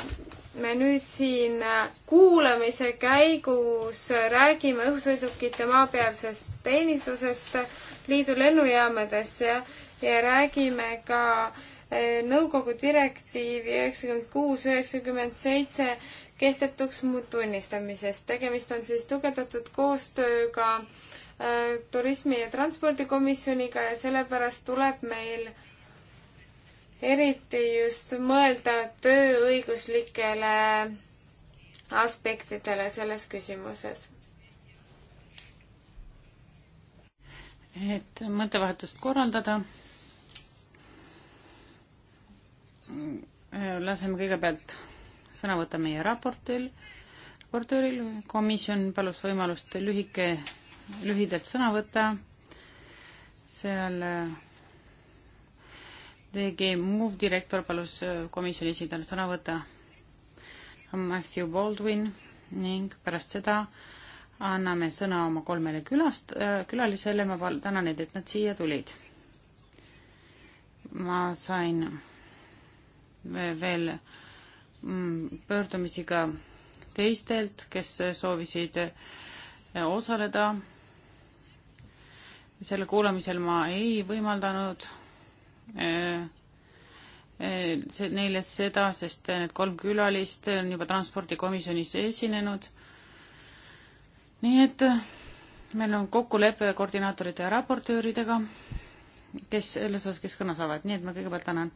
me nüüd siin äh, kuulamise käigus räägime õhusõidukite maapealsest teenistusest liidu lennujaamades ja, ja räägime ka äh, nõukogu direktiivi üheksakümmend kuus, üheksakümmend seitse kehtetuks tunnistamisest. tegemist on siis tugevdatud koostööga äh, turismi- ja transpordikomisjoniga ja sellepärast tuleb meil eriti just mõelda tööõiguslikele aspektidele selles küsimuses et mõttevahetust korraldada laseme kõigepealt sõna võtta meie raportil, raportööril, komisjon palus võimalust lühike, lühidalt sõna võtta, seal äh, DG Move direktor palus äh, komisjoni esindajal sõna võtta, Matthew Baldwin ning pärast seda anname sõna oma kolmele külast-, äh, külalisele, ma tänan neid, et nad siia tulid. ma sain veel mm, pöördumisi ka teistelt, kes soovisid eh, osaleda. selle kuulamisel ma ei võimaldanud eh, eh, see, neile seda, sest need kolm külalist on juba transpordikomisjonis esinenud. nii et meil on kokkulepe koordinaatorite ja raportööridega, kes selles osas, kes kõne saavad, nii et ma kõigepealt annan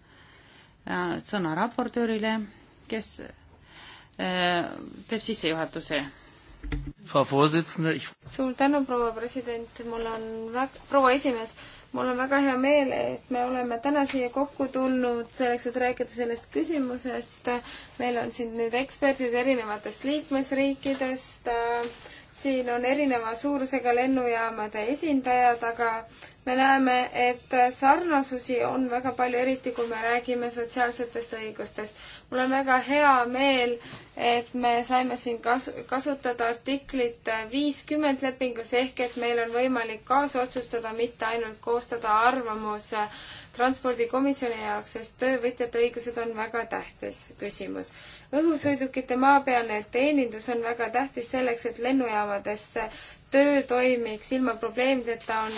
sõna raportöörile, kes äh, teeb sissejuhatuse. suur tänu, proua president, mul on väga, proua esimees, mul on väga hea meel, et me oleme täna siia kokku tulnud selleks, et rääkida sellest küsimusest. meil on siin nüüd eksperdid erinevatest liikmesriikidest, siin on erineva suurusega lennujaamade esindajad, aga me näeme, et sarnasusi on väga palju, eriti kui me räägime sotsiaalsetest õigustest. mul on väga hea meel, et me saime siin kas-, kasutada artiklit viiskümmend lepingus, ehk et meil on võimalik kaasotsustada, mitte ainult koostada arvamus äh, transpordikomisjoni jaoks, sest töövõtjate õigused on väga tähtis küsimus. õhusõidukite maapealne teenindus on väga tähtis selleks, et lennujaamadesse töö toimiks ilma probleemideta, on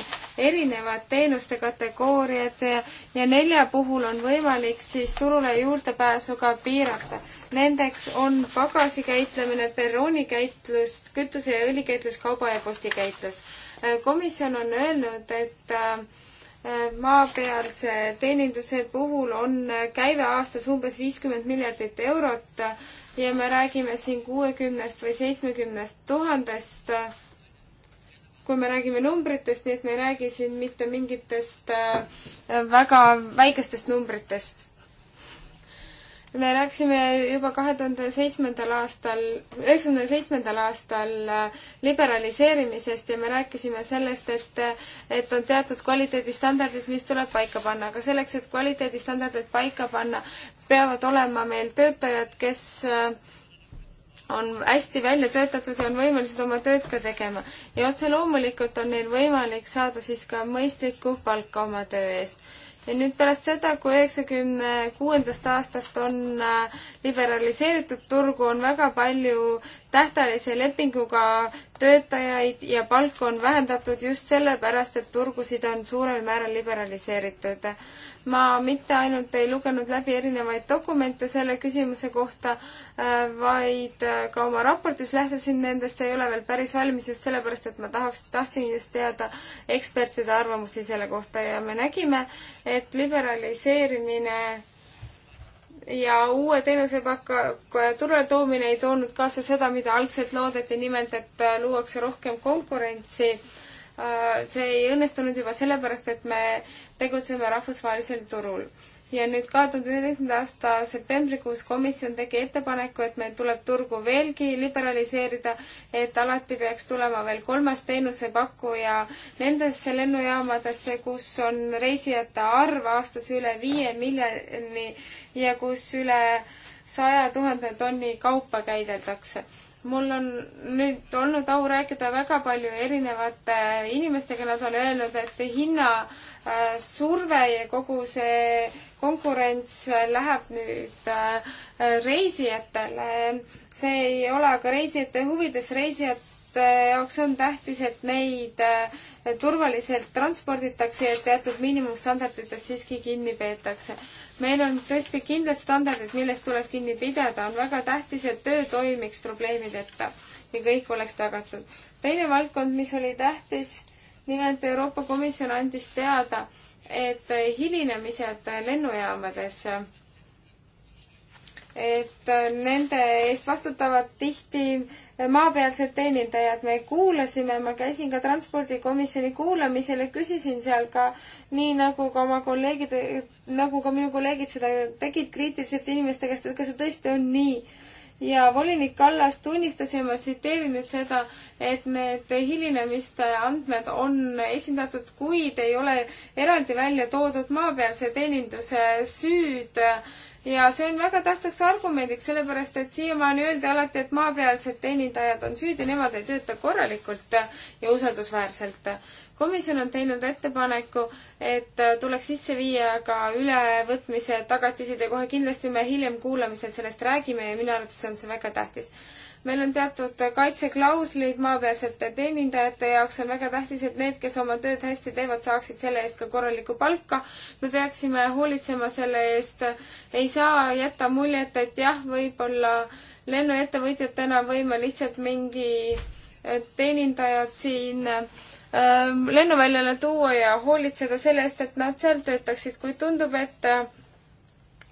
erinevad teenuste kategooriad ja, ja nelja puhul on võimalik siis turule juurdepääsu ka piirata. Nendeks on pagasi käitlemine, perroonikäitlus, kütuse ja õlikäitlus, kauba ja postikäitlus. komisjon on öelnud, et äh, maapealse teeninduse puhul on käive aastas umbes viiskümmend miljardit eurot ja me räägime siin kuuekümnest või seitsmekümnest tuhandest, kui me räägime numbritest, nii et me ei räägi siin mitte mingitest äh, väga väikestest numbritest me rääkisime juba kahe tuhande seitsmendal aastal, üheksakümne seitsmendal aastal äh, liberaliseerimisest ja me rääkisime sellest, et, et on teatud kvaliteedistandardid, mis tuleb paika panna, aga selleks, et kvaliteedistandardid paika panna, peavad olema meil töötajad, kes äh, on hästi välja töötatud ja on võimelised oma tööd ka tegema. ja otse loomulikult on neil võimalik saada siis ka mõistlikku palka oma töö eest nüüd pärast seda, kui üheksakümne kuuendast aastast on äh, liberaliseeritud turgu, on väga palju tähtajalise lepinguga töötajaid ja palku on vähendatud just sellepärast, et turgusid on suurel määral liberaliseeritud ma mitte ainult ei lugenud läbi erinevaid dokumente selle küsimuse kohta, äh, vaid äh, ka oma raportis lähtusin nendest, see ei ole veel päris valmis just sellepärast, et ma tahaks, tahtsin just teada ekspertide arvamusi selle kohta ja me nägime, et liberaliseerimine ja uue teenusepakkuja äh, turule toomine ei toonud kaasa seda, mida algselt loodeti, nimelt et luuakse rohkem konkurentsi äh, Äh, see ei õnnestunud juba sellepärast, et me tegutseme rahvusvahelisel turul. ja nüüd kahe tuhande üheteistkümnenda aasta septembrikuus komisjon tegi ettepaneku, et meil tuleb turgu veelgi liberaliseerida, et alati peaks tulema veel kolmas teenusepakkuja nendesse lennujaamadesse, kus on reisijate arv aastas üle viie miljoni ja kus üle saja tuhande tonni kaupa käideldakse mul on nüüd olnud au rääkida väga palju erinevate inimestega, nad on öelnud, et hinnasurve äh, ja kogu see konkurents läheb nüüd äh, reisijatele. see ei ole aga reisijate huvides, reisijad jaoks on tähtis, et neid äh, turvaliselt transporditakse ja teatud miinimumstandarditest siiski kinni peetakse meil on tõesti kindlad standardid, millest tuleb kinni pidada, on väga tähtis, et töö toimiks probleemideta ja kõik oleks tagatud. teine valdkond, mis oli tähtis, nimelt Euroopa Komisjon andis teada, et hilinemised lennujaamades, et nende eest vastutavad tihti äh, maapealsed teenindajad, me kuulasime, ma käisin ka transpordikomisjoni kuulamisel ja küsisin seal ka, nii nagu ka oma kolleegid, nagu ka minu kolleegid seda tegid kriitiliselt inimeste käest, et kas see tõesti on nii. ja volinik Kallas tunnistas ja ma tsiteerin nüüd seda, et need hilinemiste andmed on esindatud, kuid ei ole eraldi välja toodud maapealse teeninduse süüd äh, ja see on väga tähtsaks argumendiks, sellepärast et siiamaani öeldi alati, et maapealsed teenindajad on süüdi, nemad ei tööta korralikult ja usaldusväärselt. komisjon on teinud ettepaneku, et tuleks sisse viia ka ülevõtmise tagatised ja kohe kindlasti me hiljem kuulamisel sellest räägime ja minu arvates on see väga tähtis meil on teatud kaitseklauslid maapealsete teenindajate jaoks, on väga tähtis, et need, kes oma tööd hästi teevad, saaksid selle eest ka korralikku palka. me peaksime hoolitsema selle eest, ei saa jätta muljet, et jah, võib-olla lennuettevõtjatena võime lihtsalt mingi teenindajad siin ähm, lennuväljale tuua ja hoolitseda selle eest, et nad seal töötaksid, kui tundub, et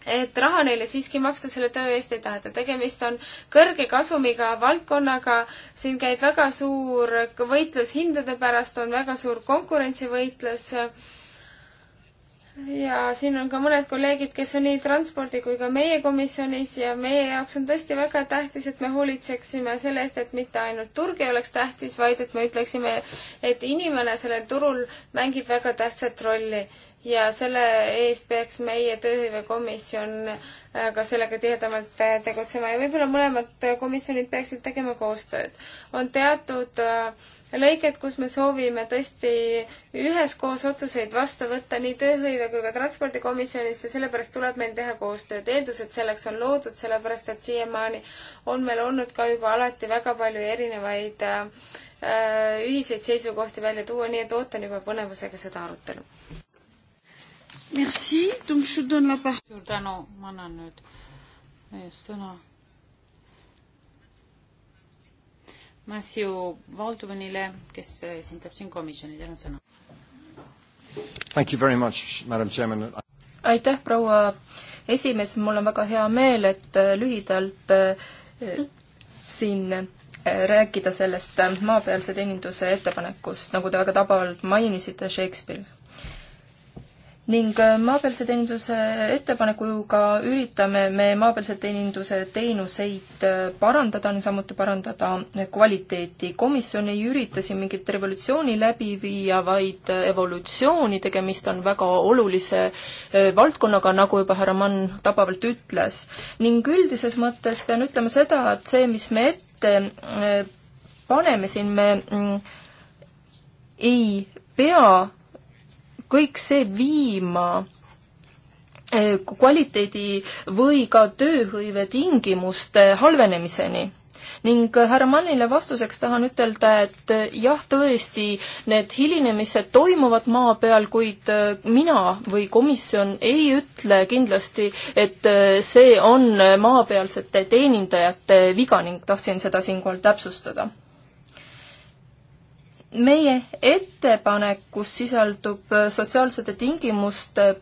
et raha neile siiski maksta selle töö eest ei taheta. tegemist on kõrge kasumiga valdkonnaga, siin käib väga suur võitlus hindade pärast, on väga suur konkurentsivõitlus. ja siin on ka mõned kolleegid, kes on nii transpordi kui ka meie komisjonis ja meie jaoks on tõesti väga tähtis, et me hoolitseksime selle eest, et mitte ainult turg ei oleks tähtis, vaid et me ütleksime, et inimene sellel turul mängib väga tähtsat rolli ja selle eest peaks meie tööhõivekomisjon äh, ka sellega tihedamalt äh, tegutsema ja võib-olla mõlemad äh, komisjonid peaksid tegema koostööd. on teatud lõiked, kus me soovime tõesti üheskoos otsuseid vastu võtta nii tööhõive kui ka transpordikomisjonis ja sellepärast tuleb meil teha koostööd. eeldused selleks on loodud, sellepärast et siiamaani on meil olnud ka juba alati väga palju erinevaid ühiseid seisukohti välja tuua, nii et ootan juba põnevusega seda arutelu Merci, donc je donne la parole. suur tänu, ma annan nüüd eh, sõna Matthew Valdovanile, kes eh, esindab siin komisjoni, teil on sõna. Thank you very much, madam chairman. aitäh, proua esimees, mul on väga hea meel, et eh, lühidalt siin rääkida sellest maapealse teeninduse ettepanekust, nagu te väga tabavalt mainisite, Shakespeare ning äh, maapealse teeninduse ettepanekuga üritame me maapealse teeninduse teenuseid äh, parandada, niisamuti parandada äh, kvaliteeti. komisjon ei ürita siin mingit revolutsiooni läbi viia, vaid evolutsiooni, tegemist on väga olulise valdkonnaga, nagu juba härra Mann tabavalt ütles. ning üldises mõttes pean ütlema seda, et see, mis me ette paneme siin, me mm, ei pea kõik see viima eh, kvaliteedi või ka tööhõive tingimuste halvenemiseni ning eh, härra Mannile vastuseks tahan ütelda, et eh, jah, tõesti, need hilinemised toimuvad maa peal, kuid mina või komisjon ei ütle kindlasti, et see on maapealsete teenindajate viga ning tahtsin seda siinkohal täpsustada meie ettepanekus sisaldub sotsiaalsete tingimuste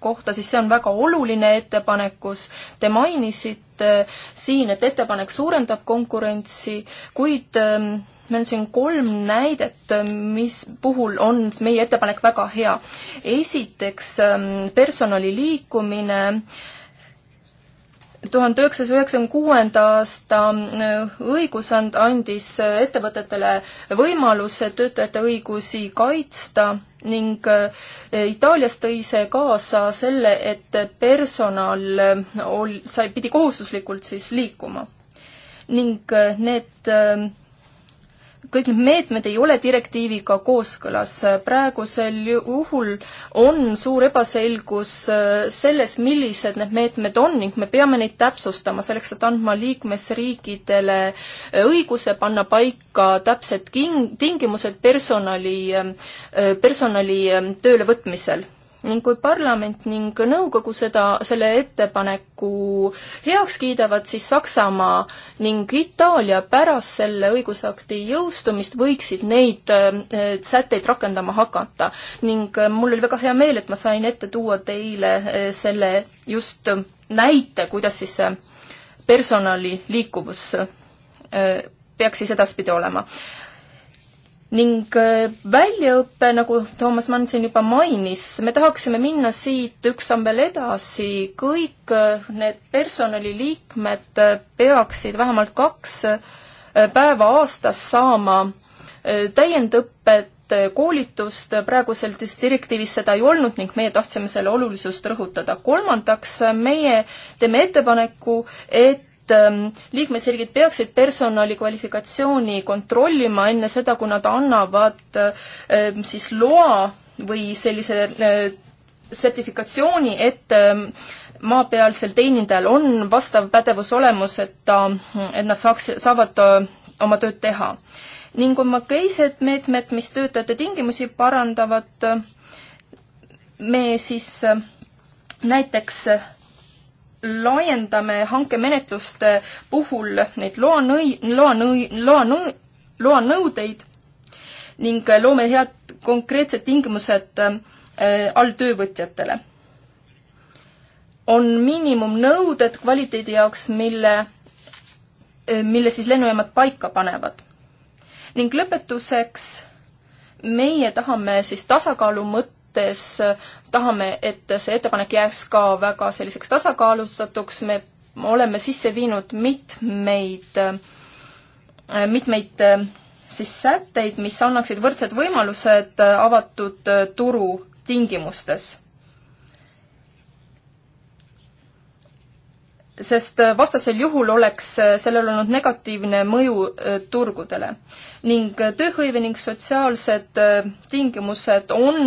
kohta, siis see on väga oluline ettepanekus, te mainisite siin, et ettepanek suurendab konkurentsi, kuid ähm, meil on siin kolm näidet, ähm, mis puhul on meie ettepanek väga hea. esiteks ähm, personali liikumine äh, tuhande üheksasaja üheksakümne kuuenda aasta äh, õigusand andis äh, ettevõtetele võimaluse töötajate õigusi kaitsta ning äh, Itaalias tõi see kaasa selle, et personal ol-, sai, pidi kohustuslikult siis liikuma. ning need kõik need meetmed ei ole direktiiviga kooskõlas. praegusel juhul on suur ebaselgus äh, selles, millised need meetmed on ning me peame neid täpsustama selleks, et andma liikmesriikidele äh, õiguse panna paika täpsed king-, tingimused personali, äh, personali töölevõtmisel ning kui parlament ning nõukogu seda, selle ettepaneku heaks kiidavad, siis Saksamaa ning Itaalia pärast selle õigusakti jõustumist võiksid neid äh, sätteid rakendama hakata. ning äh, mul oli väga hea meel, et ma sain ette tuua teile äh, selle just näite, kuidas siis see personali liikuvus peaks siis edaspidi olema ning äh, väljaõpe, nagu Toomas Mann siin juba mainis, me tahaksime minna siit üks samm veel edasi, kõik äh, need personaliliikmed äh, peaksid vähemalt kaks päeva aastas saama täiendõpet, koolitust, praeguselt siis direktiivis seda ei olnud ning meie tahtsime selle olulisust rõhutada. kolmandaks, meie teeme ettepaneku, et Ähm, liikmesriigid peaksid personali kvalifikatsiooni kontrollima enne seda, kui nad annavad ähm, siis loa või sellise äh, sertifikatsiooni, et ähm, maapealsel teenindajal on vastav pädevus olemas, et ta, et nad saaks, saavad äh, oma tööd teha. ning on ka teised meetmed, mis töötajate tingimusi parandavad, äh, me siis näiteks laiendame hankemenetluste puhul neid loanõi-, loanõi-, loanõi-, loanõudeid ning loome head konkreetsed tingimused äh, alltöövõtjatele. on miinimumnõuded kvaliteedi jaoks, mille, äh, mille siis lennujaamad paika panevad. ning lõpetuseks meie tahame siis tasakaalu mõttes mõttes tahame, et see ettepanek jääks ka väga selliseks tasakaalustatuks, me oleme sisse viinud mitmeid, mitmeid siis sätteid, mis annaksid võrdsed võimalused avatud turu tingimustes sest äh, vastasel juhul oleks äh, sellel olnud negatiivne mõju äh, turgudele. ning tööhõive ning sotsiaalsed tingimused on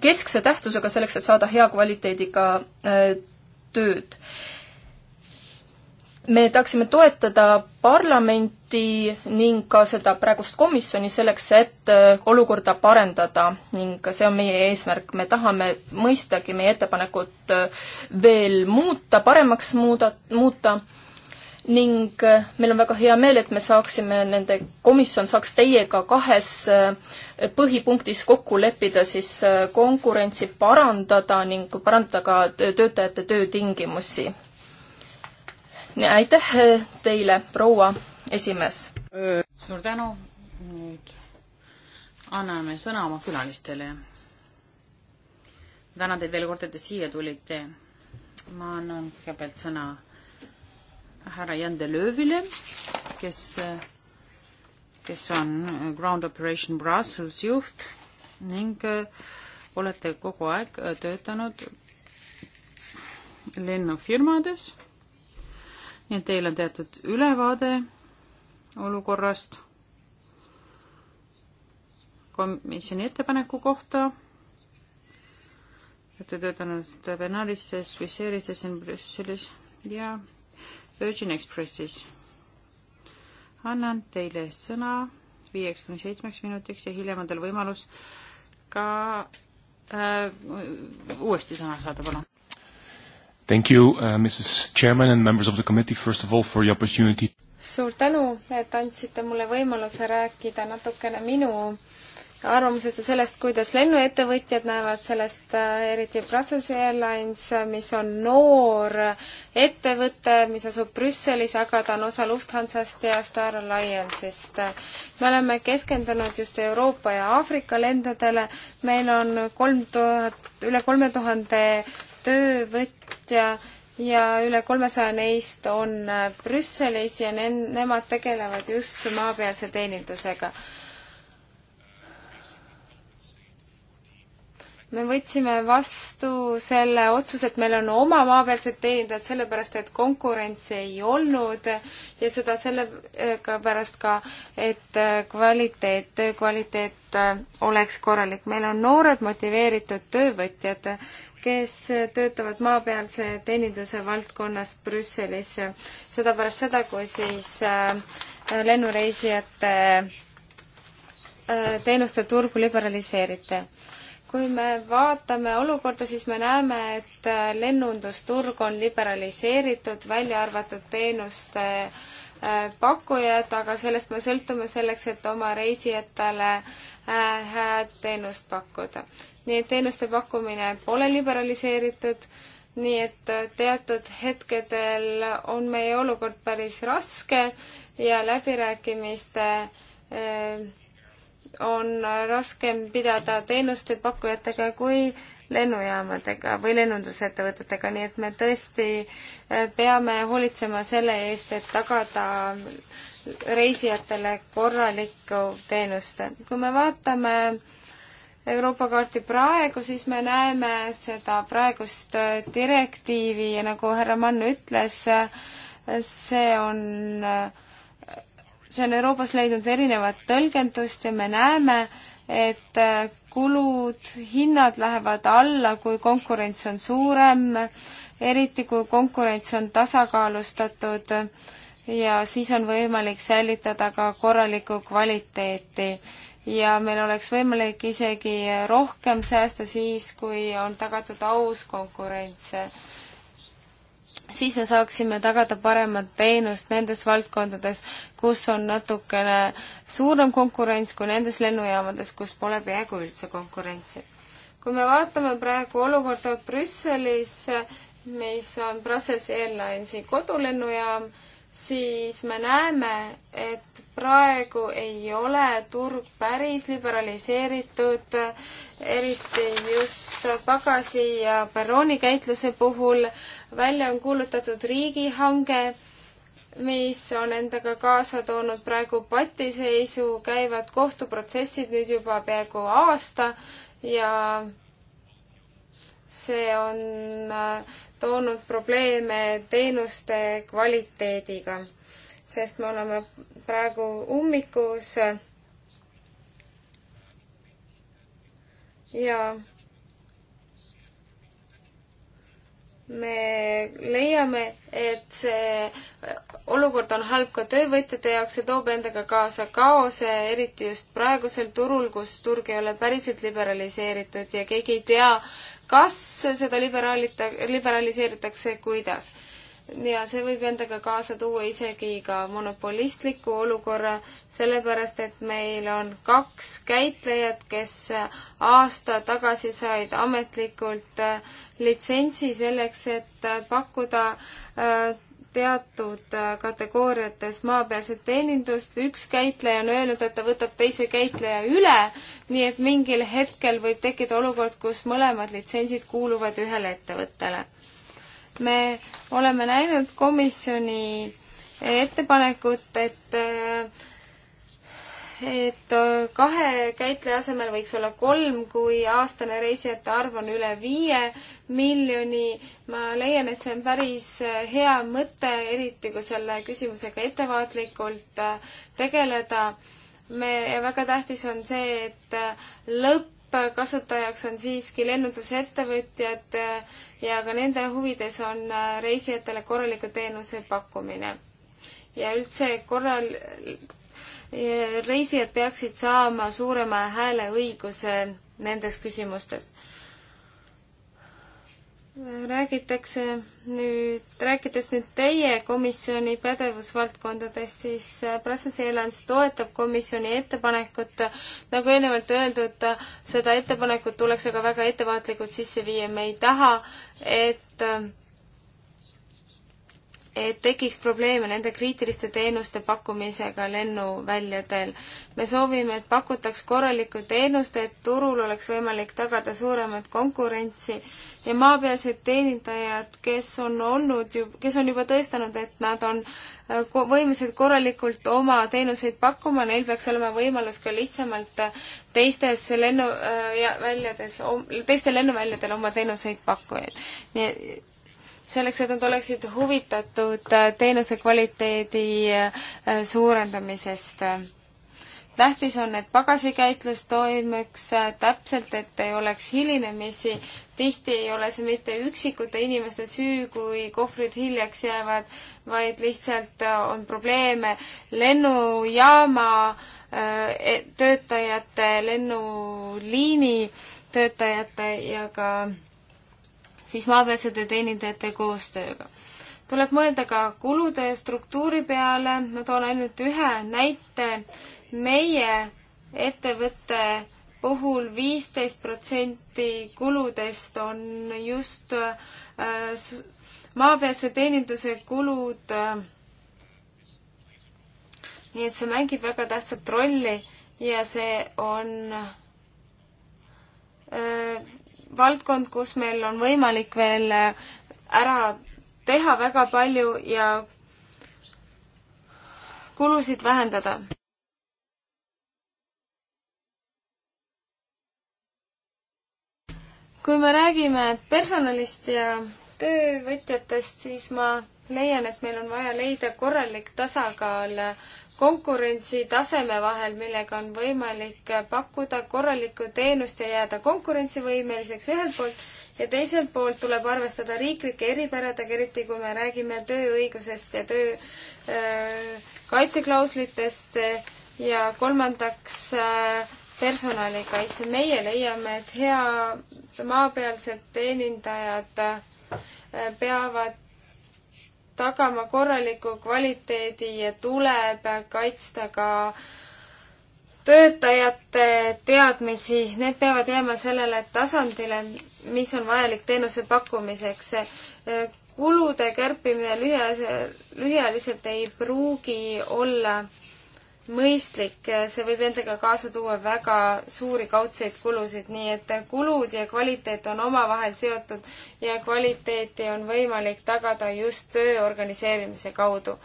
keskse tähtsusega selleks, et saada hea kvaliteediga tööd me tahaksime toetada parlamenti ning ka seda praegust komisjoni selleks, et äh, olukorda parendada ning see on meie eesmärk. me tahame mõistagi meie ettepanekut äh, veel muuta, paremaks muuda, muuta ning äh, meil on väga hea meel, et me saaksime nende, komisjon saaks teiega kahes põhipunktis kokku leppida, siis konkurentsi parandada ning parandada ka töötajate töötingimusi aitäh eh, teile, proua esimees. suur tänu. nüüd anname sõna oma külalistele. tänan teid veel kord, et te siia tulite. ma annan kõigepealt sõna härra Jan de Löövile, kes, kes on Ground Operation Brussels juht ning eh, olete kogu aeg eh, töötanud lennufirmades nii et teil on teatud ülevaade olukorrast komisjoni ettepaneku kohta. olete töötanud Benarises, Swissairises, siin Brüsselis ja Virgin Expressis. annan teile sõna viieks kuni seitsmeks minutiks ja hiljem on teil võimalus ka äh, uuesti sõna saada, palun. Thank you uh,, Mrs Chairman and members of the committee, first of all for the opportunity. suur tänu, et andsite mulle võimaluse rääkida natukene minu arvamusest ja sellest, kuidas lennuettevõtjad näevad sellest, äh, eriti Brussels Airlines, mis on noor ettevõte, mis asub Brüsselis, aga ta on osa Lufthansast ja Star Alliance'ist. me oleme keskendunud just Euroopa ja Aafrika lendadele, meil on kolm tuhat, üle kolme tuhande töövõtja ja üle kolmesaja neist on äh, Brüsselis ja ne-, nemad tegelevad just maapealse teenindusega. me võtsime vastu selle otsuse, et meil on oma maapealsed teenindajad, sellepärast et konkurentsi ei olnud ja seda sellepärast ka, et äh, kvaliteet, töö kvaliteet äh, oleks korralik. meil on noored motiveeritud töövõtjad kes töötavad maapealse teeninduse valdkonnas Brüsselis. seda pärast seda, kui siis äh, lennureisijate äh, teenuste turgu liberaliseeriti kui me vaatame olukorda, siis me näeme, et äh, lennundusturg on liberaliseeritud, välja arvatud teenuste äh, Äh, pakkujad, aga sellest me sõltume selleks, et oma reisijatele head äh, teenust pakkuda. nii et teenuste pakkumine pole liberaliseeritud, nii et äh, teatud hetkedel on meie olukord päris raske ja läbirääkimiste on raskem pidada teenuste pakkujatega kui lennujaamadega või lennundusettevõtetega, nii et me tõesti äh, peame hoolitsema selle eest, et tagada reisijatele korralikku teenust. kui me vaatame Euroopa kaarti praegu, siis me näeme seda praegust äh, direktiivi ja nagu härra Mann ütles, see on, äh, see on Euroopas leidnud erinevat tõlgendust ja me näeme, et kulud, hinnad lähevad alla, kui konkurents on suurem, eriti kui konkurents on tasakaalustatud ja siis on võimalik säilitada ka korralikku kvaliteeti. ja meil oleks võimalik isegi rohkem säästa siis, kui on tagatud aus konkurents siis me saaksime tagada paremat teenust nendes valdkondades, kus on natukene suurem konkurents kui nendes lennujaamades, kus pole peaaegu üldse konkurentsi. kui me vaatame praegu olukorda Brüsselis, mis on Brussels Airlinesi kodulennujaam, siis me näeme, et praegu ei ole turg päris liberaliseeritud, eriti just pagasi ja perroonikäitluse puhul välja on kuulutatud riigihange, mis on endaga kaasa toonud praegu patiseisu, käivad kohtuprotsessid nüüd juba peaaegu aasta ja see on äh, toonud probleeme teenuste kvaliteediga, sest me oleme praegu ummikus ja me leiame, et see olukord on halb ka töövõtjate jaoks, see toob endaga kaasa kaose, eriti just praegusel turul, kus turg ei ole päriselt liberaliseeritud ja keegi ei tea, kas seda liberaalita-, liberaliseeritakse, kuidas ja see võib endaga kaasa tuua isegi ka monopolistliku olukorra, sellepärast et meil on kaks käitlejat, kes aasta tagasi said ametlikult äh, litsentsi selleks, et äh, pakkuda äh, teatud kategooriates maapealset teenindust, üks käitleja on öelnud, et ta võtab teise käitleja üle, nii et mingil hetkel võib tekkida olukord, kus mõlemad litsentsid kuuluvad ühele ettevõttele me oleme näinud komisjoni ettepanekut, et äh, et äh, kahe käitleja asemel võiks olla kolm, kui aastane reisijate arv on üle viie miljoni. ma leian, et see on päris äh, hea mõte, eriti kui selle küsimusega ettevaatlikult tegeleda. me, ja väga tähtis on see, et lõpp lõppkasutajaks on siiski lennundusettevõtjad eh, ja ka nende huvides on eh, reisijatele korraliku teenuse pakkumine. ja üldse korral, eh, reisijad peaksid saama suurema hääleõiguse nendes küsimustes räägitakse nüüd, rääkides nüüd teie komisjoni pädevusvaldkondadest, siis äh, Prantsuse Airlines toetab komisjoni ettepanekut. nagu eelnevalt öeldud, seda ettepanekut tuleks aga väga ettevaatlikult sisse viia, me ei taha, et äh, et tekiks probleeme nende kriitiliste teenuste pakkumisega lennuväljadel. me soovime, et pakutaks korralikku teenust, et turul oleks võimalik tagada suuremat konkurentsi ja maapealsed teenindajad, kes on olnud ju, kes on juba tõestanud, et nad on äh, võimelised korralikult oma teenuseid pakkuma, neil peaks olema võimalus ka lihtsamalt äh, teistes lennu- äh,, väljades, teistel lennuväljadel oma teenuseid pakkujaid. nii selleks, et nad oleksid huvitatud äh, teenuse kvaliteedi äh, suurendamisest. tähtis on, et pagasikäitlus toimuks äh, täpselt, et ei oleks hilinemisi. tihti ei ole see mitte üksikute inimeste süü, kui kohvrid hiljaks jäävad, vaid lihtsalt on probleeme lennujaama e-, töötajate, lennuliini töötajate ja ka siis maapealsete teenindajate koostööga. tuleb mõelda ka kulude struktuuri peale, ma toon ainult ühe näite, meie ettevõtte puhul viisteist protsenti kuludest on just äh, maapealse teeninduse kulud äh,. nii et see mängib väga tähtsat rolli ja see on äh, valdkond, kus meil on võimalik veel äh, ära teha väga palju ja kulusid vähendada. kui me räägime personalist ja töövõtjatest, siis ma leian, et meil on vaja leida korralik tasakaal konkurentsitaseme vahel, millega on võimalik pakkuda korralikku teenust ja jääda konkurentsivõimeliseks ühelt poolt ja teiselt poolt tuleb arvestada riiklike eripäradega, eriti kui me räägime tööõigusest ja töö äh, kaitseklauslitest ja kolmandaks äh, personalikaitse. meie leiame, et hea maapealsed teenindajad äh, peavad tagama korraliku kvaliteedi ja tuleb kaitsta ka töötajate teadmisi, need peavad jääma sellele tasandile, mis on vajalik teenuse pakkumiseks. kulude kärpimine lühiajas, lühiajaliselt ei pruugi olla mõistlik, see võib endaga kaasa tuua väga suuri kaudseid kulusid, nii et kulud ja kvaliteet on omavahel seotud ja kvaliteeti on võimalik tagada just töö organiseerimise kaudu.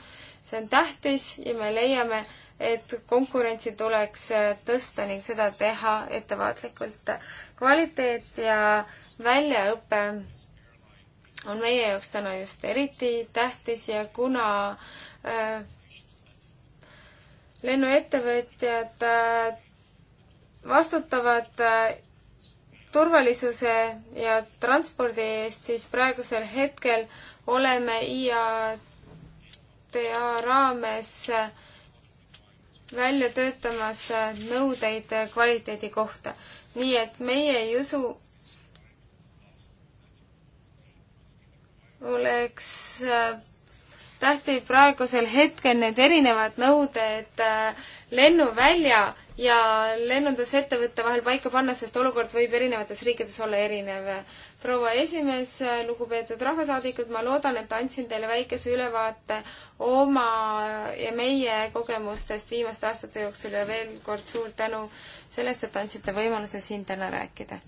see on tähtis ja me leiame, et konkurentsi tuleks tõsta ning seda teha ettevaatlikult. kvaliteet ja väljaõpe on meie jaoks täna just eriti tähtis ja kuna äh, lennuettevõtjad äh, vastutavad äh, turvalisuse ja transpordi eest, siis praegusel hetkel oleme IATA raames äh, välja töötamas nõudeid kvaliteedi kohta. nii et meie ei usu, oleks tähti praegusel hetkel need erinevad nõuded äh, lennuvälja ja lennundusettevõtte vahel paika panna, sest olukord võib erinevates riikides olla erinev. proua esimees, lugupeetud rahvasaadikud, ma loodan, et andsin teile väikese ülevaate oma ja meie kogemustest viimaste aastate jooksul ja veel kord suur tänu sellest, et andsite võimaluse siin täna rääkida.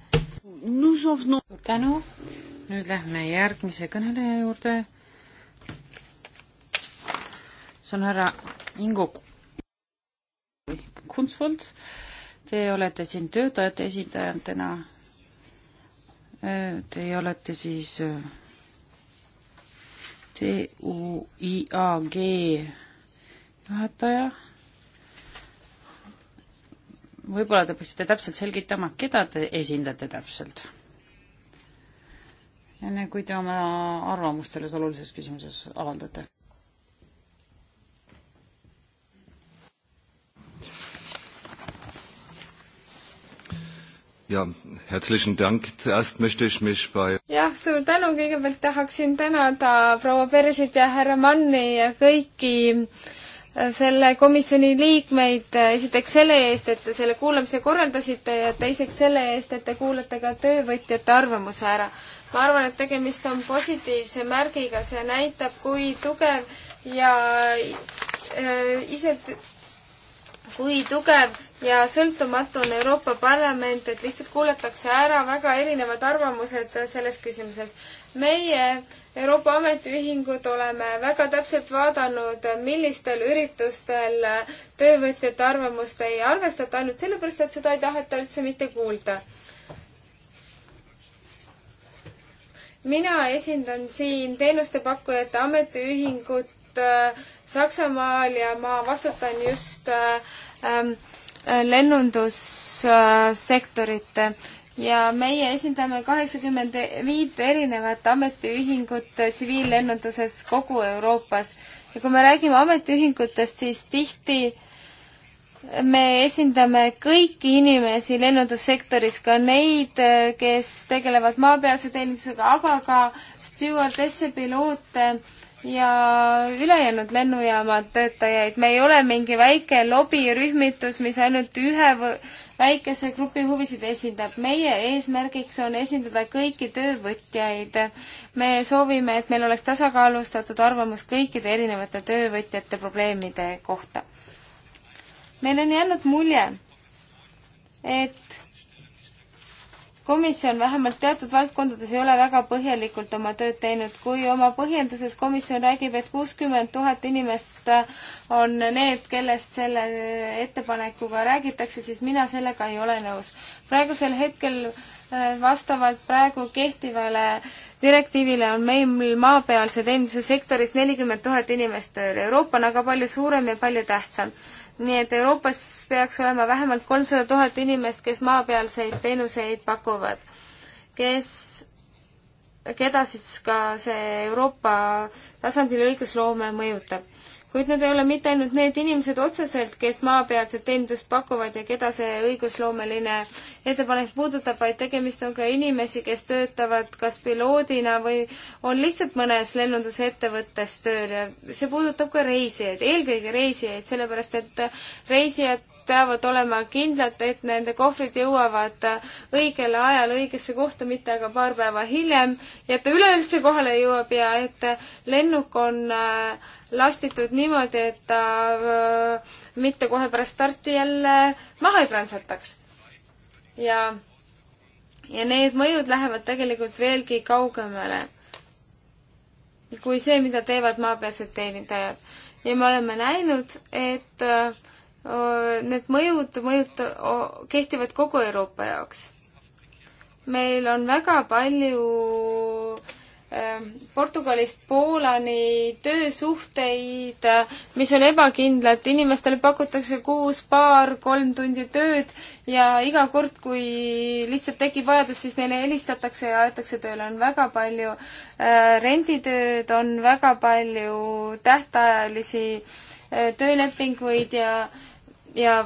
suur tänu, nüüd lähme järgmise kõneleja juurde see on härra Ingo Kunstfold. Te olete siin töötajate esindajatena. Äh, Teie olete siis äh, TUIAG juhataja. võib-olla te peaksite täpselt selgitama, keda te esindate täpselt? enne kui te oma arvamust selles olulises küsimuses avaldate ja, herzlichen Dank, zuerst möchte ich mich bei jah, suur tänu, kõigepealt tahaksin tänada proua Persit ja härra Manni ja kõiki äh, selle komisjoni liikmeid, äh, esiteks selle eest, et te selle kuulamise korraldasite ja teiseks selle eest, et te kuulate ka töövõtjate arvamuse ära. ma arvan, et tegemist on positiivse märgiga, see näitab, kui tugev ja äh, ise, kui tugev ja sõltumatu on Euroopa Parlament, et lihtsalt kuulatakse ära väga erinevad arvamused selles küsimuses. meie Euroopa Ametiühingud oleme väga täpselt vaadanud, millistel üritustel töövõtjate arvamust ei arvestata, ainult sellepärast, et seda ei taheta üldse mitte kuulda. mina esindan siin teenustepakkujate ametiühingut äh, Saksamaal ja ma vastutan just äh, ähm, lennundussektorit ja meie esindame kaheksakümmend viit erinevat ametiühingut tsiviillennunduses kogu Euroopas. ja kui me räägime ametiühingutest, siis tihti me esindame kõiki inimesi lennundussektoris, ka neid, kes tegelevad maapealse teenindusega, aga ka stjuardesse, piloote ja ülejäänud lennujaamad töötajaid, me ei ole mingi väike lobirühmitus, mis ainult ühe väikese grupi huvisid esindab. meie eesmärgiks on esindada kõiki töövõtjaid. me soovime, et meil oleks tasakaalustatud arvamus kõikide erinevate töövõtjate probleemide kohta. meil on jäänud mulje, et komisjon vähemalt teatud valdkondades ei ole väga põhjalikult oma tööd teinud. kui oma põhjenduses komisjon räägib, et kuuskümmend tuhat inimest on need, kellest selle ettepanekuga räägitakse, siis mina sellega ei ole nõus. praegusel hetkel äh, vastavalt praegu kehtivale direktiivile on meil maa peal see teeninduse sektoris nelikümmend tuhat inimest tööl. Euroopa on aga palju suurem ja palju tähtsam nii et Euroopas peaks olema vähemalt kolmsada tuhat inimest, kes maapealseid teenuseid pakuvad, kes, keda siis ka see Euroopa tasandil õigusloome mõjutab kuid need ei ole mitte ainult need inimesed otseselt, kes maapealset teenindust pakuvad ja keda see õigusloomeline ettepanek puudutab, vaid tegemist on ka inimesi, kes töötavad kas piloodina või on lihtsalt mõnes lennundusettevõttes tööl ja see puudutab ka reisijaid, eelkõige reisijaid, sellepärast et reisijad peavad olema kindlad, et nende kohvrid jõuavad õigel ajal õigesse kohta, mitte aga paar päeva hiljem ja et ta üleüldse kohale jõuab ja et lennuk on äh, lastitud niimoodi, et ta äh, mitte kohe pärast starti jälle maha ei prantsataks. ja, ja need mõjud lähevad tegelikult veelgi kaugemale kui see, mida teevad maapealsed teenindajad. ja me oleme näinud, et äh, need mõjud, mõjud kehtivad kogu Euroopa jaoks. meil on väga palju äh, Ehm, Portugalist Poolani töösuhteid, äh, mis on ebakindlad, inimestele pakutakse kuus paar, kolm tundi tööd ja iga kord, kui lihtsalt tekib vajadus, siis neile helistatakse ja aetakse tööle, on väga palju äh, renditööd, on väga palju tähtajalisi äh, töölepinguid ja, ja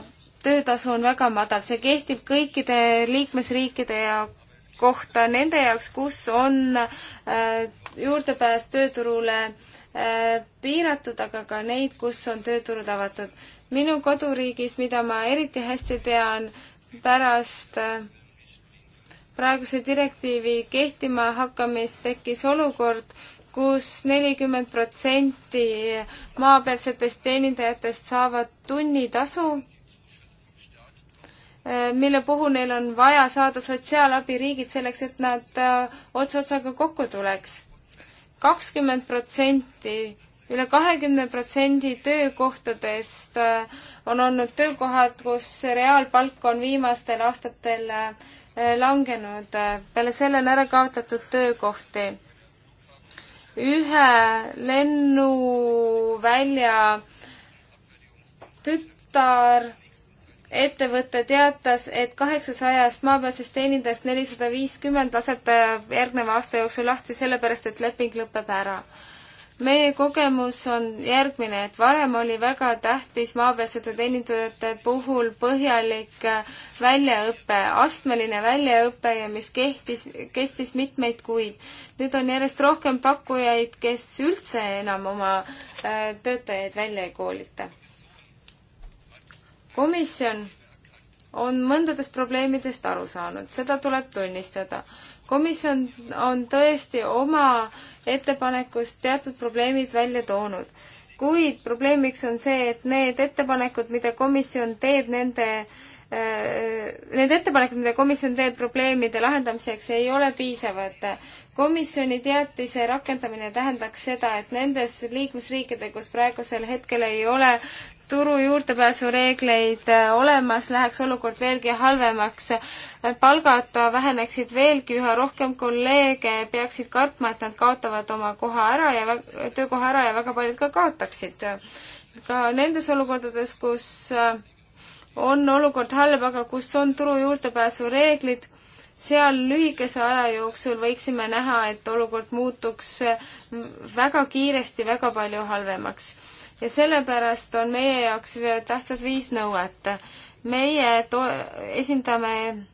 töötasu on väga madal, see kehtib kõikide liikmesriikide jaoks kohta nende jaoks, kus on äh, juurdepääs tööturule äh, piiratud, aga ka neid, kus on tööturud avatud. minu koduriigis, mida ma eriti hästi tean, pärast äh, praeguse direktiivi kehtima hakkamist tekkis olukord, kus nelikümmend protsenti maapealsetest teenindajatest saavad tunnitasu Äh, mille puhul neil on vaja saada sotsiaalabi riigilt selleks, et nad äh, ots otsaga kokku tuleks. kakskümmend protsenti, üle kahekümne protsendi töökohtadest äh, on olnud töökohad, kus reaalpalk on viimastel aastatel langenud. peale selle on ära kaotatud töökohti. ühe lennuvälja tütar ettevõte teatas, et kaheksasajast maapealsest teenindajast nelisada viiskümmend lasete järgneva aasta jooksul lahti, sellepärast et leping lõpeb ära. meie kogemus on järgmine, et varem oli väga tähtis maapealsete teenindajate puhul põhjalik väljaõpe, astmeline väljaõpe ja mis kehtis, kestis mitmeid kuid. nüüd on järjest rohkem pakkujaid, kes üldse enam oma äh, töötajaid välja ei koolita komisjon on mõndadest probleemidest aru saanud, seda tuleb tunnistada. komisjon on tõesti oma ettepanekust teatud probleemid välja toonud, kuid probleemiks on see, et need ettepanekud, mida komisjon teeb nende äh, Need ettepanekud, mida komisjon teeb probleemide lahendamiseks, ei ole piisavad komisjoni teatise rakendamine tähendaks seda, et nendes liikmesriikide, kus praegusel hetkel ei ole turu juurdepääsureegleid äh, olemas, läheks olukord veelgi halvemaks. palgad väheneksid veelgi, üha rohkem kolleege peaksid kartma, et nad kaotavad oma koha ära ja töökoha ära ja väga paljud ka kaotaksid. ka nendes olukordades, kus äh, on olukord halb, aga kus on turu juurdepääsureeglid, seal lühikese aja jooksul võiksime näha, et olukord muutuks väga kiiresti väga palju halvemaks. ja sellepärast on meie jaoks tähtsad viis nõuet. meie to-, esindame,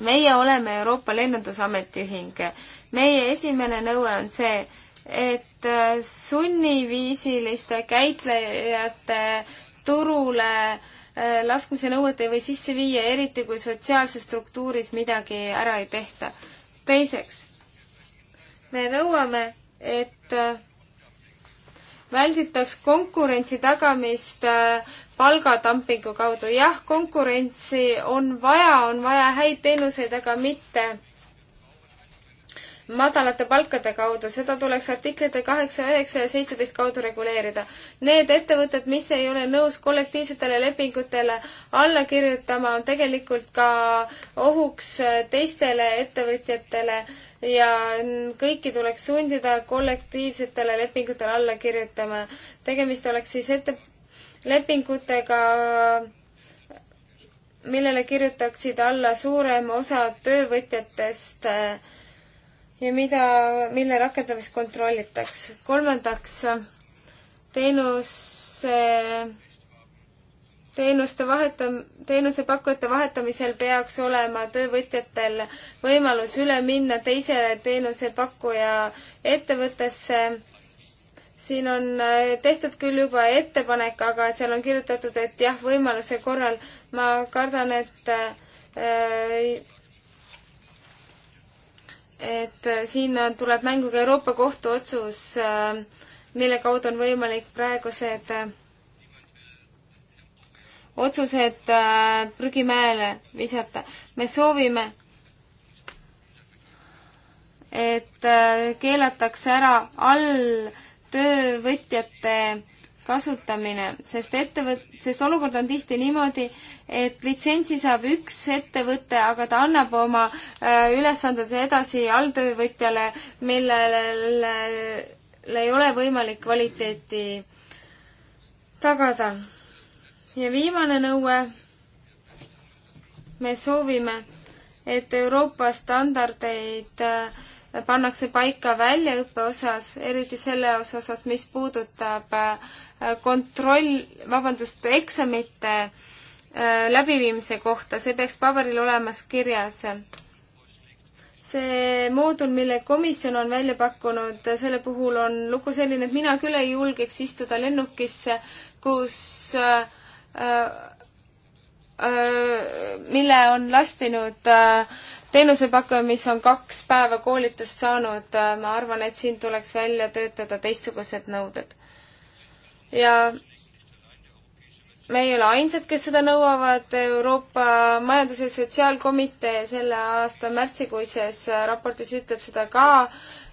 meie oleme Euroopa Lennundusameti ühing. meie esimene nõue on see, et sunniviisiliste käitlejate turule äh, Äh, laskmise nõuet ei või sisse viia, eriti kui sotsiaalses struktuuris midagi ära ei tehta. teiseks, me nõuame, et äh, välditaks konkurentsi tagamist äh, palgadampingu kaudu. jah, konkurentsi on vaja, on vaja häid teenuseid, aga mitte madalate palkade kaudu, seda tuleks artiklite kaheksa, üheksa ja seitseteist kaudu reguleerida. Need ettevõtted, mis ei ole nõus kollektiivsetele lepingutele alla kirjutama, on tegelikult ka ohuks teistele ettevõtjatele ja kõiki tuleks sundida kollektiivsetele lepingutele alla kirjutama. tegemist oleks siis ette, lepingutega millele kirjutaksid alla suurem osa töövõtjatest äh, ja mida, mille rakendamist kontrollitaks. kolmandaks, teenuse, teenuste vahetam-, teenusepakkujate vahetamisel peaks olema töövõtjatel võimalus üle minna teisele teenusepakkuja ettevõttesse. siin on eh, tehtud küll juba ettepanek, aga seal on kirjutatud, et jah, võimaluse korral ma kardan, et äh, et äh, siin tuleb mängu ka Euroopa Kohtu otsus, äh, mille kaudu on võimalik praegused äh, otsused prügimäele visata. me soovime, et keelatakse ära alltöövõtjate kasutamine, sest ettevõt-, sest olukord on tihti niimoodi, et litsentsi saab üks ettevõte, aga ta annab oma äh, ülesanded edasi alltöövõtjale, millel ei ole võimalik kvaliteeti tagada. ja viimane nõue, me soovime, et Euroopa standardeid äh, pannakse paika väljaõppe osas, eriti selle osas, mis puudutab äh, kontroll, vabandust, eksamite äh, läbiviimise kohta, see peaks paberil olemas kirjas. see moodul, mille komisjon on välja pakkunud, selle puhul on lugu selline, et mina küll ei julgeks istuda lennukisse, kus äh, äh, äh mille on lastinud äh, teenusepakkuja, mis on kaks päeva koolitust saanud, äh, ma arvan, et siin tuleks välja töötada teistsugused nõuded. ja me ei ole ainsad, kes seda nõuavad, Euroopa Majandus- ja Sotsiaalkomitee selle aasta märtsikuises raportis ütleb seda ka,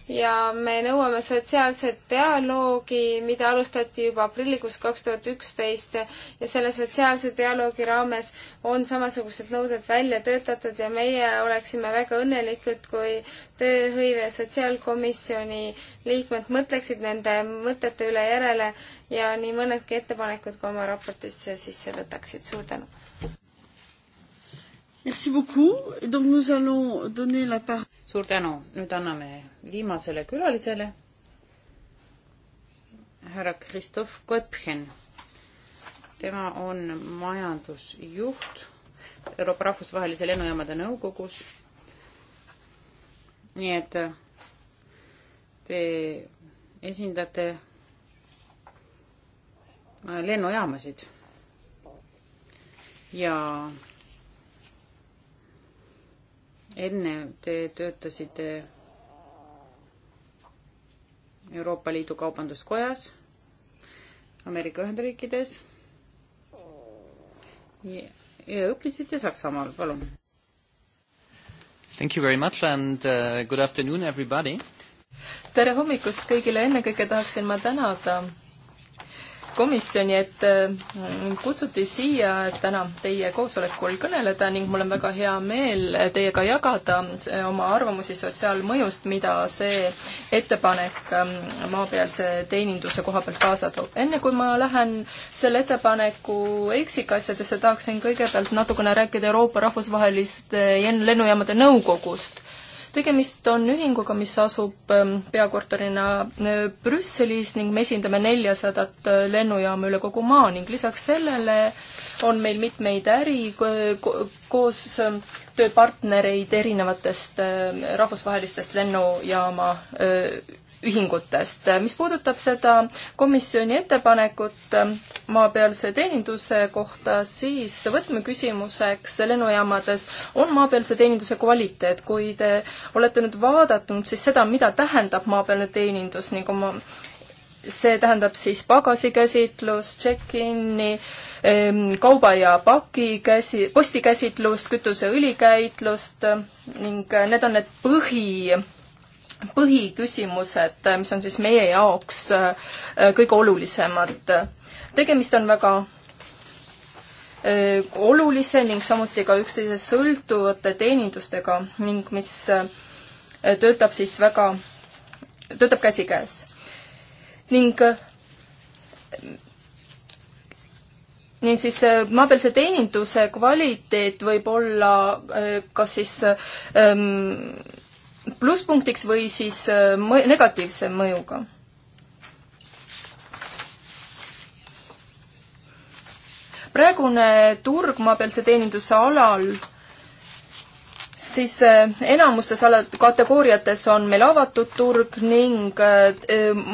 ja me nõuame sotsiaalset dialoogi, mida alustati juba aprillikuus kaks tuhat üksteist ja selle sotsiaalse dialoogi raames on samasugused nõuded välja töötatud ja meie oleksime väga õnnelikud, kui tööhõive sotsiaalkomisjoni liikmed mõtleksid nende mõtete üle järele ja nii mõnedki ettepanekud ka oma raportisse sisse võtaksid. suur tänu! Merci beaucoup. Donc nous allons donner la parole. suur tänu, nüüd anname viimasele külalisele, härra Kristof Köpchen. tema on majandusjuht Euroopa Rahvusvahelise Lennujaamade Nõukogus. nii et äh, te esindate äh, lennujaamasid ja enne te töötasite Euroopa Liidu Kaubanduskojas Ameerika Ühendriikides ja, ja õppisite Saksamaal, palun. Thank you very much and uh, good afternoon everybody. tere hommikust kõigile, ennekõike tahaksin ma tänada komisjoni, et äh, kutsuti siia, et täna teie koosolekul kõneleda ning mul on väga hea meel teiega jagada äh, oma arvamusi sotsiaalmõjust, mida see ettepanek ähm, maapealse teeninduse koha pealt kaasa toob. enne kui ma lähen selle ettepaneku üksikasjadesse, tahaksin kõigepealt natukene rääkida Euroopa Rahvusvahelist lennujaamade nõukogust tegemist on ühinguga, mis asub ähm, peakorterina äh, Brüsselis ning me esindame neljasadat äh, lennujaama üle kogu maa ning lisaks sellele on meil mitmeid äri koos ähm, tööpartnereid erinevatest ähm, rahvusvahelistest lennujaama äh, ühingutest. mis puudutab seda komisjoni ettepanekut maapealse teeninduse kohta, siis võtmeküsimuseks lennujaamades on maapealse teeninduse kvaliteet. kui te olete nüüd vaadanud siis seda, mida tähendab maapealne teenindus, nagu ma see tähendab siis pagasikäsitlust, check-in'i, kauba ja paki käsi, postikäsitlust, kütuseõlikäitlust ning need on need põhi põhiküsimused, äh, mis on siis meie jaoks äh, kõige olulisemad. tegemist on väga äh, olulise ning samuti ka üksteisest sõltuvate teenindustega ning mis töötab siis väga, töötab käsikäes. ning ning siis maapealse teeninduse kvaliteet võib olla kas siis ähm, plusspunktiks või siis äh, mõ-, negatiivse mõjuga. praegune turg maapealse teeninduse alal siis äh, enamustes alad, kategooriates on meil avatud turg ning äh,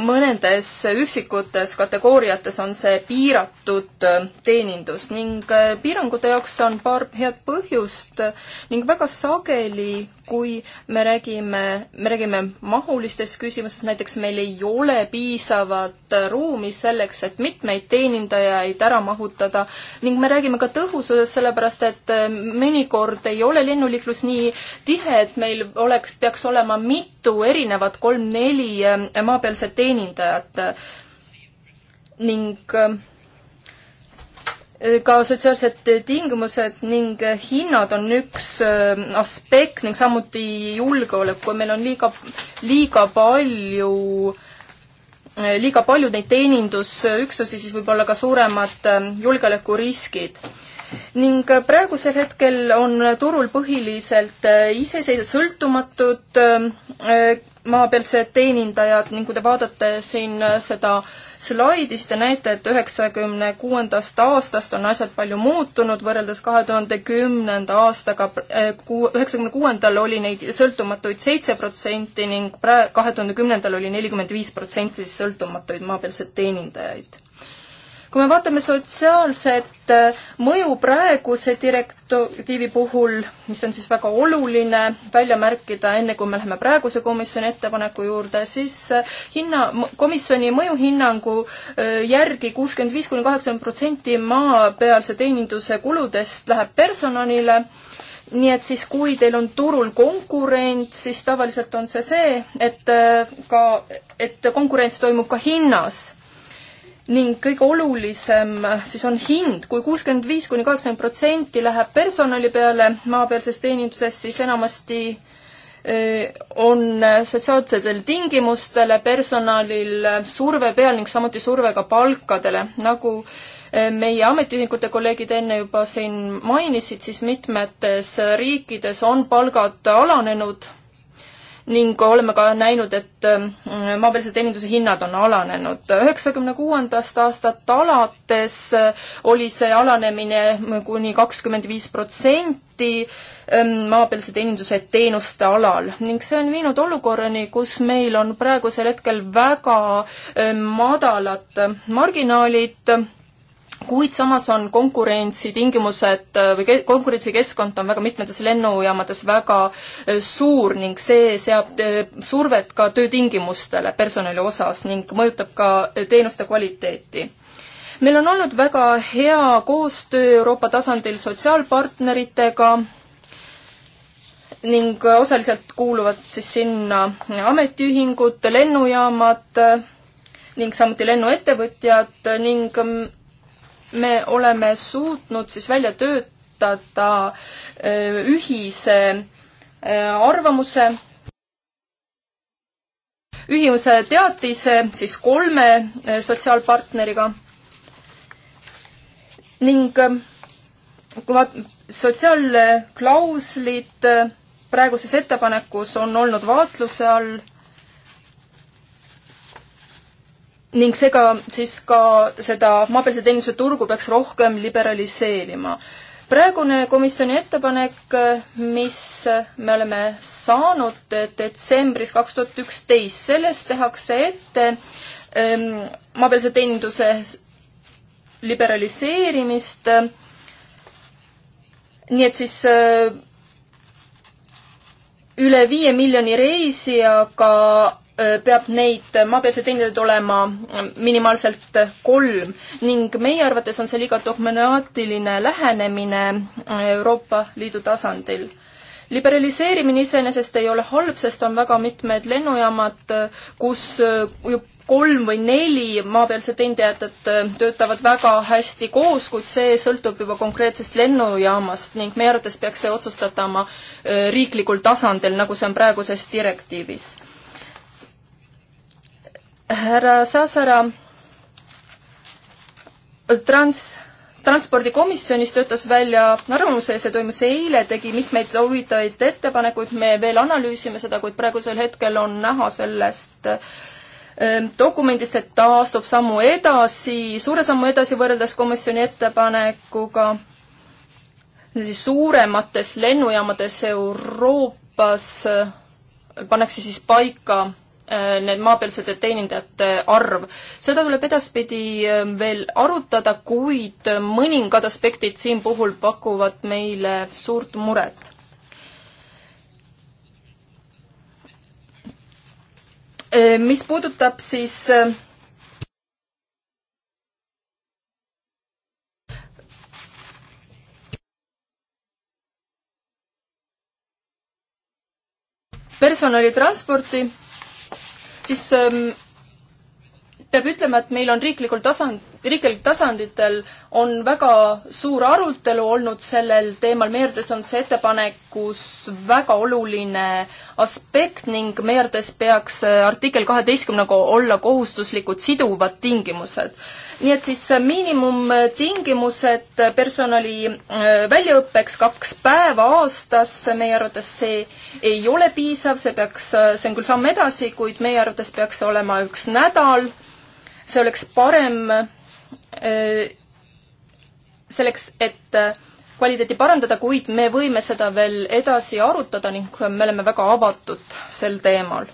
mõnedes üksikutes kategooriates on see piiratud teenindus ning piirangute jaoks on paar head põhjust ning väga sageli kui me räägime, me räägime mahulistest küsimustest, näiteks meil ei ole piisavat ruumi selleks, et mitmeid teenindajaid ära mahutada ning me räägime ka tõhususest, sellepärast et äh, mõnikord ei ole lennuliiklus nii tihe, et meil oleks, peaks olema mitu erinevat kolm-neli äh, maapealset teenindajat ning äh, Äh, ka sotsiaalsed tingimused ning äh, hinnad on üks äh, aspekt ning samuti julgeolek, kui meil on liiga, liiga palju liiga palju neid teenindusüksusi, siis võib olla ka suuremad julgeolekuriskid ning praegusel hetkel on turul põhiliselt iseseisvad sõltumatud maapealsed teenindajad ning kui te vaatate siin seda äh, slaidi, siis te näete, et üheksakümne kuuendast aastast on asjad palju muutunud võrreldes kahe tuhande kümnenda aastaga, äh, üheksakümne kuuendal oli neid sõltumatuid seitse protsenti ning praegu, kahe tuhande kümnendal oli nelikümmend viis protsenti siis sõltumatuid maapealseid teenindajaid kui me vaatame sotsiaalset äh, mõju praeguse direktiivi puhul, mis on siis väga oluline välja märkida, enne kui me läheme praeguse komisjoni ettepaneku juurde, siis äh, hinna, komisjoni mõjuhinnangu äh, järgi kuuskümmend viis kuni kaheksakümmend protsenti maapealse teeninduse kuludest läheb personalile nii et siis, kui teil on turul konkurent, siis tavaliselt on see see, et ka, et konkurents toimub ka hinnas ning kõige olulisem äh, siis on hind kui. kui kuuskümmend viis kuni kaheksakümmend protsenti läheb personali peale maapealses teeninduses, siis enamasti äh, on äh, sotsiaalsetel tingimustele personalil surve peal ning samuti surve ka palkadele. nagu meie ametiühingute kolleegid enne juba siin mainisid, siis mitmetes riikides on palgad alanenud ning oleme ka näinud, et ähm, maapõlise teeninduse hinnad on alanenud. üheksakümne kuuendast aastat alates äh, oli see alanemine kuni kakskümmend viis protsenti ähm, maapõlise teeninduse teenuste alal ning see on viinud olukorrani, kus meil on praegusel hetkel väga ähm, madalad marginaalid kuid samas on konkurentsitingimused äh, või konkurentsikeskkond on väga mitmetes lennujaamades väga äh, suur ning see seab äh, survet ka töötingimustele personali osas ning mõjutab ka teenuste kvaliteeti. meil on olnud väga hea koostöö Euroopa tasandil sotsiaalpartneritega ning osaliselt kuuluvad siis sinna ametiühingud, lennujaamad ning samuti lennuettevõtjad ning mm, me oleme suutnud siis välja töötada äh, ühise äh, arvamuse, ühise teatise siis kolme äh, sotsiaalpartneriga ning kui vaat-, sotsiaalklauslid praeguses ettepanekus on olnud vaatluse all ning seega siis ka seda maapealse teeninduse turgu peaks rohkem liberaliseerima. praegune komisjoni ettepanek, mis me oleme saanud detsembris kaks tuhat üksteist, selles tehakse ette ähm, maapealse teeninduse liberaliseerimist. nii et siis äh, üle viie miljoni reisijaga peab neid maapealseid teenindajaid olema mm, minimaalselt kolm ning meie arvates on see liiga dogmaatiline lähenemine mm, Euroopa Liidu tasandil. liberaliseerimine iseenesest ei ole halb, sest on väga mitmed lennujaamad, kus mm, kolm või neli maapealset teenindajat töötavad väga hästi koos, kuid see sõltub juba konkreetsest lennujaamast ning meie arvates peaks see otsustatama riiklikul tasandil, nagu see on praeguses direktiivis härra Saasara trans, transpordikomisjonis töötas välja arvamuse, see toimus eile, tegi mitmeid huvitavaid ettepanekuid, me veel analüüsime seda, kuid praegusel hetkel on näha sellest ähm, dokumendist, et ta astub sammu edasi, suure sammu edasi võrreldes komisjoni ettepanekuga, siis suuremates lennujaamades Euroopas äh, pannakse siis paika Äh, need maapealsete teenindajate arv. seda tuleb edaspidi äh, veel arutada, kuid äh, mõningad aspektid siin puhul pakuvad meile suurt muret. mis puudutab siis personalitransporti, siis ähm, peab ütlema, et meil on riiklikul tasand, riiklikel tasanditel on väga suur arutelu olnud sellel teemal, Meerdes on see ettepanekus väga oluline aspekt ning Meerdes peaks äh, artikkel kaheteistkümnega olla kohustuslikud siduvad tingimused. nii et siis äh, miinimumtingimused personali äh, väljaõppeks kaks päeva aastas, meie arvates see ei ole piisav, see peaks, see on küll samm edasi, kuid meie arvates peaks olema üks nädal, see oleks parem äh, selleks, et äh, kvaliteeti parandada, kuid me võime seda veel edasi arutada ning me oleme väga avatud sel teemal.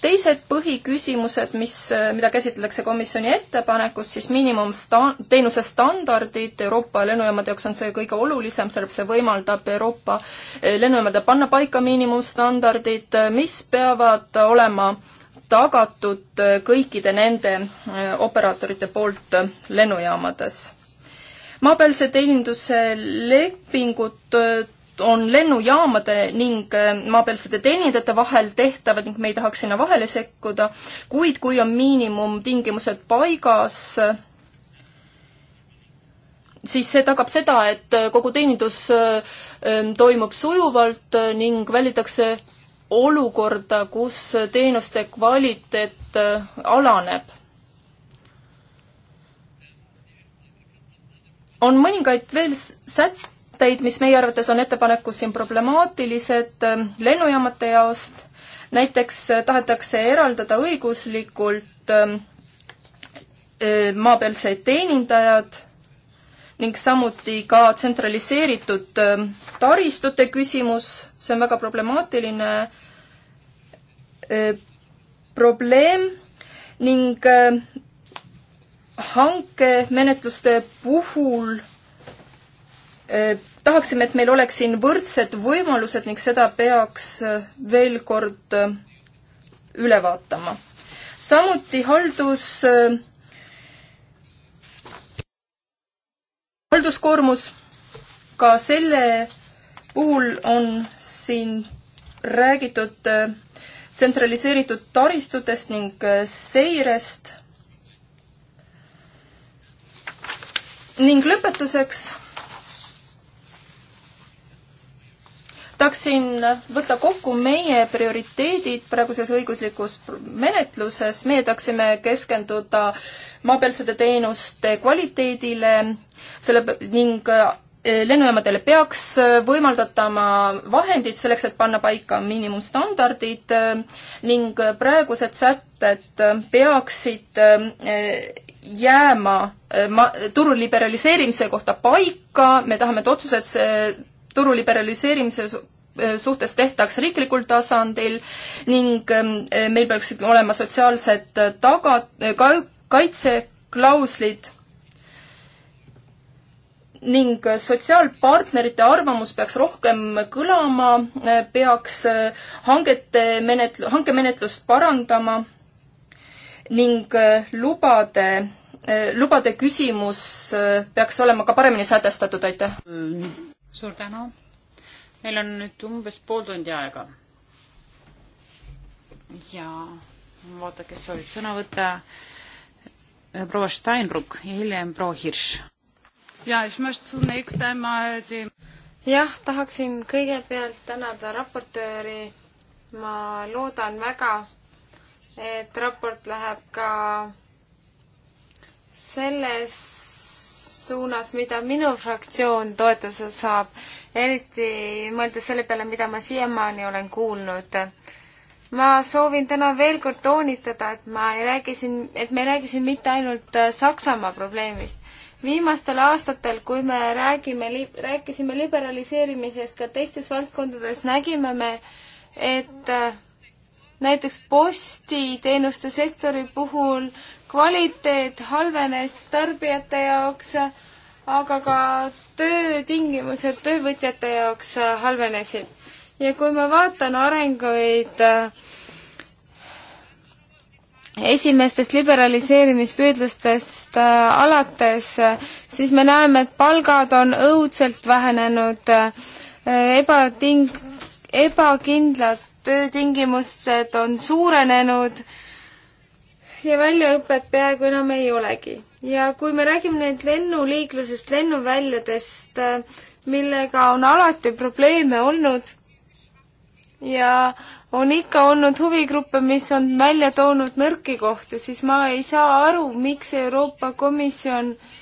teised põhiküsimused, mis, äh, mida käsitletakse komisjoni ettepanekus, siis miinimumsta-, teenuse standardid Euroopa lennujaamade jaoks on see kõige olulisem, sellepärast see võimaldab Euroopa lennujaamadel panna paika miinimumstandardid, mis peavad olema äh, tagatud kõikide nende äh, operaatorite poolt lennujaamades. maapealse teeninduse lepingud äh, on lennujaamade ning äh, maapealsete teenindajate vahel tehtavad ning me ei tahaks sinna vahele sekkuda, kuid kui on miinimumtingimused paigas, siis see tagab seda, et kogu teenindus toimub sujuvalt ning välditakse olukorda, kus teenuste kvaliteet äh, alaneb. on mõningaid veel sätteid, mis meie arvates on ettepanekus siin problemaatilised äh, lennujaamade jaost, näiteks äh, tahetakse eraldada õiguslikult maapealsed teenindajad ning samuti ka tsentraliseeritud ähm, taristute küsimus, see on väga problemaatiline äh, probleem ning äh, hankemenetluste puhul äh, tahaksime, et meil oleks siin võrdsed võimalused ning seda peaks veel kord üle vaatama. samuti haldus halduskoormus, ka selle puhul on siin räägitud äh, tsentraliseeritud taristutest ning äh, seirest. ning lõpetuseks tahaksin võtta kokku meie prioriteedid praeguses õiguslikus menetluses. meie tahaksime keskenduda maapealsete teenuste kvaliteedile, selle ning äh, lennujaamadele peaks võimaldatama vahendid selleks, et panna paika miinimumstandardid äh, ning praegused sätted peaksid äh, jääma ma-, turu liberaliseerimise kohta paika, me tahame, et otsused turu liberaliseerimise äh, suhtes tehtaks riiklikul tasandil ning ähm, äh, meil peaksid olema sotsiaalsed äh, taga, ka-, kaitseklauslid ning sotsiaalpartnerite arvamus peaks rohkem kõlama, peaks hangete menetl-, hankemenetlust parandama ning lubade, lubade küsimus peaks olema ka paremini sätestatud, aitäh! suur tänu. meil on nüüd umbes pool tundi aega. ja vaata, kes soovib sõna võtta. Äh, proua Steinruck ja hiljem proua Hirš. jah, tahaksin kõigepealt tänada raportööri. ma loodan väga, et raport läheb ka selles suunas, mida minu fraktsioon toetada saab, eriti mõeldes selle peale, mida ma siiamaani olen kuulnud. ma soovin täna veel kord toonitada, et ma ei räägi siin, et me ei räägi siin mitte ainult äh, Saksamaa probleemist. viimastel aastatel, kui me räägime, rääkisime liberaliseerimisest ka teistes valdkondades, nägime me, et äh, näiteks postiteenuste sektori puhul kvaliteet halvenes tarbijate jaoks, aga ka töötingimused töövõtjate jaoks halvenesid. ja kui ma vaatan arenguid äh, esimestest liberaliseerimispüüdlustest äh, alates, siis me näeme, et palgad on õudselt vähenenud, äh, ebating-, ebakindlad töötingimused on suurenenud ja väljaõpet peaaegu enam ei olegi. ja kui me räägime nüüd lennuliiklusest, lennuväljadest, millega on alati probleeme olnud ja on ikka olnud huvigruppe, mis on välja toonud nõrki kohti, siis ma ei saa aru, miks Euroopa Komisjon äh,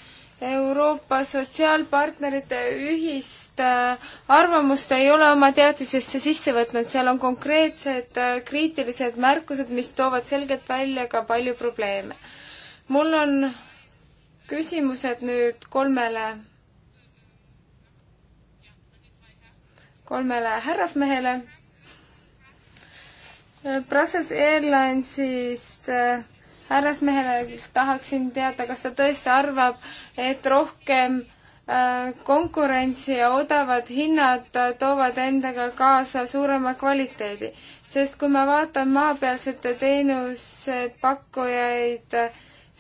Euroopa sotsiaalpartnerite ühist äh, arvamust ei ole oma teadisesse sisse võtnud, seal on konkreetsed äh, kriitilised märkused, mis toovad selgelt välja ka palju probleeme. mul on küsimused nüüd kolmele, kolmele härrasmehele. Äh, Brussels Airlinesist äh, härrasmehele tahaksin teada, kas ta tõesti arvab, et rohkem äh, konkurentsi ja odavad hinnad äh, toovad endaga kaasa suurema kvaliteedi. sest kui ma vaatan maapealsete teenusepakkujaid,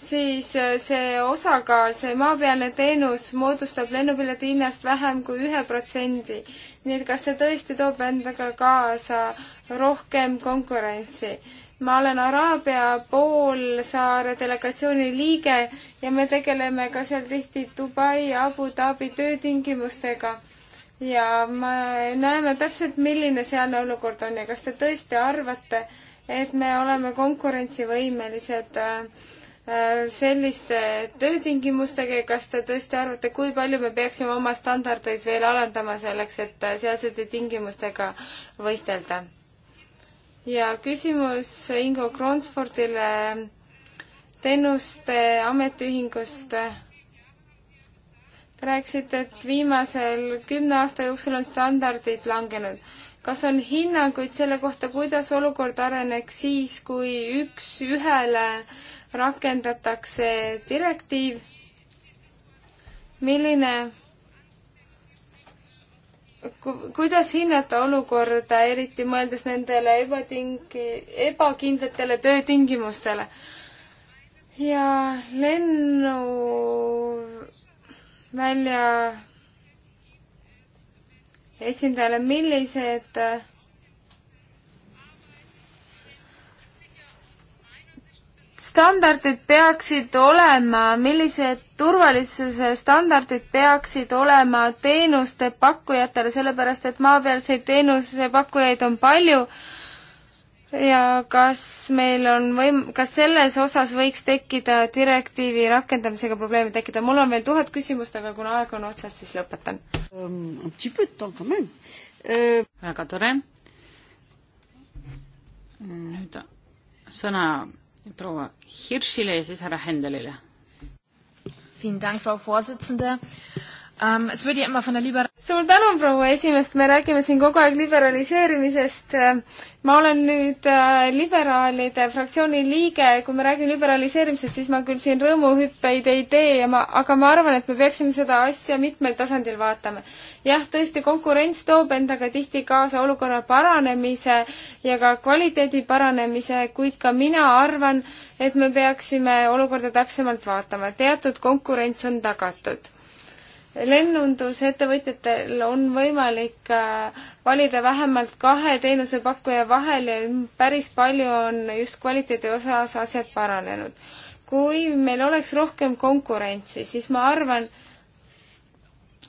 siis äh, see osakaal, see maapealne teenus moodustab lennupileti hinnast vähem kui ühe protsendi. nii et kas see tõesti toob endaga kaasa rohkem konkurentsi? ma olen Araabia poolsaare delegatsiooni liige ja me tegeleme ka seal tihti Dubai ja Abu Dhabi töötingimustega. ja me näeme täpselt, milline sealne olukord on ja kas te tõesti arvate, et me oleme konkurentsivõimelised äh, selliste töötingimustega ja kas te tõesti arvate, kui palju me peaksime oma standardeid veel alandama selleks, et äh, sealsete tingimustega võistelda? ja küsimus Ingo Kronsfordile teenuste ametiühingust. Te rääkisite, et viimasel kümne aasta jooksul on standardid langenud. kas on hinnanguid selle kohta, kuidas olukord areneks siis, kui üks ühele rakendatakse direktiiv? milline kuidas hinnata olukorda, eriti mõeldes nendele ebatingi, ebakindlatele töötingimustele? ja lennuvälja esindajale, millised standardid peaksid olema, millised turvalisuse standardid peaksid olema teenuste pakkujatele, sellepärast et maapealseid teenusepakkujaid on palju ja kas meil on võim-, kas selles osas võiks tekkida direktiivi rakendamisega probleeme tekkida? mul on veel tuhat küsimust, aga kuna aeg on otsas, siis lõpetan um,. Um, väga tore. nüüd sõna proua Hirschile ja siis härra Händelile Vielen Dank, Frau Vorsitzende um,. suur tänu, proua esimees, me räägime siin kogu aeg liberaliseerimisest. ma olen nüüd äh, liberaalide fraktsiooni liige, kui me räägime liberaliseerimisest, siis ma küll siin rõõmuhüppeid ei tee ja ma, aga ma arvan, et me peaksime seda asja mitmel tasandil vaatama. jah, tõesti, konkurents toob endaga tihti kaasa olukorra paranemise ja ka kvaliteedi paranemise, kuid ka mina arvan, et me peaksime olukorda täpsemalt vaatama, teatud konkurents on tagatud lennundusettevõtjatel on võimalik äh, valida vähemalt kahe teenusepakkuja vahel ja päris palju on just kvaliteedi osas asjad paranenud. kui meil oleks rohkem konkurentsi, siis ma arvan,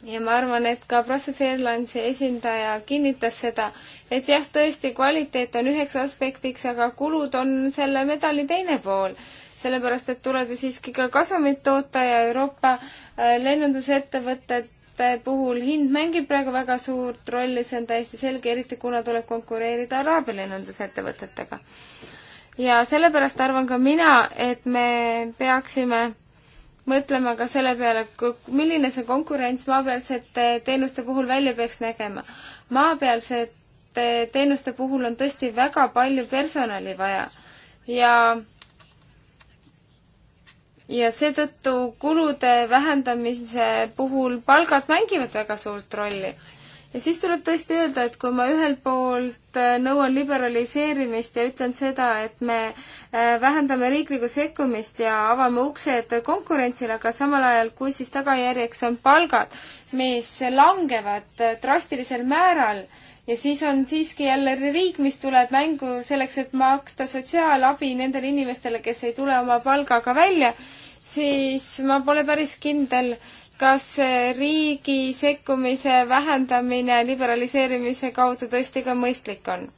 ja ma arvan, et ka Process Airlinesi esindaja kinnitas seda, et jah, tõesti, kvaliteet on üheks aspektiks, aga kulud on selle medali teine pool sellepärast et tuleb ju siiski ka kasumit toota ja Euroopa äh, lennundusettevõtete puhul hind mängib praegu väga suurt rolli, see on täiesti selge, eriti kuna tuleb konkureerida araabia lennundusettevõtetega. ja sellepärast arvan ka mina, et me peaksime mõtlema ka selle peale, milline see konkurents maapealsete teenuste puhul välja peaks nägema. maapealsete teenuste puhul on tõesti väga palju personali vaja ja ja seetõttu kulude vähendamise puhul palgad mängivad väga suurt rolli. ja siis tuleb tõesti öelda, et kui ma ühelt poolt äh, nõuan liberaliseerimist ja ütlen seda, et me äh, vähendame riiklikku sekkumist ja avame uksed konkurentsile, aga samal ajal, kui siis tagajärjeks on palgad, mis langevad äh, drastilisel määral, ja siis on siiski jälle riik, mis tuleb mängu selleks, et maksta sotsiaalabi nendele inimestele, kes ei tule oma palgaga välja, siis ma pole päris kindel, kas riigi sekkumise vähendamine liberaliseerimise kaudu tõesti ka mõistlik on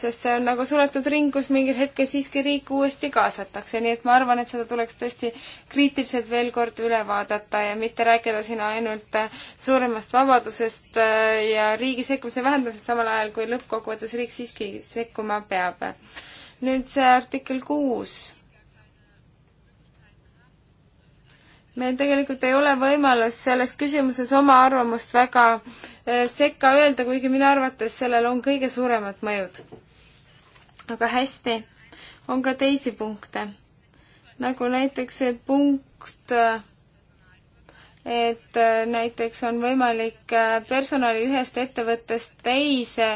sest see on nagu suletud ring, kus mingil hetkel siiski riik uuesti kaasatakse, nii et ma arvan, et seda tuleks tõesti kriitiliselt veel kord üle vaadata ja mitte rääkida siin ainult äh, suuremast vabadusest äh, ja riigi sekkumise vähendamisest, samal ajal kui lõppkokkuvõttes riik siiski sekkuma peab. nüüd see artikkel kuus. meil tegelikult ei ole võimalus selles küsimuses oma arvamust väga äh, sekka öelda, kuigi minu arvates sellel on kõige suuremad mõjud aga hästi, on ka teisi punkte, nagu näiteks see punkt, et näiteks on võimalik äh, personali ühest ettevõttest teise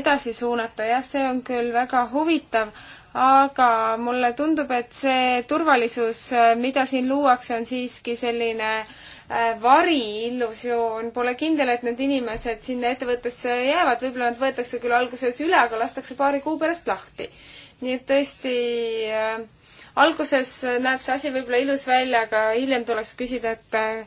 edasi suunata, jah, see on küll väga huvitav, aga mulle tundub, et see turvalisus, äh, mida siin luuakse, on siiski selline äh, Äh, variillusioon, pole kindel, et need inimesed sinna ettevõttesse jäävad, võib-olla nad võetakse küll alguses üle, aga lastakse paari kuu pärast lahti. nii et tõesti äh, alguses näeb see asi võib-olla ilus välja, aga hiljem tuleks küsida, et äh,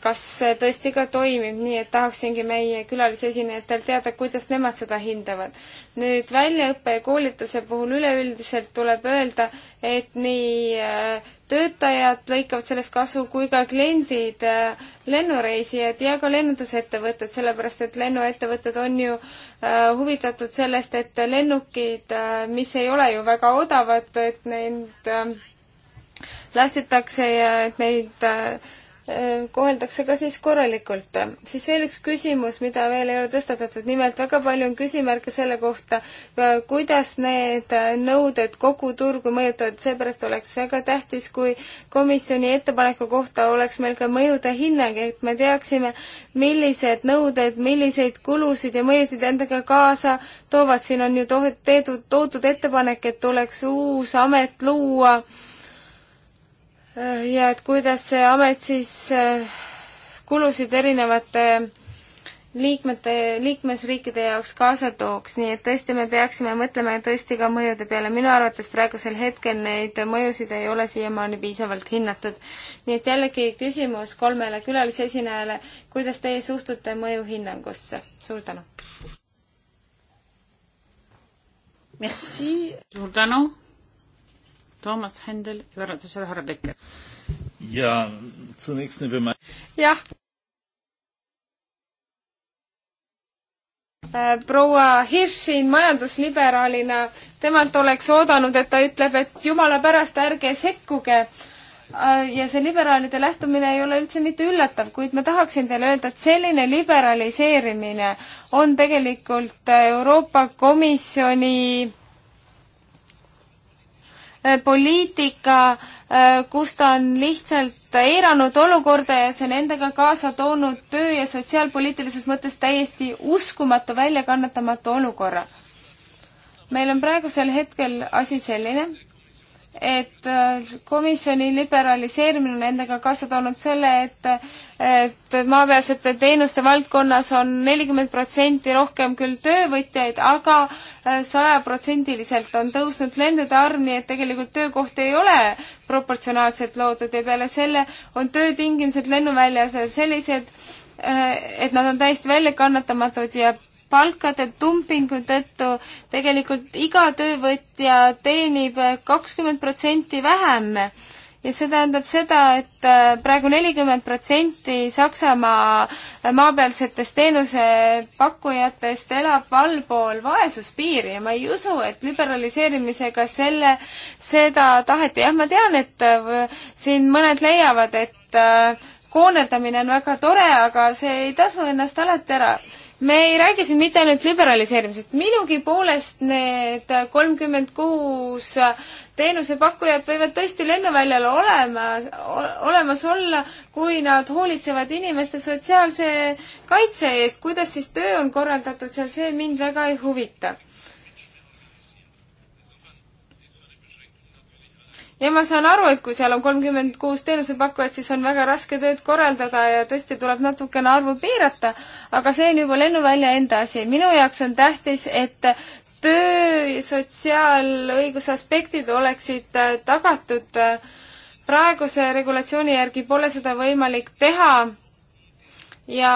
kas see tõesti ka toimib, nii et tahaksingi meie külalisesinejatel teada, kuidas nemad seda hindavad. nüüd väljaõppe ja koolituse puhul üleüldiselt tuleb öelda, et nii äh, töötajad lõikavad sellest kasu kui ka kliendid, äh, lennureisijad ja ka lennundusettevõtted, sellepärast et lennuettevõtted on ju äh, huvitatud sellest, et lennukid, mis ei ole ju väga odavad, et neid lastetakse ja et neid Äh, koheldakse ka siis korralikult. siis veel üks küsimus, mida veel ei ole tõstatatud, nimelt väga palju on küsimärke selle kohta, kuidas need äh, nõuded kogu turgu mõjutavad, seepärast oleks väga tähtis, kui komisjoni ettepaneku kohta oleks meil ka mõjude hinnang, et me teaksime, millised nõuded, milliseid kulusid ja mõjusid endaga kaasa toovad, siin on ju toodud, toodud ettepanek, et tuleks uus amet luua, ja et kuidas see amet siis eh, kulusid erinevate liikmete, liikmesriikide jaoks kaasa tooks, nii et tõesti, me peaksime mõtlema tõesti ka mõjude peale, minu arvates praegusel hetkel neid mõjusid ei ole siiamaani piisavalt hinnatud. nii et jällegi küsimus kolmele külalisesinejale, kuidas teie suhtute mõjuhinnangusse? suur tänu! Merci. suur tänu! Toomas Händel ja pärast seda härra Becker. ja sõniks nii peame. jah. Äh, proua Hirschin majandusliberaalina, temalt oleks oodanud, et ta ütleb, et jumala pärast, ärge sekkuge äh, ja see liberaalide lähtumine ei ole üldse mitte üllatav, kuid ma tahaksin teile öelda, et selline liberaliseerimine on tegelikult Euroopa Komisjoni Äh, poliitika, äh, kus ta on lihtsalt eiranud olukorda ja see on endaga kaasa toonud töö- ja sotsiaalpoliitilises mõttes täiesti uskumatu, väljakannatamatu olukorra. meil on praegusel hetkel asi selline, et äh, komisjoni liberaliseerimine on endaga kaasa toonud selle, et, et maapealsete teenuste valdkonnas on nelikümmend protsenti rohkem küll töövõtjaid aga, aga äh, sajaprotsendiliselt on tõusnud lendude arv, nii et tegelikult töökohti ei ole proportsionaalselt loodud ja peale selle on töötingimused lennuväljas sellised, äh, et nad on täiesti väljakannatamatud ja palkade dumpingu tõttu tegelikult iga töövõtja teenib kakskümmend protsenti vähem ja see tähendab seda, et äh, praegu nelikümmend protsenti Saksamaa äh, maapealsetest teenusepakkujatest elab allpool vaesuspiiri ja ma ei usu, et liberaliseerimisega selle, seda taheti, jah, ma tean, et äh, siin mõned leiavad, et koonerdamine on väga tore, aga see ei tasu ennast alati ära me ei räägi siin mitte ainult liberaliseerimisest, minugi poolest need kolmkümmend kuus teenusepakkujat võivad tõesti lennuväljal olema, olemas olla, kui nad hoolitsevad inimeste sotsiaalse kaitse eest, kuidas siis töö on korraldatud seal, see mind väga ei huvita ja ma saan aru, et kui seal on kolmkümmend kuus teenusepakkujat, siis on väga raske tööd korraldada ja tõesti tuleb natukene arvu piirata, aga see on juba lennuvälja enda asi. minu jaoks on tähtis, et töö ja sotsiaalõiguse aspektid oleksid äh, tagatud. praeguse regulatsiooni järgi pole seda võimalik teha ja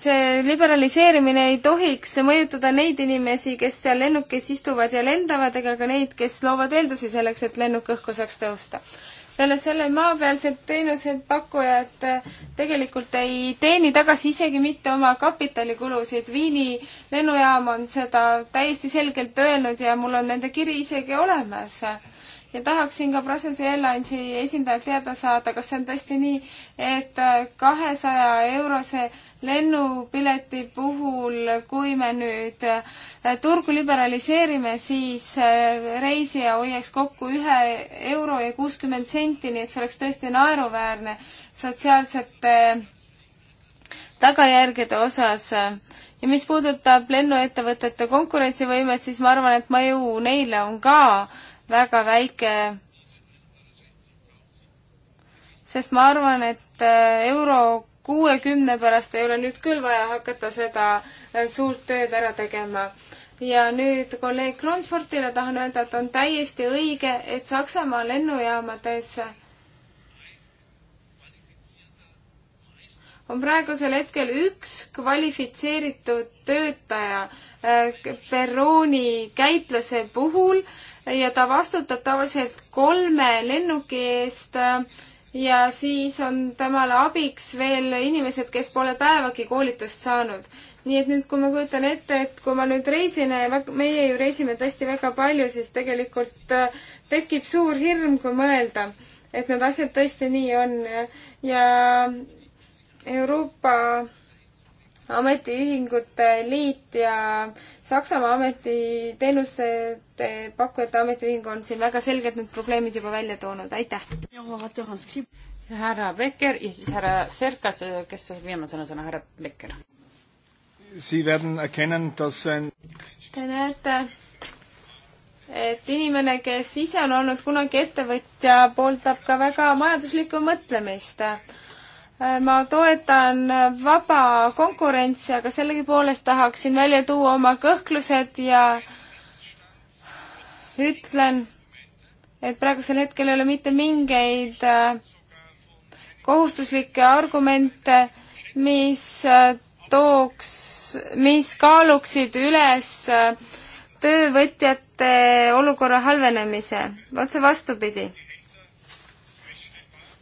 see liberaliseerimine ei tohiks mõjutada neid inimesi, kes seal lennukis istuvad ja lendavad, ega ka neid, kes loovad eeldusi selleks, et lennuk õhku saaks tõusta. peale selle maapealsed teenusepakkujad äh, tegelikult ei teeni tagasi isegi mitte oma kapitalikulusid. Viini lennujaam on seda täiesti selgelt öelnud ja mul on nende kiri isegi olemas ja tahaksin ka Brussels Airlinesi esindajalt teada saada, kas see on tõesti nii, et äh, kahesaja eurose lennupileti puhul, kui me nüüd äh, turgu liberaliseerime, siis äh, reisija hoiaks kokku ühe euro ja kuuskümmend senti, nii et see oleks tõesti naeruväärne sotsiaalsete tagajärgede osas. ja mis puudutab lennuettevõtete konkurentsivõimet, siis ma arvan, et mõju neile on ka äh, väga väike, sest ma arvan, et äh, euro kuuekümne pärast ei ole nüüd küll vaja hakata seda äh, suurt tööd ära tegema. ja nüüd kolleeg Kronsfortile tahan öelda, et on täiesti õige, et Saksamaa lennujaamades on praegusel hetkel üks kvalifitseeritud töötaja äh, perrooni käitluse puhul ja ta vastutab tavaliselt kolme lennuki eest äh, ja siis on temale abiks veel inimesed, kes pole päevagi koolitust saanud. nii et nüüd, kui ma kujutan ette, et kui ma nüüd reisin, meie ju reisime tõesti väga palju, siis tegelikult äh, tekib suur hirm, kui mõelda, et need asjad tõesti nii on ja Euroopa Ametiühingute Liit ja Saksamaa ametiteenuste pakkujate ametiühing on siin väga selgelt need probleemid juba välja toonud, aitäh! härra Becker ja siis härra Serkas, kes viimasena sõna, härra Becker. Te näete, et inimene, kes ise on olnud kunagi ettevõtja, pooldab ka väga majanduslikku mõtlemist ma toetan vaba konkurentsi, aga sellegipoolest tahaksin välja tuua oma kõhklused ja ütlen, et praegusel hetkel ei ole mitte mingeid äh, kohustuslikke argumente, mis äh, tooks, mis kaaluksid üles äh, töövõtjate olukorra halvenemise, otse vastupidi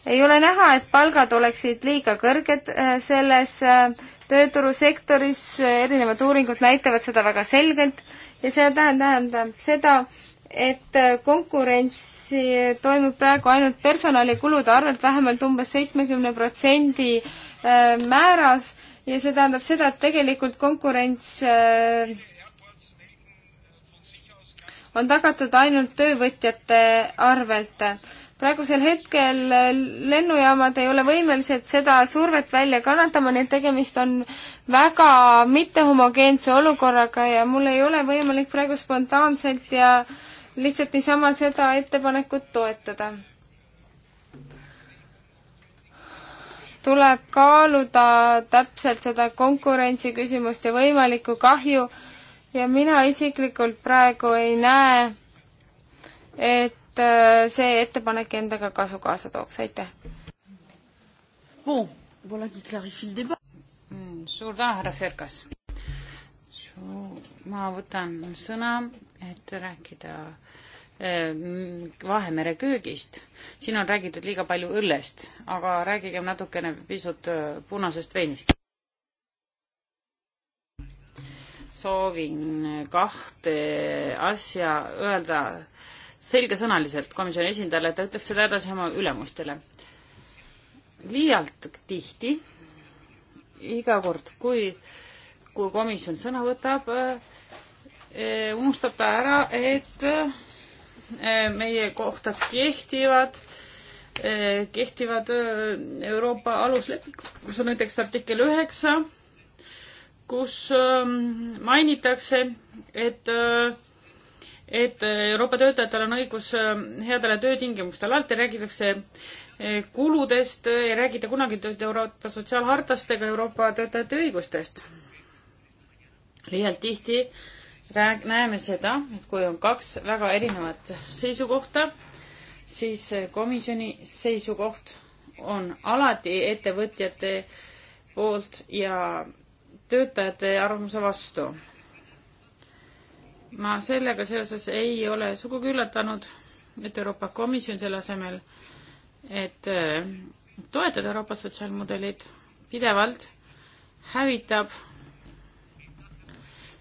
ei ole näha, et palgad oleksid liiga kõrged äh, selles äh, tööturusektoris, erinevad uuringud näitavad seda väga selgelt ja see tähendab seda, et äh, konkurentsi toimub praegu ainult personalikulude arvelt vähemalt umbes seitsmekümne protsendi määras ja see tähendab seda, et tegelikult konkurents on tagatud ainult töövõtjate arvelt praegusel hetkel lennujaamad ei ole võimelised seda survet välja kannatama, nii et tegemist on väga mittehomogeense olukorraga ja mul ei ole võimalik praegu spontaanselt ja lihtsalt niisama seda ettepanekut toetada. tuleb kaaluda täpselt seda konkurentsi küsimust ja võimalikku kahju ja mina isiklikult praegu ei näe, et Äh, see ettepanek endaga kasu kaasa tooks, aitäh bon,! Mm, suur tänu, härra Serkas! ma võtan sõna, et rääkida äh, mm, Vahemere köögist. siin on räägitud liiga palju õllest, aga räägigem natukene pisut äh, punasest veinist. soovin kahte asja öelda selgesõnaliselt komisjoni esindajale, et ta ütleks seda edasi oma ülemustele. liialt tihti, iga kord, kui, kui komisjon sõna võtab, eh, eh, unustab ta ära, et eh, meie kohta kehtivad, kehtivad Euroopa aluslepingud, kus on näiteks artikkel üheksa, kus mainitakse, et et äh, Euroopa töötajatel on õigus äh, headele töötingimustele, alati räägitakse äh, kuludest, ei räägita kunagi Euroopa sotsiaalhartast ega Euroopa töötajate õigustest. liialt tihti rääg-, näeme seda, et kui on kaks väga erinevat seisukohta, siis komisjoni seisukoht on alati ettevõtjate poolt ja töötajate arvamuse vastu ma sellega seoses ei ole sugugi üllatanud, et Euroopa Komisjon selle asemel, et äh, toetada Euroopa sotsiaalmudelit, pidevalt hävitab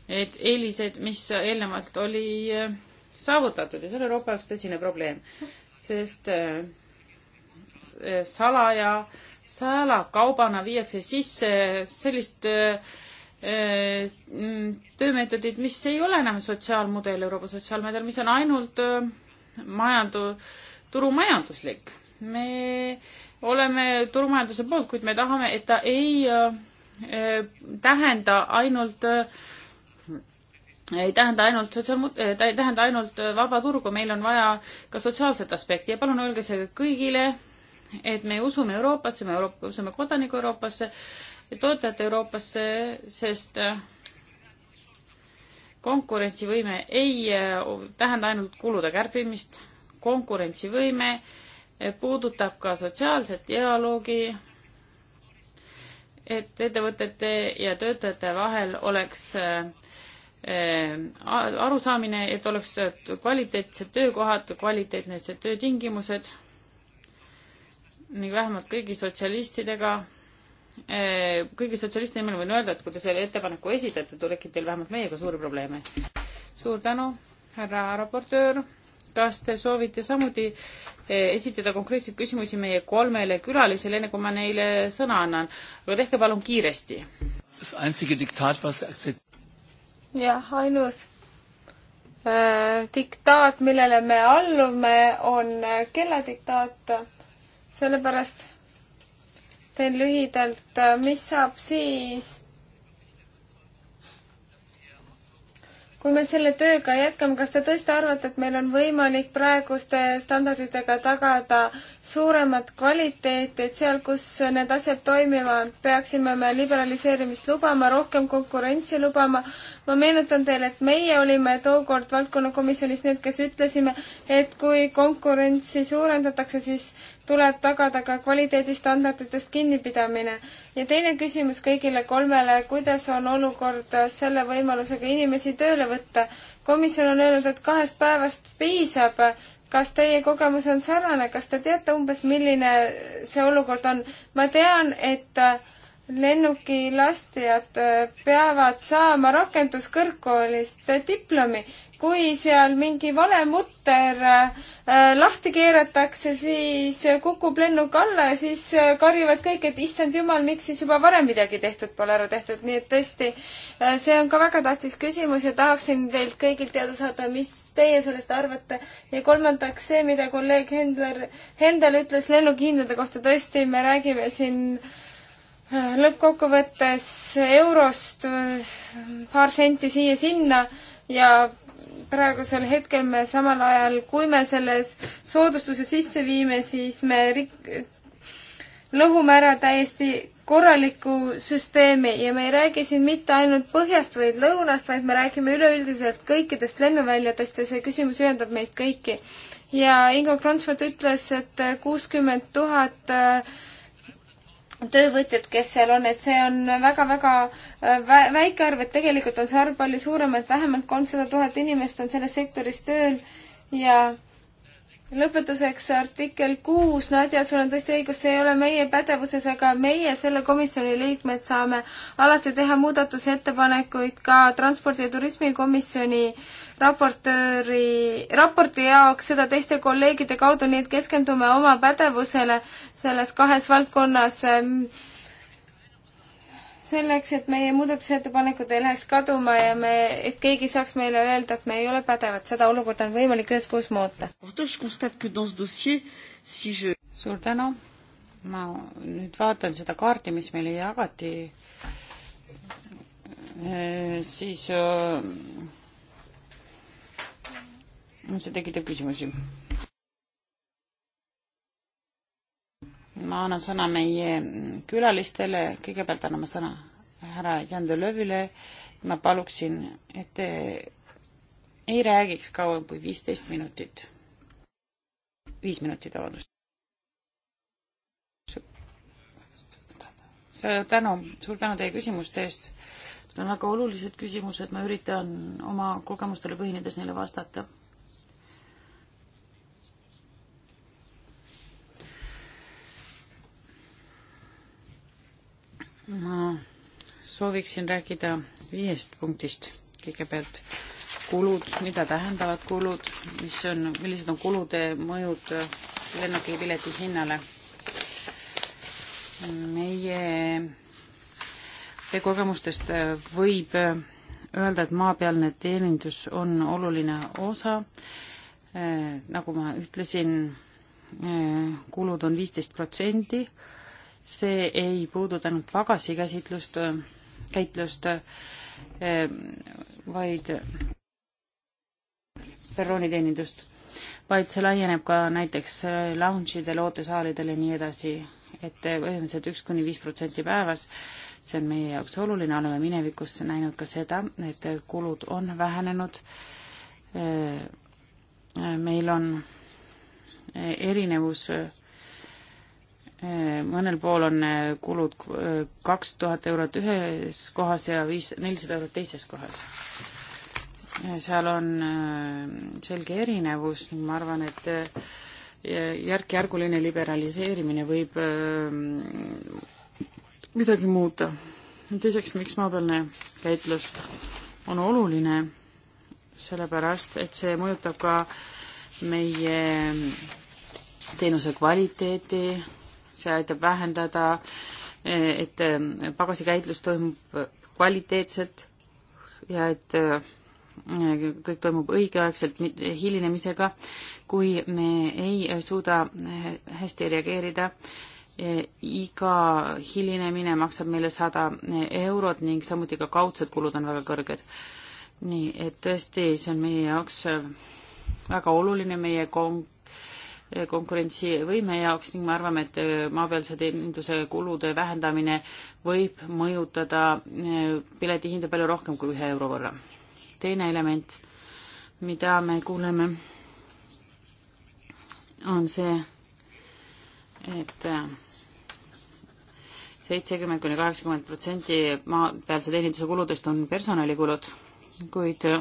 et eelised, mis eelnevalt oli äh, saavutatud ja see on Euroopa jaoks tõsine probleem, sest äh, salaja, salakaubana viiakse sisse sellist äh, Äh, mm, töömeetodid, mis ei ole enam sotsiaalmudel, Euroopa sotsiaalmudel, mis on ainult äh, majandu-, turumajanduslik. me oleme turumajanduse poolt, kuid me tahame, et ta ei äh, tähenda ainult ei tähenda ainult sotsiaal-, ta ei tähenda ainult vaba turgu, meil on vaja ka sotsiaalset aspekti ja palun öelge see kõigile, et me usume Euroopasse, me Euroopa, usume kodaniku Euroopasse, tootjat Euroopasse, sest äh, konkurentsivõime ei äh, tähenda ainult kulude kärbimist, konkurentsivõime äh, puudutab ka sotsiaalset dialoogi, et ettevõtete ja töötajate vahel oleks arusaamine, et oleks kvaliteetsed töökohad, kvaliteetsed töötingimused ning vähemalt kõigi sotsialistidega Eh, kõigi sotsialistide nimel võin öelda, et kui te selle ettepaneku esitate, tulebki teil vähemalt meiega suuri probleeme. suur tänu, härra raportöör. kas te soovite samuti eh, esitada konkreetseid küsimusi meie kolmele külalisele, enne kui ma neile sõna annan? aga tehke palun kiiresti. jah, ainus äh, diktaat, millele me allume, on äh, kella diktaat, sellepärast teen lühidalt, mis saab siis, kui me selle tööga jätkame, kas te tõesti arvate, et meil on võimalik praeguste standarditega tagada suuremat kvaliteeti, et seal, kus need asjad toimivad, peaksime me liberaliseerimist lubama, rohkem konkurentsi lubama? ma meenutan teile, et meie olime tookord valdkonnakomisjonis need, kes ütlesime, et kui konkurentsi suurendatakse, siis tuleb tagada ka kvaliteedistandarditest kinnipidamine. ja teine küsimus kõigile kolmele, kuidas on olukord selle võimalusega inimesi tööle võtta? komisjon on öelnud, et kahest päevast piisab. kas teie kogemus on sarnane, kas te teate umbes, milline see olukord on? ma tean, et lennukilastjad peavad saama rakenduskõrgkoolist diplomi kui seal mingi vale mutter äh, lahti keeratakse, siis kukub lennuk alla ja siis äh, karjuvad kõik, et issand jumal, miks siis juba varem midagi tehtud pole ära tehtud, nii et tõesti, äh, see on ka väga tähtis küsimus ja tahaksin teilt kõigilt teada saada, mis teie sellest arvate. ja kolmandaks see, mida kolleeg Hendler, Hendel ütles lennukihindade kohta, tõesti, me räägime siin lõppkokkuvõttes eurost paar senti siia-sinna ja praegusel hetkel me samal ajal, kui me selles soodustuse sisse viime, siis me rik-, lõhume ära täiesti korraliku süsteemi ja me ei räägi siin mitte ainult põhjast või lõunast, vaid me räägime üleüldiselt kõikidest lennuväljadest ja see küsimus ühendab meid kõiki. ja Ingo Kronsfeld ütles, et kuuskümmend tuhat äh, töövõtjad, kes seal on, et see on väga-väga äh, väike arv, et tegelikult on see arv palju suurem, et vähemalt kolmsada tuhat inimest on selles sektoris tööl ja lõpetuseks artikkel kuus, Nadja, sul on tõesti õigus, see ei ole meie pädevuses, aga meie, selle komisjoni liikmed, saame alati teha muudatusettepanekuid ka Transpordi- ja Turismikomisjoni raportööri, raporti jaoks, seda teiste kolleegide kaudu, nii et keskendume oma pädevusele selles kahes valdkonnas selleks, et meie muudatusettepanekud ei läheks kaduma ja me, et keegi saaks meile öelda, et me ei ole pädevad, seda olukorda on võimalik üheskoos muuta. suur tänu. ma nüüd vaatan seda kaarti, mis meile jagati e,. siis öö, see tekitab küsimusi ma annan sõna meie külalistele, kõigepealt anname sõna härra Jan de Löövile, ma paluksin, et te ei räägiks kauem kui viisteist minutit. viis minutit, vabandust. suur tänu, suur tänu teie küsimuste eest. Need on väga olulised küsimused, ma üritan oma kogemustele põhinedes neile vastata ma sooviksin rääkida viiest punktist. kõigepealt kulud, mida tähendavad kulud, mis on, millised on kulude mõjud lennukipileti hinnale. meie kogemustest võib öelda, et maapealne teenindus on oluline osa. nagu ma ütlesin, kulud on viisteist protsenti see ei puudutanud pagasikäsitlust, käitlust, ehm, vaid perrooniteenindust, vaid see laieneb ka näiteks lounge idele, ootesaalidele ja nii edasi, et põhimõtteliselt üks kuni viis protsenti päevas, see on meie jaoks oluline, oleme minevikus näinud ka seda, et kulud on vähenenud, ehm, meil on eh, erinevus Äh, mõnel pool on äh, kulud äh, kaks tuhat eurot ühes kohas ja viis, nelisada eurot teises kohas. seal on selge erinevus ning ma arvan, et järk-järguline liberaliseerimine võib midagi muuta. teiseks, miks maapealne käitlus on oluline, sellepärast et see mõjutab ka meie teenuse kvaliteeti, see aitab vähendada, et ehm, pagasikäitlus toimub kvaliteetselt ja et ehm, kõik toimub õigeaegselt, hilinemisega, kui me ei suuda hästi reageerida. E, iga hilinemine maksab meile sada eurot ning samuti ka kaudsed kulud on väga kõrged. nii et tõesti, see on meie jaoks ehm, väga oluline, meie kon-, konkurentsivõime jaoks ning me arvame, et maapealse teeninduse kulude vähendamine võib mõjutada eh, piletihinda palju rohkem kui ühe euro võrra. teine element, mida me kuuleme, on see, et eh, seitsekümmend kuni kaheksakümmend protsenti maapealse teeninduse kuludest on personalikulud, kuid eh,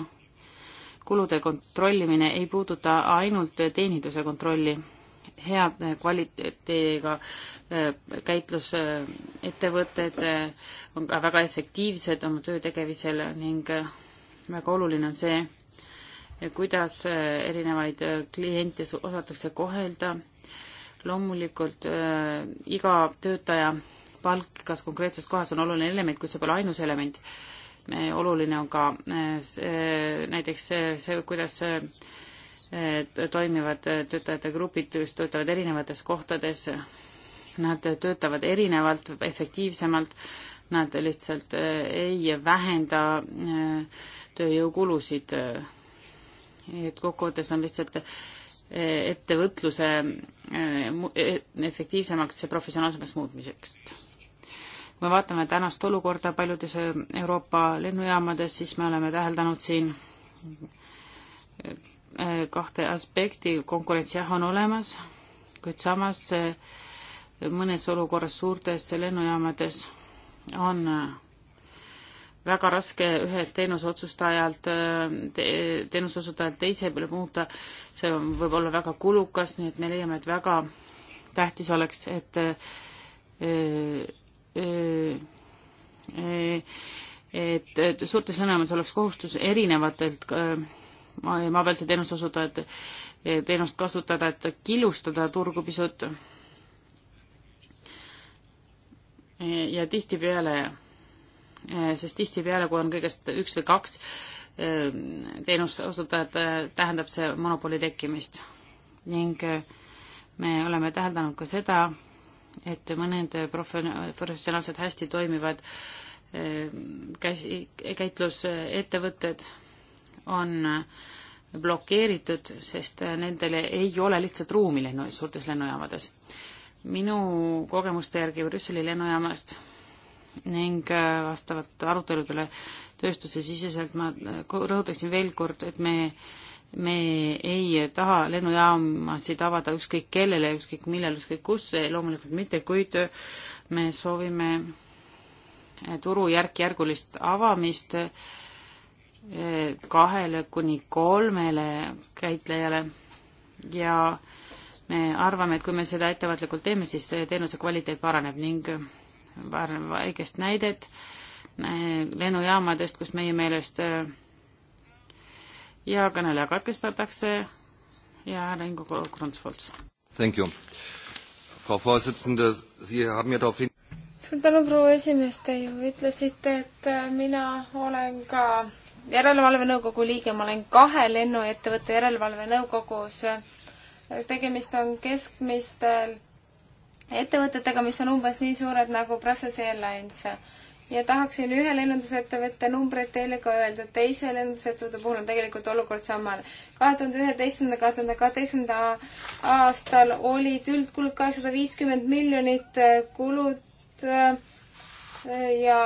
kulude kontrollimine ei puuduta ainult teeninduse kontrolli, hea kvaliteediga äh, käitlusettevõtted äh, äh, on ka väga efektiivsed oma töö tegemisel ning väga oluline on see, kuidas erinevaid kliente osatakse kohelda. loomulikult äh, iga töötaja palk, kas konkreetses kohas on oluline element, kuid see pole ainus element äh, oluline on ka äh, see, näiteks see, see, kuidas äh, toimivad töötajate grupid, kes töötavad erinevates kohtades. Nad töötavad erinevalt, efektiivsemalt, nad lihtsalt äh, ei vähenda tööjõukulusid. et kokkuvõttes on lihtsalt ettevõtluse e-, efektiivsemaks ja professionaalsemaks muutmiseks kui me vaatame tänast olukorda paljudes Euroopa lennujaamades, siis me oleme täheldanud siin eh, kahte aspekti, konkurents jah, on olemas, kuid samas eh, mõnes olukorras suurtes lennujaamades on eh, väga raske ühelt teenuseotsustajalt te,, teenuseosutajalt teise peale muuta, see on, võib olla väga kulukas, nii et me leiame, et väga tähtis oleks, et Äh, äh, et, et suurtes linnades oleks kohustus erinevatelt äh, maapealse teenuse osutajate teenust kasutada, et killustada turgu pisut. ja tihtipeale, sest tihtipeale, kui on kõigest üks või kaks teenuste osutajat, tähendab see monopoli tekkimist. ning me oleme täheldanud ka seda, et mõned profe-, professionaalselt hästi toimivad eh, käsi, käitlusettevõtted on blokeeritud, sest nendele ei ole lihtsalt ruumi lennu, suurtes lennujaamades. minu kogemuste järgi Brüsseli lennujaamast ning eh, vastavalt aruteludele tööstuse siseselt ma eh, rõhutaksin veel kord, et me äh, me ei taha lennujaamasid avada ükskõik kellele, ükskõik millal, ükskõik kus, eh, loomulikult mitte, kuid me soovime eh, turu järk-järgulist avamist eh, kahele kuni kolmele käitlejale ja me arvame, et kui me seda ettevaatlikult teeme, siis teenuse kvaliteet paraneb ning paar väikest näidet lennujaamadest, kus meie meelest ja kõneleja katkestatakse ja Ringo Kronsvolts. Thank you. Frau Vorsitzende, Sie haben ja darauf hin- suur tänu, proua esimees, te ju ütlesite, et äh, mina olen ka järelevalvenõukogu liige, ma olen kahe lennuettevõtte järelevalvenõukogus. tegemist on keskmistel ettevõtetega, mis on umbes nii suured nagu Brussels Airlines ja tahaksin ühe lennundusettevõtte numbreid teile ka öelda, teise lennundusettevõtte puhul on tegelikult olukord samane. kahe tuhande üheteistkümnenda, kahe tuhande kaheteistkümnenda aastal olid üldkulud kaheksasada viiskümmend miljonit kulud äh, ja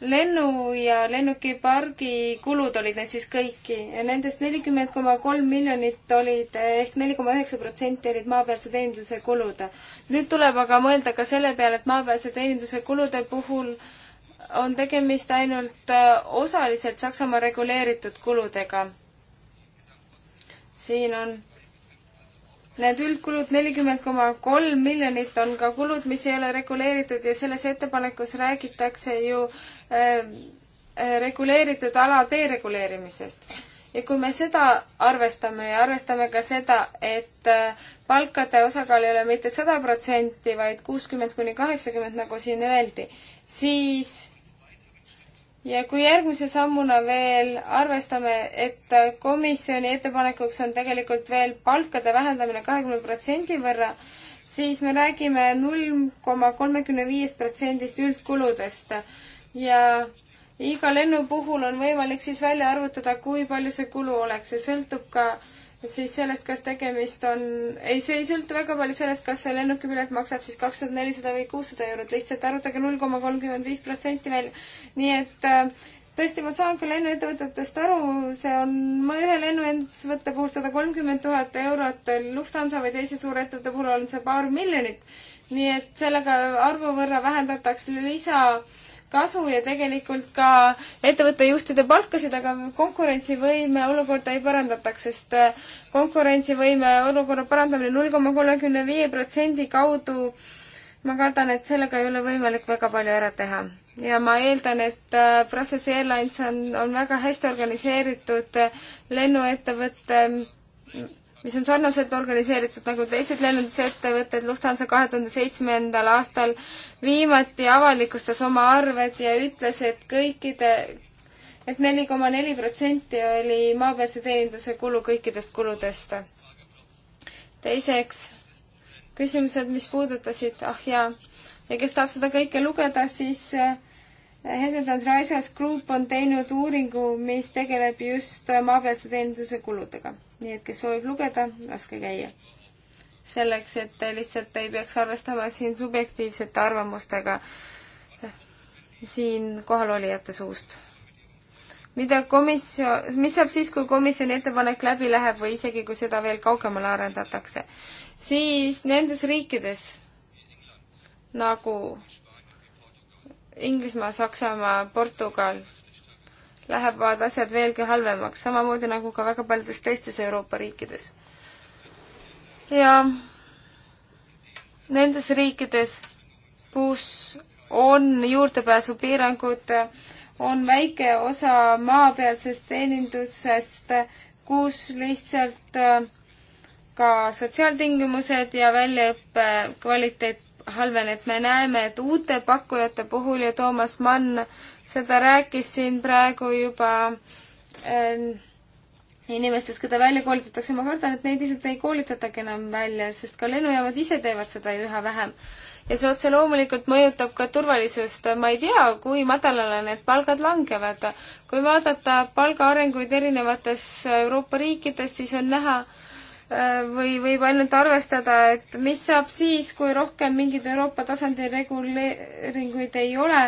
lennu ja lennukipargi kulud olid need siis kõiki ja nendest nelikümmend koma kolm miljonit olid ehk neli koma üheksa protsenti olid maapealse teeninduse kulud. nüüd tuleb aga mõelda ka selle peale, et maapealse teeninduse kulude puhul on tegemist ainult äh, osaliselt Saksamaa reguleeritud kuludega. siin on Need üldkulud nelikümmend koma kolm miljonit on ka kulud, mis ei ole reguleeritud ja selles ettepanekus räägitakse ju ähm, äh, reguleeritud ala dereguleerimisest. ja kui me seda arvestame ja arvestame ka seda, et äh, palkade osakaal ei ole mitte sada protsenti, vaid kuuskümmend kuni kaheksakümmend, nagu siin öeldi, siis ja kui järgmise sammuna veel arvestame, et komisjoni ettepanekuks on tegelikult veel palkade vähendamine kahekümne protsendi võrra, siis me räägime null koma kolmekümne viiest protsendist üldkuludest ja iga lennu puhul on võimalik siis välja arvutada, kui palju see kulu oleks, see sõltub ka äh, siis sellest, kas tegemist on, ei, see ei sõltu väga palju sellest, kas see lennukipilet maksab siis kakssada, nelisada või kuussada eurot, lihtsalt arvutage null koma kolmkümmend viis protsenti välja. nii et äh, tõesti, ma saan ka lennuettevõtetest aru, see on, ma ühe lennuettevõtte puhul sada kolmkümmend tuhat eurot, Lufthansa või teise suure ettevõtte puhul on see paar miljonit. nii et sellega arvu võrra vähendatakse lisa äh, kasu ja tegelikult ka ettevõtte juhtide palkasid, aga konkurentsivõime olukorda ei parandataks, sest äh, konkurentsivõime olukorra parandamine null koma kolmekümne viie protsendi kaudu, ma kardan, et sellega ei ole võimalik väga palju ära teha ja ma eeldan, et Brussels äh, Airlines on, on väga hästi organiseeritud äh, lennuettevõte, mis on sarnaselt organiseeritud nagu teised lennundusettevõtted. Lufthansa kahe tuhande seitsmendal aastal viimati avalikustas oma arved ja ütles, et kõikide et neli koma neli protsenti oli maapealse teeninduse kulu kõikidest kuludest. teiseks, küsimused, mis puudutasid, ah jaa, ja kes tahab seda kõike lugeda, siis eh, Hesed and Rises Group on teinud uuringu, mis tegeleb just maapealse teeninduse kuludega nii et kes soovib lugeda, laske käia. selleks, et lihtsalt ei peaks arvestama siin subjektiivsete arvamustega siin kohalolijate suust. mida komisjon, mis saab siis, kui komisjoni ettepanek läbi läheb või isegi, kui seda veel kaugemale arendatakse? siis nendes riikides nagu Inglismaa, Saksamaa, Portugal lähevad asjad veelgi halvemaks, samamoodi nagu ka väga paljudes teistes Euroopa riikides. ja nendes riikides, kus on juurdepääsupiirangud, on väike osa maapealsest teenindusest, kus lihtsalt äh, ka sotsiaaltingimused ja väljaõppe kvaliteet halveneb. me näeme, et uute pakkujate puhul ja Toomas Mann seda rääkis siin praegu juba äh, inimestest, keda välja koolitatakse, ma kardan, et neid lihtsalt ei koolitatagi enam välja, sest ka lennujaamad ise teevad seda ju üha vähem. ja see otse loomulikult mõjutab ka turvalisust, ma ei tea, kui madalale need palgad langevad. kui vaadata palgaarenguid erinevates Euroopa riikides, siis on näha äh, või võib ainult arvestada, et mis saab siis, kui rohkem mingeid Euroopa tasandi reguleeringuid ei ole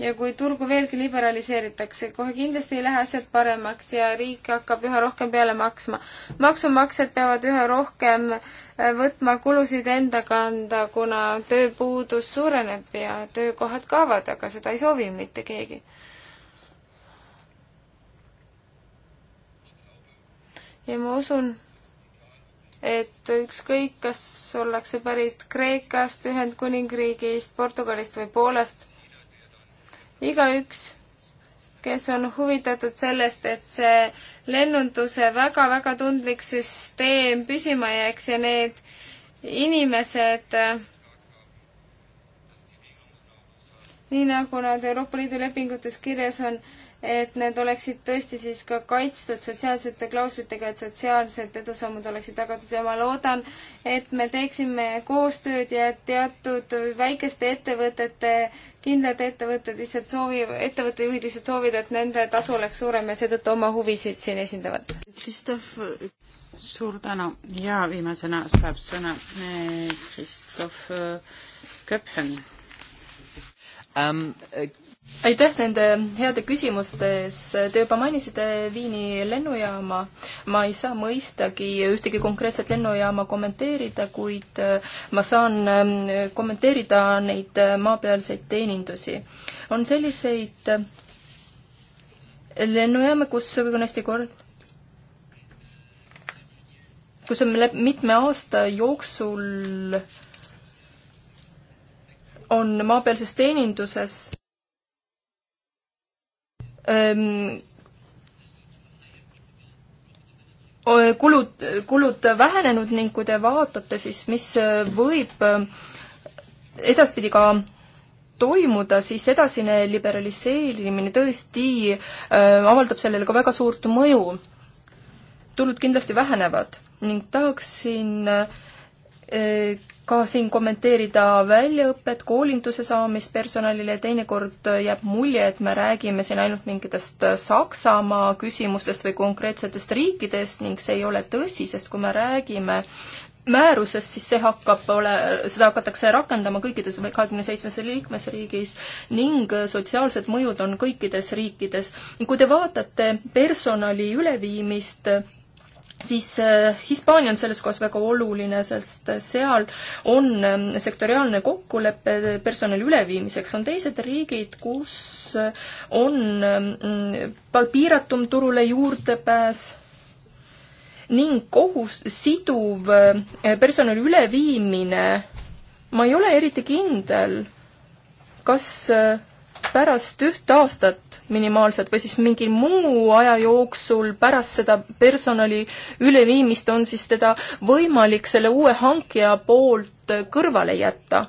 ja kui turgu veelgi liberaliseeritakse, kohe kindlasti ei lähe asjad paremaks ja riik hakkab üha rohkem peale maksma. maksumaksjad peavad üha rohkem äh, võtma kulusid enda kanda, kuna tööpuudus suureneb ja töökohad kaovad, aga seda ei soovi mitte keegi. ja ma usun, et ükskõik, kas ollakse pärit Kreekast, Ühendkuningriigist, Portugalist või Poolast igaüks, kes on huvitatud sellest, et see lennunduse väga-väga tundlik süsteem püsima jääks ja need inimesed, nii nagu nad Euroopa Liidu lepingutes kirjas on, et need oleksid tõesti siis ka kaitstud sotsiaalsete klauslitega, et sotsiaalsed edusammud oleksid tagatud ja ma loodan, et me teeksime koostööd ja teatud väikeste ettevõtete, kindlad ettevõtted lihtsalt soovi, ettevõtte juhid lihtsalt soovivad, et nende tasu oleks suurem ja seetõttu oma huvisid siin esindavad. Kristof. Äh, suur tänu ja viimasena saab sõna Kristof äh, äh, Köpfen um,. Ähm, aitäh nende heade küsimuste ees. Te juba mainisite Viini lennujaama. ma ei saa mõistagi ühtegi konkreetset lennujaama kommenteerida, kuid äh, ma saan ähm, kommenteerida neid äh, maapealseid teenindusi. on selliseid äh, lennujaama, kus on hästi kord-, kus on mitme aasta jooksul on maapealses teeninduses kulud, kulud vähenenud ning kui te vaatate, siis mis äh, võib ähm, edaspidi ka toimuda, siis edasine liberaliseerimine tõesti äh, avaldab sellele ka väga suurt mõju. tulud kindlasti vähenevad ning tahaksin äh, ka siin kommenteerida väljaõpet, koolituse saamist personalile ja teinekord jääb mulje, et me räägime siin ainult mingitest Saksamaa küsimustest või konkreetsetest riikidest ning see ei ole tõsi, sest kui me räägime määrusest, siis see hakkab ole, seda hakatakse rakendama kõikides kahekümne seitsmes liikmesriigis ning sotsiaalsed mõjud on kõikides riikides. kui te vaatate personali üleviimist siis äh, Hispaania on selles kohas väga oluline, sest seal on ähm, sektoriaalne kokkulepe personali üleviimiseks, on teised riigid, kus äh, on ähm, piiratum turule juurdepääs ning kohus, siduv äh, personali üleviimine, ma ei ole eriti kindel, kas pärast üht aastat minimaalselt või siis mingi muu aja jooksul pärast seda personali üleviimist on siis teda võimalik selle uue hankija poolt kõrvale jätta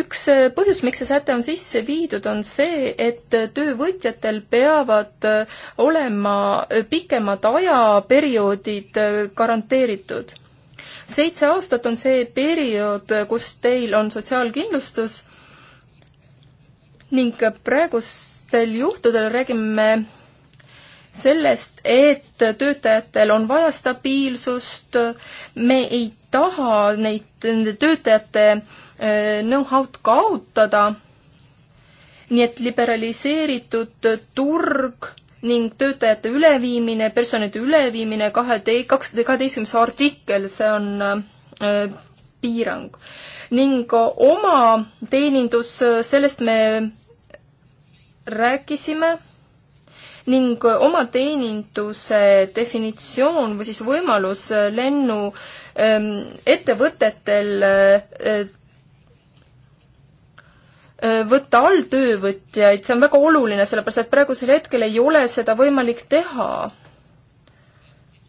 üks äh, põhjus, miks see säte on sisse viidud, on see, et töövõtjatel peavad äh, olema äh, pikemad ajaperioodid garanteeritud. seitse aastat on see periood, kus teil on sotsiaalkindlustus ning praegust sellistel juhtudel räägime sellest, et töötajatel on vaja stabiilsust, me ei taha neid, nende töötajate äh, know-how'd kaotada, nii et liberaliseeritud turg ning töötajate üleviimine, personalide üleviimine kahe tei-, kaks, kaheteistkümnes artikkel, see on öö, äh, piirang. ning oma teenindus, äh, sellest me rääkisime ning oma teeninduse definitsioon või siis võimalus lennu ähm, ettevõtetel äh, äh, võtta alltöövõtjaid, see on väga oluline, sellepärast et praegusel hetkel ei ole seda võimalik teha.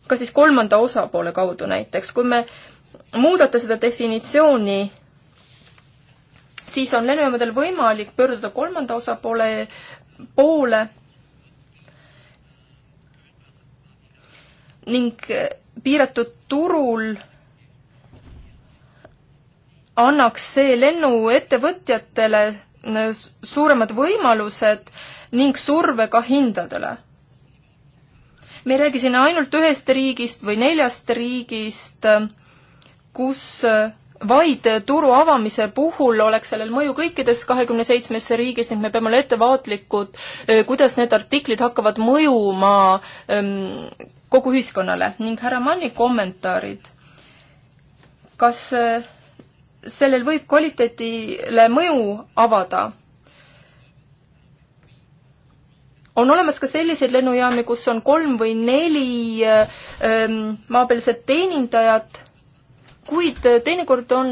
ka siis kolmanda osapoole kaudu näiteks, kui me muudate seda definitsiooni siis on lennujaamadel võimalik pöörduda kolmanda osapoole poole ning eh, piiratud turul annaks see lennuettevõtjatele suuremad võimalused ning surve ka hindadele. me ei räägi siin ainult ühest riigist või neljast riigist, eh, kus eh, vaid turu avamise puhul oleks sellel mõju kõikides kahekümne seitsmesse riigis ning me peame olema ettevaatlikud, eh, kuidas need artiklid hakkavad mõjuma ehm, kogu ühiskonnale ning härra Manni kommentaarid. kas eh, sellel võib kvaliteedile mõju avada? on olemas ka selliseid lennujaami, kus on kolm või neli ähm, maapealset teenindajat kuid äh, teinekord on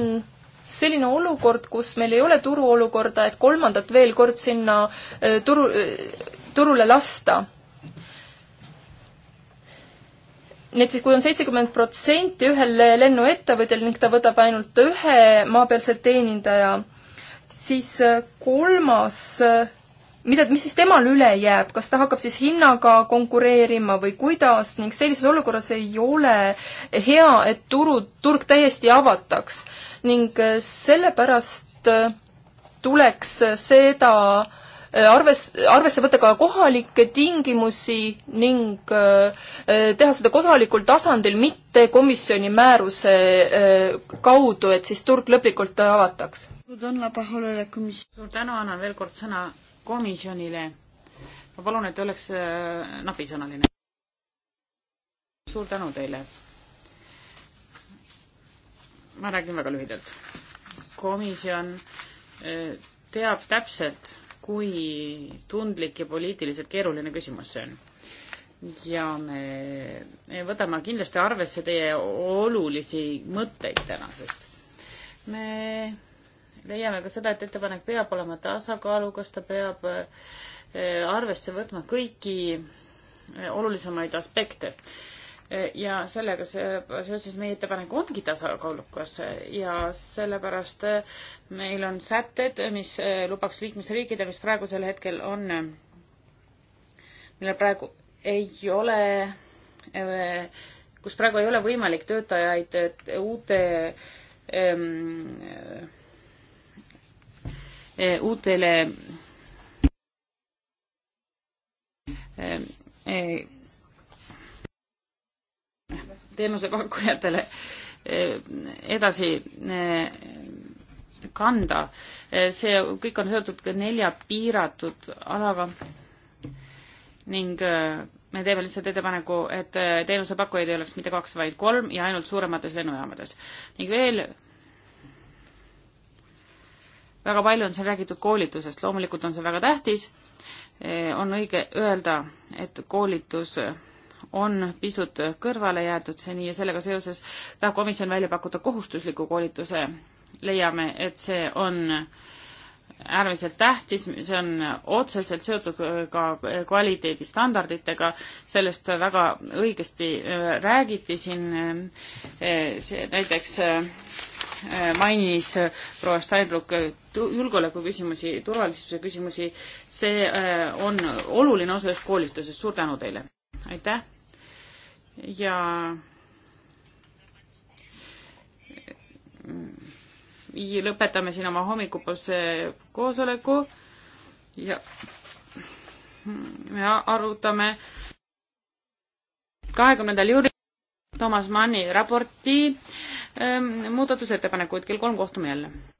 selline olukord, kus meil ei ole turuolukorda, et kolmandat veel kord sinna äh, turu, äh, turule lasta. nii et siis, kui on seitsekümmend protsenti ühel lennuettevõtjal ning ta võtab ainult ühe maapealse teenindaja, siis kolmas mida, mis siis temal üle jääb, kas ta hakkab siis hinnaga konkureerima või kuidas ning sellises olukorras ei ole hea, et turu, turg täiesti avataks. ning äh, sellepärast äh, tuleks äh, seda arves, arvesse võtta ka kohalikke tingimusi ning teha seda kodalikul tasandil, mitte komisjoni määruse kaudu, et siis turg lõplikult avataks. suur tänu, annan veel kord sõna komisjonile. ma palun, et oleks äh, napisõnaline. suur tänu teile. ma räägin väga lühidalt. komisjon äh, teab täpselt, kui tundlik ja poliitiliselt keeruline küsimus see on ja me võtame kindlasti arvesse teie olulisi mõtteid tänasest. me leiame ka seda, et ettepanek peab olema tasakaalukas, ta peab eh, arvesse võtma kõiki eh, olulisemaid aspekte. Eh, ja sellega seoses meie ettepanek ongi tasakaalukas ja sellepärast meil on sätted, mis lubaks liikmesriikide, mis praegusel hetkel on, millel praegu ei ole, kus praegu ei ole võimalik töötajaid uute ähm, Eh, uutele eh, eh, teenusepakkujatele edasi kanda. see kõik on seotud ka nelja piiratud alaga ning me teeme lihtsalt ettepaneku, et teenusepakkujaid ei oleks mitte kaks, vaid kolm ja ainult suuremates lennujaamades. ning veel väga palju on siin räägitud koolitusest, loomulikult on see väga tähtis, e, on õige öelda, et koolitus on pisut kõrvale jäetud seni ja sellega seoses tahab komisjon välja pakkuda kohustusliku koolituse. leiame, et see on äärmiselt tähtis, see on otseselt seotud ka kvaliteedistandarditega, sellest väga õigesti e, räägiti siin, e, see näiteks mainis proua Steinbrück julgeoleku küsimusi, turvalisuse küsimusi, see äh, on oluline osa just koolitusest, suur tänu teile! aitäh ja mm, lõpetame siin oma hommikupoolse koosoleku ja me mm, arutame kahekümnendal juulil Toomas Manni raporti ähm, muudatusettepanekuid, kell kolm kohtume jälle.